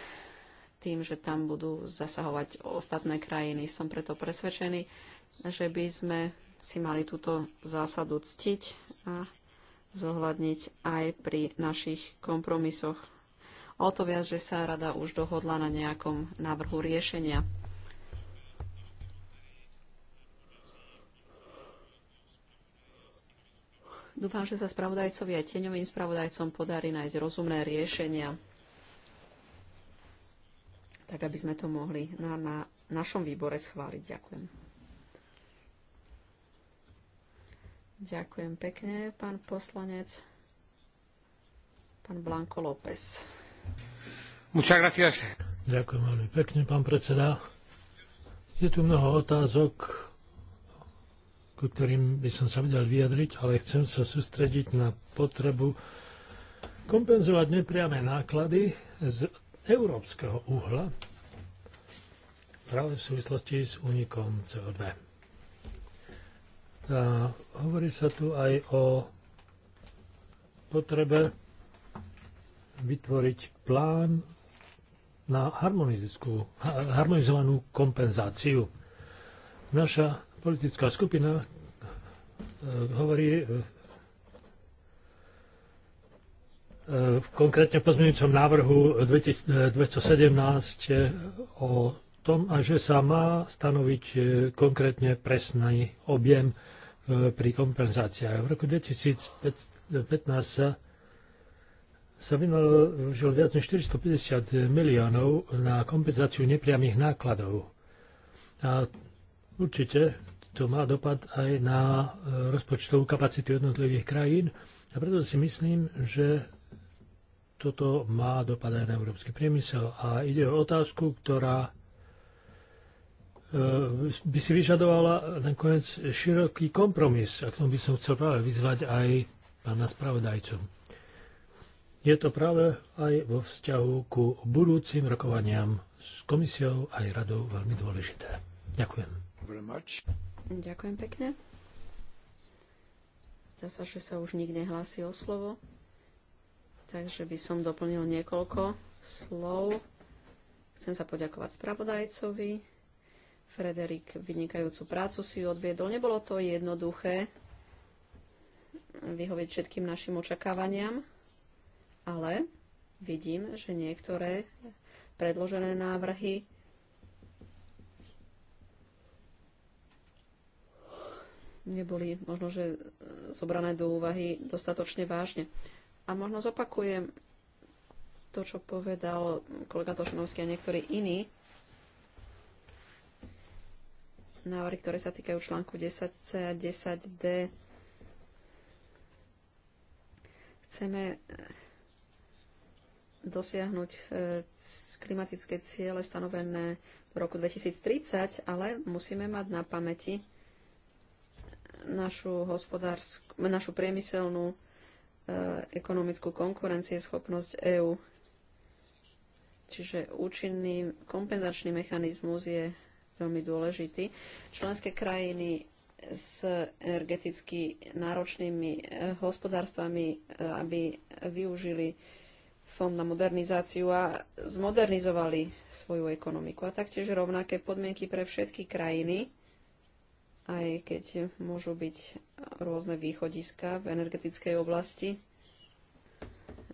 tým, že tam budú zasahovať ostatné krajiny. Som preto presvedčený, že by sme si mali túto zásadu ctiť a zohľadniť aj pri našich kompromisoch O to viac, že sa rada už dohodla na nejakom návrhu riešenia. Dúfam, že sa spravodajcovi a tieňovým spravodajcom podarí nájsť rozumné riešenia, tak aby sme to mohli na, na našom výbore schváliť. Ďakujem. Ďakujem pekne, pán poslanec. Pán Blanko López. Ďakujem veľmi pekne, pán predseda. Je tu mnoho otázok, ku ktorým by som sa vedel vyjadriť, ale chcem sa sústrediť na potrebu kompenzovať nepriame náklady z európskeho uhla práve v súvislosti s únikom CO2. A hovorí sa tu aj o potrebe vytvoriť plán na harmonizovanú kompenzáciu. Naša politická skupina e, hovorí e, e, konkrétne v pozmeňujúcom návrhu 217 o tom, že sa má stanoviť konkrétne presný objem pri kompenzáciách. V roku 2015 sa sa vynaložil viac než 450 miliónov na kompenzáciu nepriamých nákladov. A určite to má dopad aj na e, rozpočtovú kapacitu jednotlivých krajín a preto si myslím, že toto má dopad aj na európsky priemysel a ide o otázku, ktorá e, by si vyžadovala nakoniec široký kompromis. A k tomu by som chcel práve vyzvať aj pána spravodajcu. Je to práve aj vo vzťahu ku budúcim rokovaniam s komisiou aj radou veľmi dôležité. Ďakujem. Ďakujem pekne. Zdá sa, že sa už nikde hlási o slovo, takže by som doplnil niekoľko slov. Chcem sa poďakovať spravodajcovi. Frederik vynikajúcu prácu si odviedol. Nebolo to jednoduché vyhovieť všetkým našim očakávaniam, ale vidím, že niektoré predložené návrhy neboli možno, že e, zobrané do úvahy dostatočne vážne. A možno zopakujem to, čo povedal kolega Tošinovský a niektorí iní. Návrhy, ktoré sa týkajú článku 10c a 10d. Chceme dosiahnuť e, klimatické ciele stanovené v roku 2030, ale musíme mať na pamäti našu, našu priemyselnú e, ekonomickú konkurencieschopnosť EÚ. Čiže účinný kompenzačný mechanizmus je veľmi dôležitý. Členské krajiny s energeticky náročnými e, hospodárstvami, aby využili fond na modernizáciu a zmodernizovali svoju ekonomiku. A taktiež rovnaké podmienky pre všetky krajiny, aj keď môžu byť rôzne východiska v energetickej oblasti.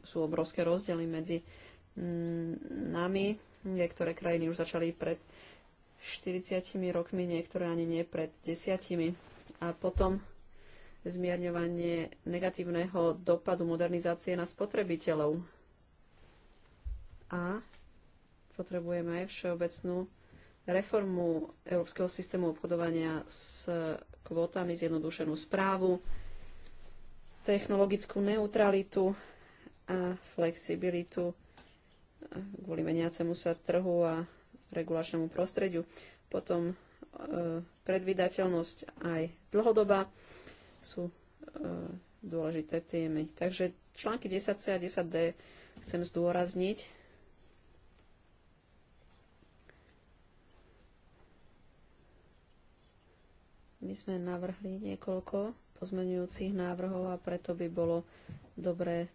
Sú obrovské rozdiely medzi mm, nami. Niektoré krajiny už začali pred 40 rokmi, niektoré ani nie pred desiatimi. A potom zmierňovanie negatívneho dopadu modernizácie na spotrebiteľov a potrebujeme aj všeobecnú reformu európskeho systému obchodovania s kvótami, zjednodušenú správu, technologickú neutralitu a flexibilitu kvôli meniacemu sa trhu a regulačnému prostrediu. Potom e, predvydateľnosť aj dlhodoba sú e, dôležité témy. Takže články 10c a 10d chcem zdôrazniť My sme navrhli niekoľko pozmenujúcich návrhov a preto by bolo dobré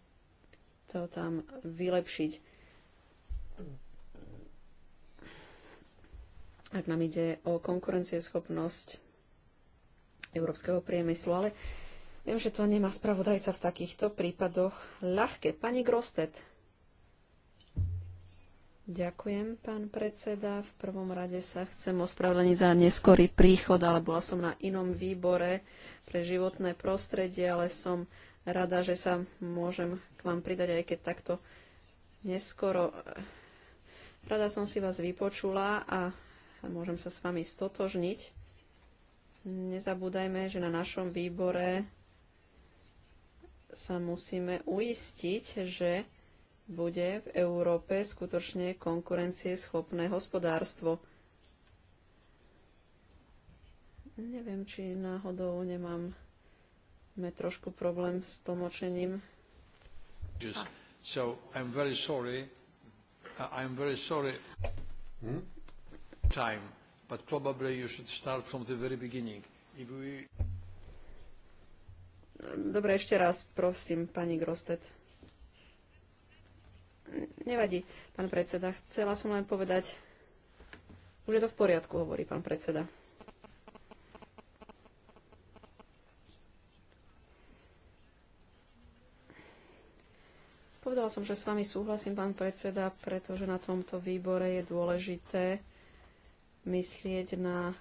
to tam vylepšiť. Ak nám ide o konkurencieschopnosť európskeho priemyslu, ale viem, že to nemá spravodajca v takýchto prípadoch ľahké. Pani Grostet, Ďakujem, pán predseda. V prvom rade sa chcem ospravedlniť za neskorý príchod, ale bola som na inom výbore pre životné prostredie, ale som rada, že sa môžem k vám pridať, aj keď takto neskoro. Rada som si vás vypočula a môžem sa s vami stotožniť. Nezabúdajme, že na našom výbore sa musíme uistiť, že bude v Európe skutočne konkurencieschopné hospodárstvo. Neviem, či náhodou nemám me trošku problém s tlmočením. So I'm very sorry. I'm very sorry. Hmm? Time, but probably you should start from the very beginning. If we... Dobre, ešte raz, prosím, pani Grostet. Nevadí, pán predseda. Chcela som len povedať, už je to v poriadku, hovorí pán predseda. Povedala som, že s vami súhlasím, pán predseda, pretože na tomto výbore je dôležité myslieť na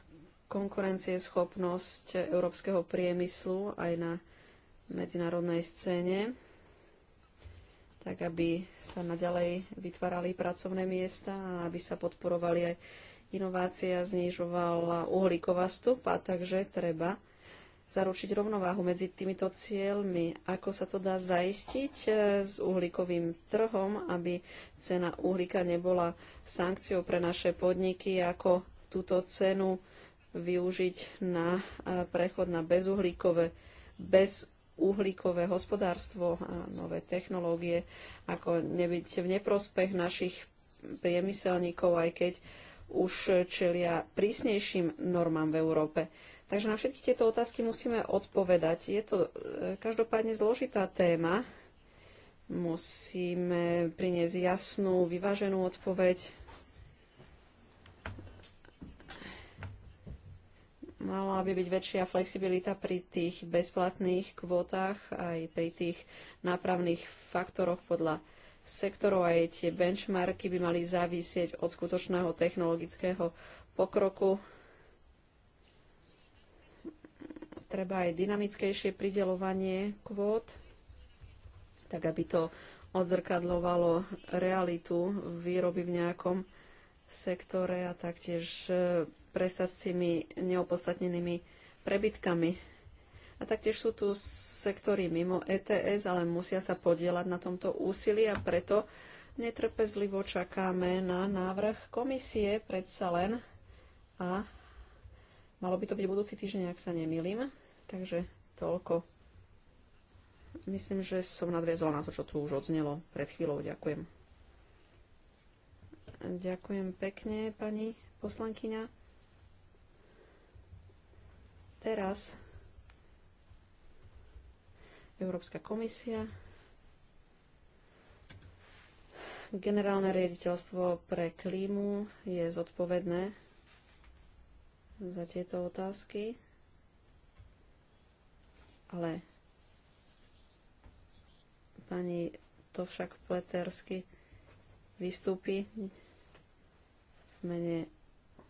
konkurencieschopnosť európskeho priemyslu aj na medzinárodnej scéne tak aby sa naďalej vytvárali pracovné miesta a aby sa podporovali aj inovácia, znižovala uhlíková stopa, takže treba zaručiť rovnováhu medzi týmito cieľmi. Ako sa to dá zaistiť e, s uhlíkovým trhom, aby cena uhlíka nebola sankciou pre naše podniky, ako túto cenu využiť na e, prechod na bezuhlíkové, bez uhlíkové hospodárstvo a nové technológie, ako nebyť v neprospech našich priemyselníkov, aj keď už čelia prísnejším normám v Európe. Takže na všetky tieto otázky musíme odpovedať. Je to e, každopádne zložitá téma. Musíme priniesť jasnú, vyváženú odpoveď mala by byť väčšia flexibilita pri tých bezplatných kvótach, aj pri tých nápravných faktoroch podľa sektorov, aj tie benchmarky by mali závisieť od skutočného technologického pokroku. Treba aj dynamickejšie pridelovanie kvót, tak aby to odzrkadlovalo realitu výroby v nejakom sektore a taktiež prestať s tými neopodstatnenými prebytkami. A taktiež sú tu sektory mimo ETS, ale musia sa podielať na tomto úsilí a preto netrpezlivo čakáme na návrh komisie predsa len a malo by to byť budúci týždeň, ak sa nemýlim. Takže toľko. Myslím, že som nadviezla na to, čo tu už odznelo pred chvíľou. Ďakujem. Ďakujem pekne, pani poslankyňa. Teraz Európska komisia, generálne riaditeľstvo pre klímu je zodpovedné za tieto otázky, ale pani Tovšak Pletersky vystúpi v mene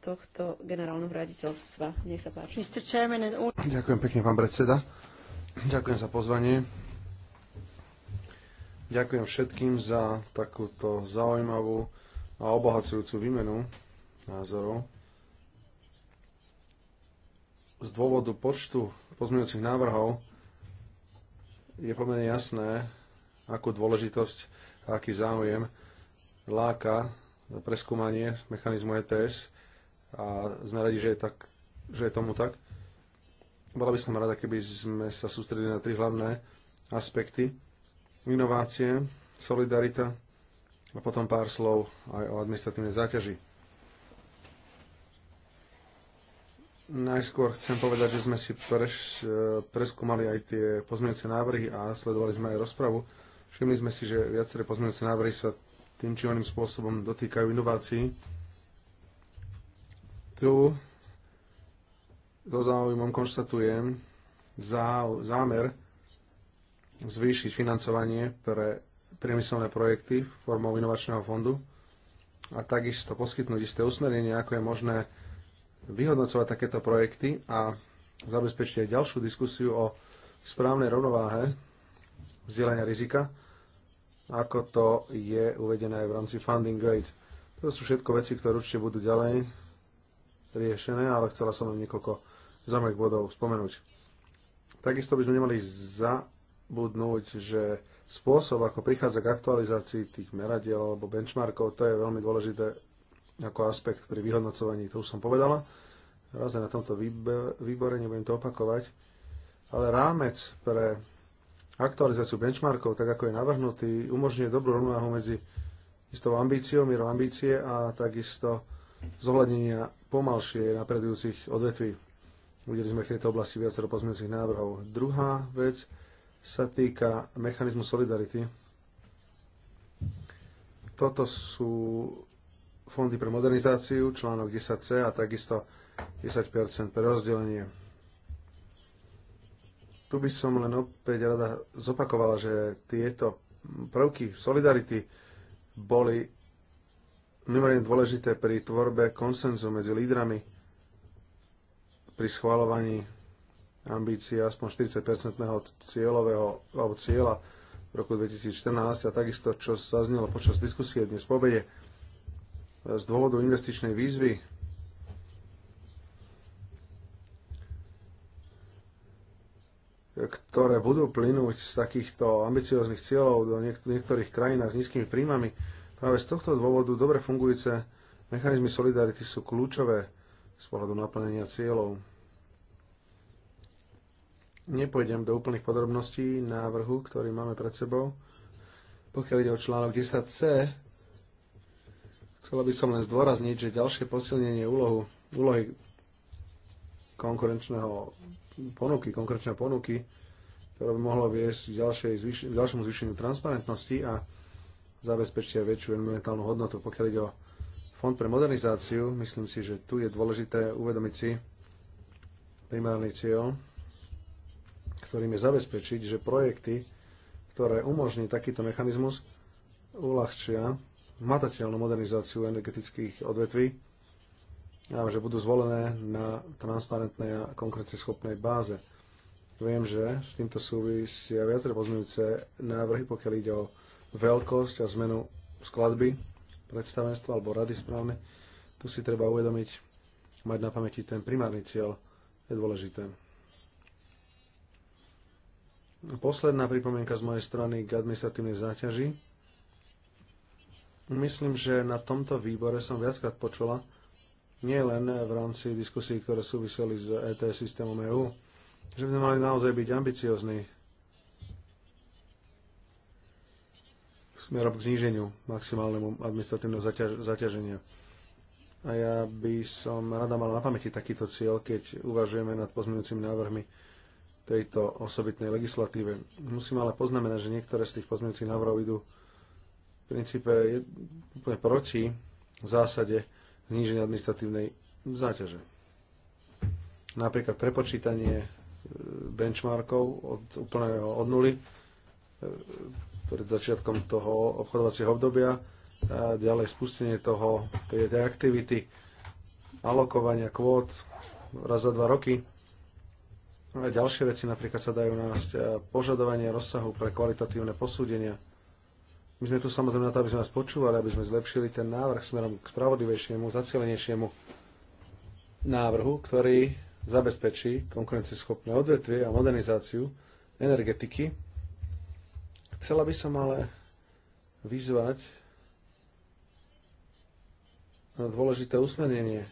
tohto generálneho raditeľstva. Nech sa páči. Ďakujem pekne, pán predseda. Ďakujem za pozvanie. Ďakujem všetkým za takúto zaujímavú a obohacujúcu výmenu názorov. Z dôvodu počtu pozmeňujúcich návrhov je pomerne jasné, akú dôležitosť a aký záujem láka preskúmanie mechanizmu ETS a sme radi, že je, tak, že je tomu tak. Bola by som rada, keby sme sa sústredili na tri hlavné aspekty. Inovácie, solidarita a potom pár slov aj o administratívnej záťaži. Najskôr chcem povedať, že sme si preš, preskúmali aj tie pozmeňujúce návrhy a sledovali sme aj rozpravu. Všimli sme si, že viaceré pozmeňujúce návrhy sa tým či oným spôsobom dotýkajú inovácií tu so záujmom konštatujem zámer zvýšiť financovanie pre priemyselné projekty formou inovačného fondu a takisto poskytnúť isté usmerenie, ako je možné vyhodnocovať takéto projekty a zabezpečiť aj ďalšiu diskusiu o správnej rovnováhe vzdielania rizika, ako to je uvedené aj v rámci Funding Grade. To sú všetko veci, ktoré určite budú ďalej riešené, ale chcela som len niekoľko zamek bodov spomenúť. Takisto by sme nemali zabudnúť, že spôsob, ako prichádza k aktualizácii tých meradiel alebo benchmarkov, to je veľmi dôležité ako aspekt pri vyhodnocovaní, to už som povedala. Raz na tomto výbore, nebudem to opakovať, ale rámec pre aktualizáciu benchmarkov, tak ako je navrhnutý, umožňuje dobrú rovnováhu medzi istou ambíciou, mierou ambície a takisto zohľadnenia pomalšie napredujúcich odvetví. Udeli sme v tejto oblasti viacero pozmeňujúcich návrhov. Druhá vec sa týka mechanizmu solidarity. Toto sú fondy pre modernizáciu, článok 10c a takisto 10 pre rozdelenie. Tu by som len opäť rada zopakovala, že tieto prvky solidarity boli mimoriadne dôležité pri tvorbe konsenzu medzi lídrami pri schváľovaní ambície aspoň 40-percentného cieľového alebo cieľa v roku 2014 a takisto, čo zaznelo počas diskusie dnes po obede, z dôvodu investičnej výzvy ktoré budú plynúť z takýchto ambicióznych cieľov do niektorých krajín s nízkymi príjmami, Práve z tohto dôvodu dobre fungujúce mechanizmy solidarity sú kľúčové z pohľadu naplnenia cieľov. Nepojdem do úplných podrobností návrhu, ktorý máme pred sebou. Pokiaľ ide o článok 10c, chcela by som len zdôrazniť, že ďalšie posilnenie úlohu, úlohy konkurenčného ponuky, konkurenčného ponuky, ktoré by mohlo viesť k ďalšiemu zvýšeniu transparentnosti a zabezpečia väčšiu environmentálnu hodnotu. Pokiaľ ide o Fond pre modernizáciu, myslím si, že tu je dôležité uvedomiť si primárny cieľ, ktorým je zabezpečiť, že projekty, ktoré umožní takýto mechanizmus, uľahčia matateľnú modernizáciu energetických odvetví a že budú zvolené na transparentnej a schopnej báze. Viem, že s týmto súvisia viaceré pozmeňujúce návrhy, pokiaľ ide o veľkosť a zmenu skladby predstavenstva alebo rady správne, tu si treba uvedomiť, mať na pamäti ten primárny cieľ, je dôležité. Posledná pripomienka z mojej strany k administratívnej záťaži. Myslím, že na tomto výbore som viackrát počula, nie len v rámci diskusí, ktoré súviseli s ETS systémom EU, že by sme mali naozaj byť ambiciozní smerom k zníženiu maximálnemu administratívneho zaťaž- zaťaženia. A ja by som rada mala na pamäti takýto cieľ, keď uvažujeme nad pozmeňujúcimi návrhmi tejto osobitnej legislatíve. Musím ale poznamenať, že niektoré z tých pozmeňujúcich návrhov idú v princípe úplne proti zásade zníženia administratívnej záťaže. Napríklad prepočítanie e, benchmarkov od úplného od nuly e, pred začiatkom toho obchodovacieho obdobia, a ďalej spustenie toho, tej, tej aktivity, alokovania kvót raz za dva roky. A ďalšie veci napríklad sa dajú nájsť požadovanie rozsahu pre kvalitatívne posúdenia. My sme tu samozrejme na to, aby sme nás počúvali, aby sme zlepšili ten návrh smerom k spravodlivejšiemu, zacielenejšiemu návrhu, ktorý zabezpečí konkurencieschopné odvetvie a modernizáciu energetiky Chcela by som ale vyzvať na dôležité usmernenie.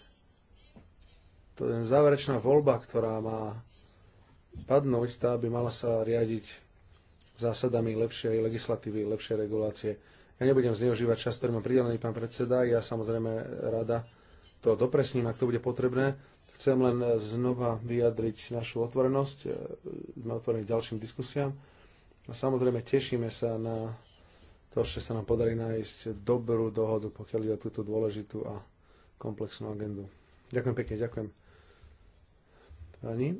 To je záverečná voľba, ktorá má padnúť, tá by mala sa riadiť zásadami lepšej legislatívy, lepšej regulácie. Ja nebudem zneužívať čas, ktorý mám pridelený pán predseda, ja samozrejme rada to dopresním, ak to bude potrebné. Chcem len znova vyjadriť našu otvorenosť, sme otvorení ďalším diskusiám No samozrejme, tešíme sa na to, že sa nám podarí nájsť dobrú dohodu, pokiaľ ide o túto dôležitú a komplexnú agendu. Ďakujem pekne, ďakujem. Pani? E,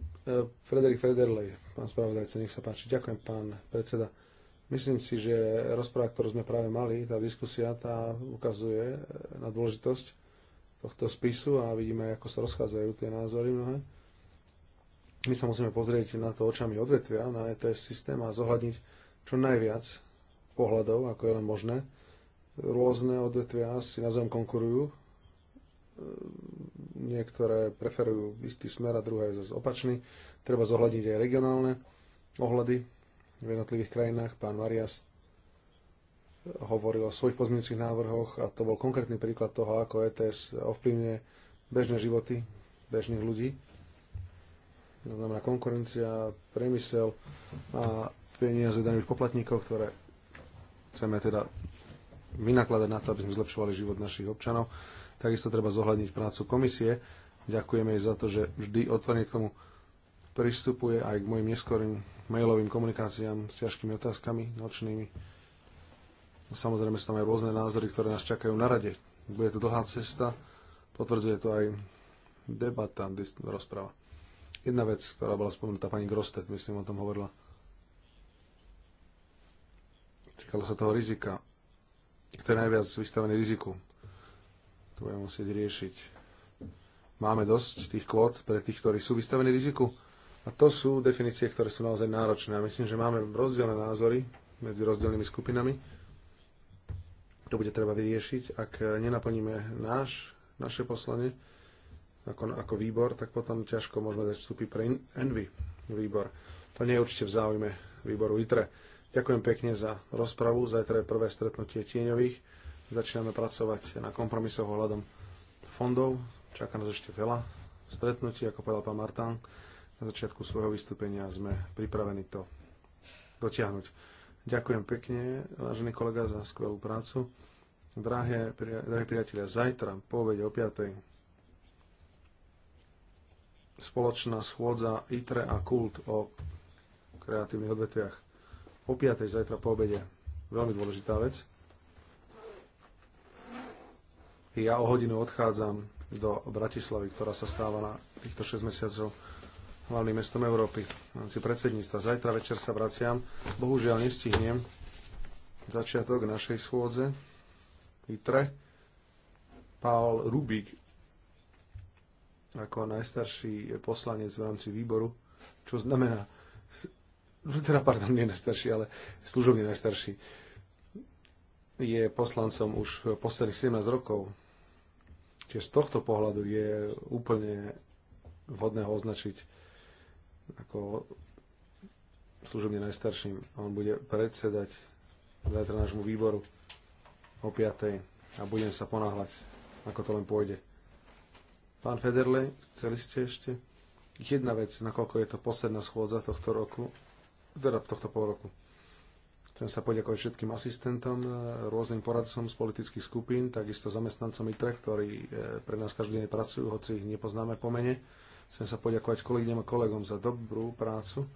Frederik Frederlej, pán spravodajca, nech sa páči. Ďakujem, pán predseda. Myslím si, že rozpráva, ktorú sme práve mali, tá diskusia, tá ukazuje e, na dôležitosť tohto spisu a vidíme, ako sa rozchádzajú tie názory mnohé. My sa musíme pozrieť na to očami odvetvia, na ETS systém a zohľadniť čo najviac pohľadov, ako je len možné. Rôzne odvetvia si navzájom konkurujú, e, niektoré preferujú istý smer a druhé je zase opačný. Treba zohľadniť aj regionálne ohľady v jednotlivých krajinách. Pán Marias e, hovoril o svojich pozmeňujúcich návrhoch a to bol konkrétny príklad toho, ako ETS ovplyvňuje bežné životy bežných ľudí to znamená konkurencia, priemysel a peniaze daných poplatníkov, ktoré chceme teda vynakladať na to, aby sme zlepšovali život našich občanov. Takisto treba zohľadniť prácu komisie. Ďakujeme jej za to, že vždy otvorene k tomu pristupuje aj k mojim neskorým mailovým komunikáciám s ťažkými otázkami nočnými. Samozrejme sú tam aj rôzne názory, ktoré nás čakajú na rade. Bude to dlhá cesta, potvrdzuje to aj debata, rozpráva. Jedna vec, ktorá bola spomenutá pani Grostet, myslím, o tom hovorila. Čakalo sa toho rizika. Kto je najviac vystavený riziku? To budeme musieť riešiť. Máme dosť tých kvót pre tých, ktorí sú vystavení riziku. A to sú definície, ktoré sú naozaj náročné. A myslím, že máme rozdielne názory medzi rozdielnymi skupinami. To bude treba vyriešiť, ak nenaplníme náš, naše poslanie ako, ako výbor, tak potom ťažko môžeme dať vstupy pre Envy výbor. To nie je určite v záujme výboru ITRE. Ďakujem pekne za rozpravu. Zajtra je prvé stretnutie tieňových. Začíname pracovať na kompromisoch ohľadom fondov. Čaká nás ešte veľa stretnutí, ako povedal pán Martán. Na začiatku svojho vystúpenia sme pripravení to dotiahnuť. Ďakujem pekne, vážený kolega, za skvelú prácu. Drahé, drahé priatelia, zajtra po obede o 5 spoločná schôdza ITRE a KULT o kreatívnych odvetviach. O 5. zajtra po obede. Veľmi dôležitá vec. Ja o hodinu odchádzam do Bratislavy, ktorá sa stáva na týchto 6 mesiacov hlavným mestom Európy v rámci predsedníctva. Zajtra večer sa vraciam. Bohužiaľ nestihnem začiatok našej schôdze ITRE. Paul Rubik ako najstarší poslanec v rámci výboru, čo znamená, teda pardon, nie najstarší, ale služobne najstarší, je poslancom už posledných 17 rokov. Čiže z tohto pohľadu je úplne vhodné ho označiť ako služobne najstarším. On bude predsedať zajtra nášmu výboru o 5. a budem sa ponáhľať, ako to len pôjde. Pán Federle, chceli ste ešte? Jedna vec, nakoľko je to posledná schôdza tohto roku, teda tohto pol roku. Chcem sa poďakovať všetkým asistentom, e, rôznym poradcom z politických skupín, takisto zamestnancom ITRE, ktorí e, pre nás každý deň pracujú, hoci ich nepoznáme po mene. Chcem sa poďakovať kolegyňam a kolegom za dobrú prácu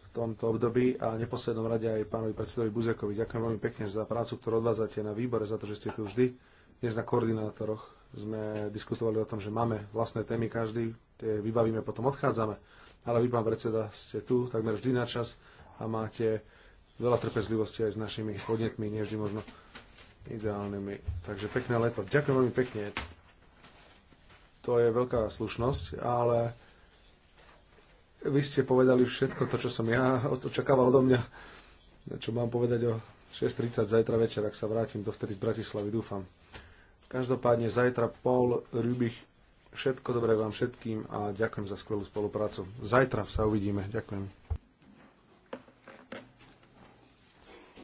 v tomto období a neposlednom rade aj pánovi predsedovi Buzekovi. Ďakujem veľmi pekne za prácu, ktorú odvádzate na výbore, za to, že ste tu vždy, dnes na koordinátoroch sme diskutovali o tom, že máme vlastné témy každý, tie vybavíme, potom odchádzame. Ale vy, pán predseda, ste tu takmer vždy na čas a máte veľa trpezlivosti aj s našimi podnetmi, nie vždy možno ideálnymi. Takže pekné leto. Ďakujem veľmi pekne. To je veľká slušnosť, ale vy ste povedali všetko to, čo som ja očakával odo mňa, čo mám povedať o 6.30 zajtra večer, ak sa vrátim do vtedy z Bratislavy, dúfam. Každopádne zajtra Paul Rubich, všetko dobré vám všetkým a ďakujem za skvelú spoluprácu. Zajtra sa uvidíme. Ďakujem.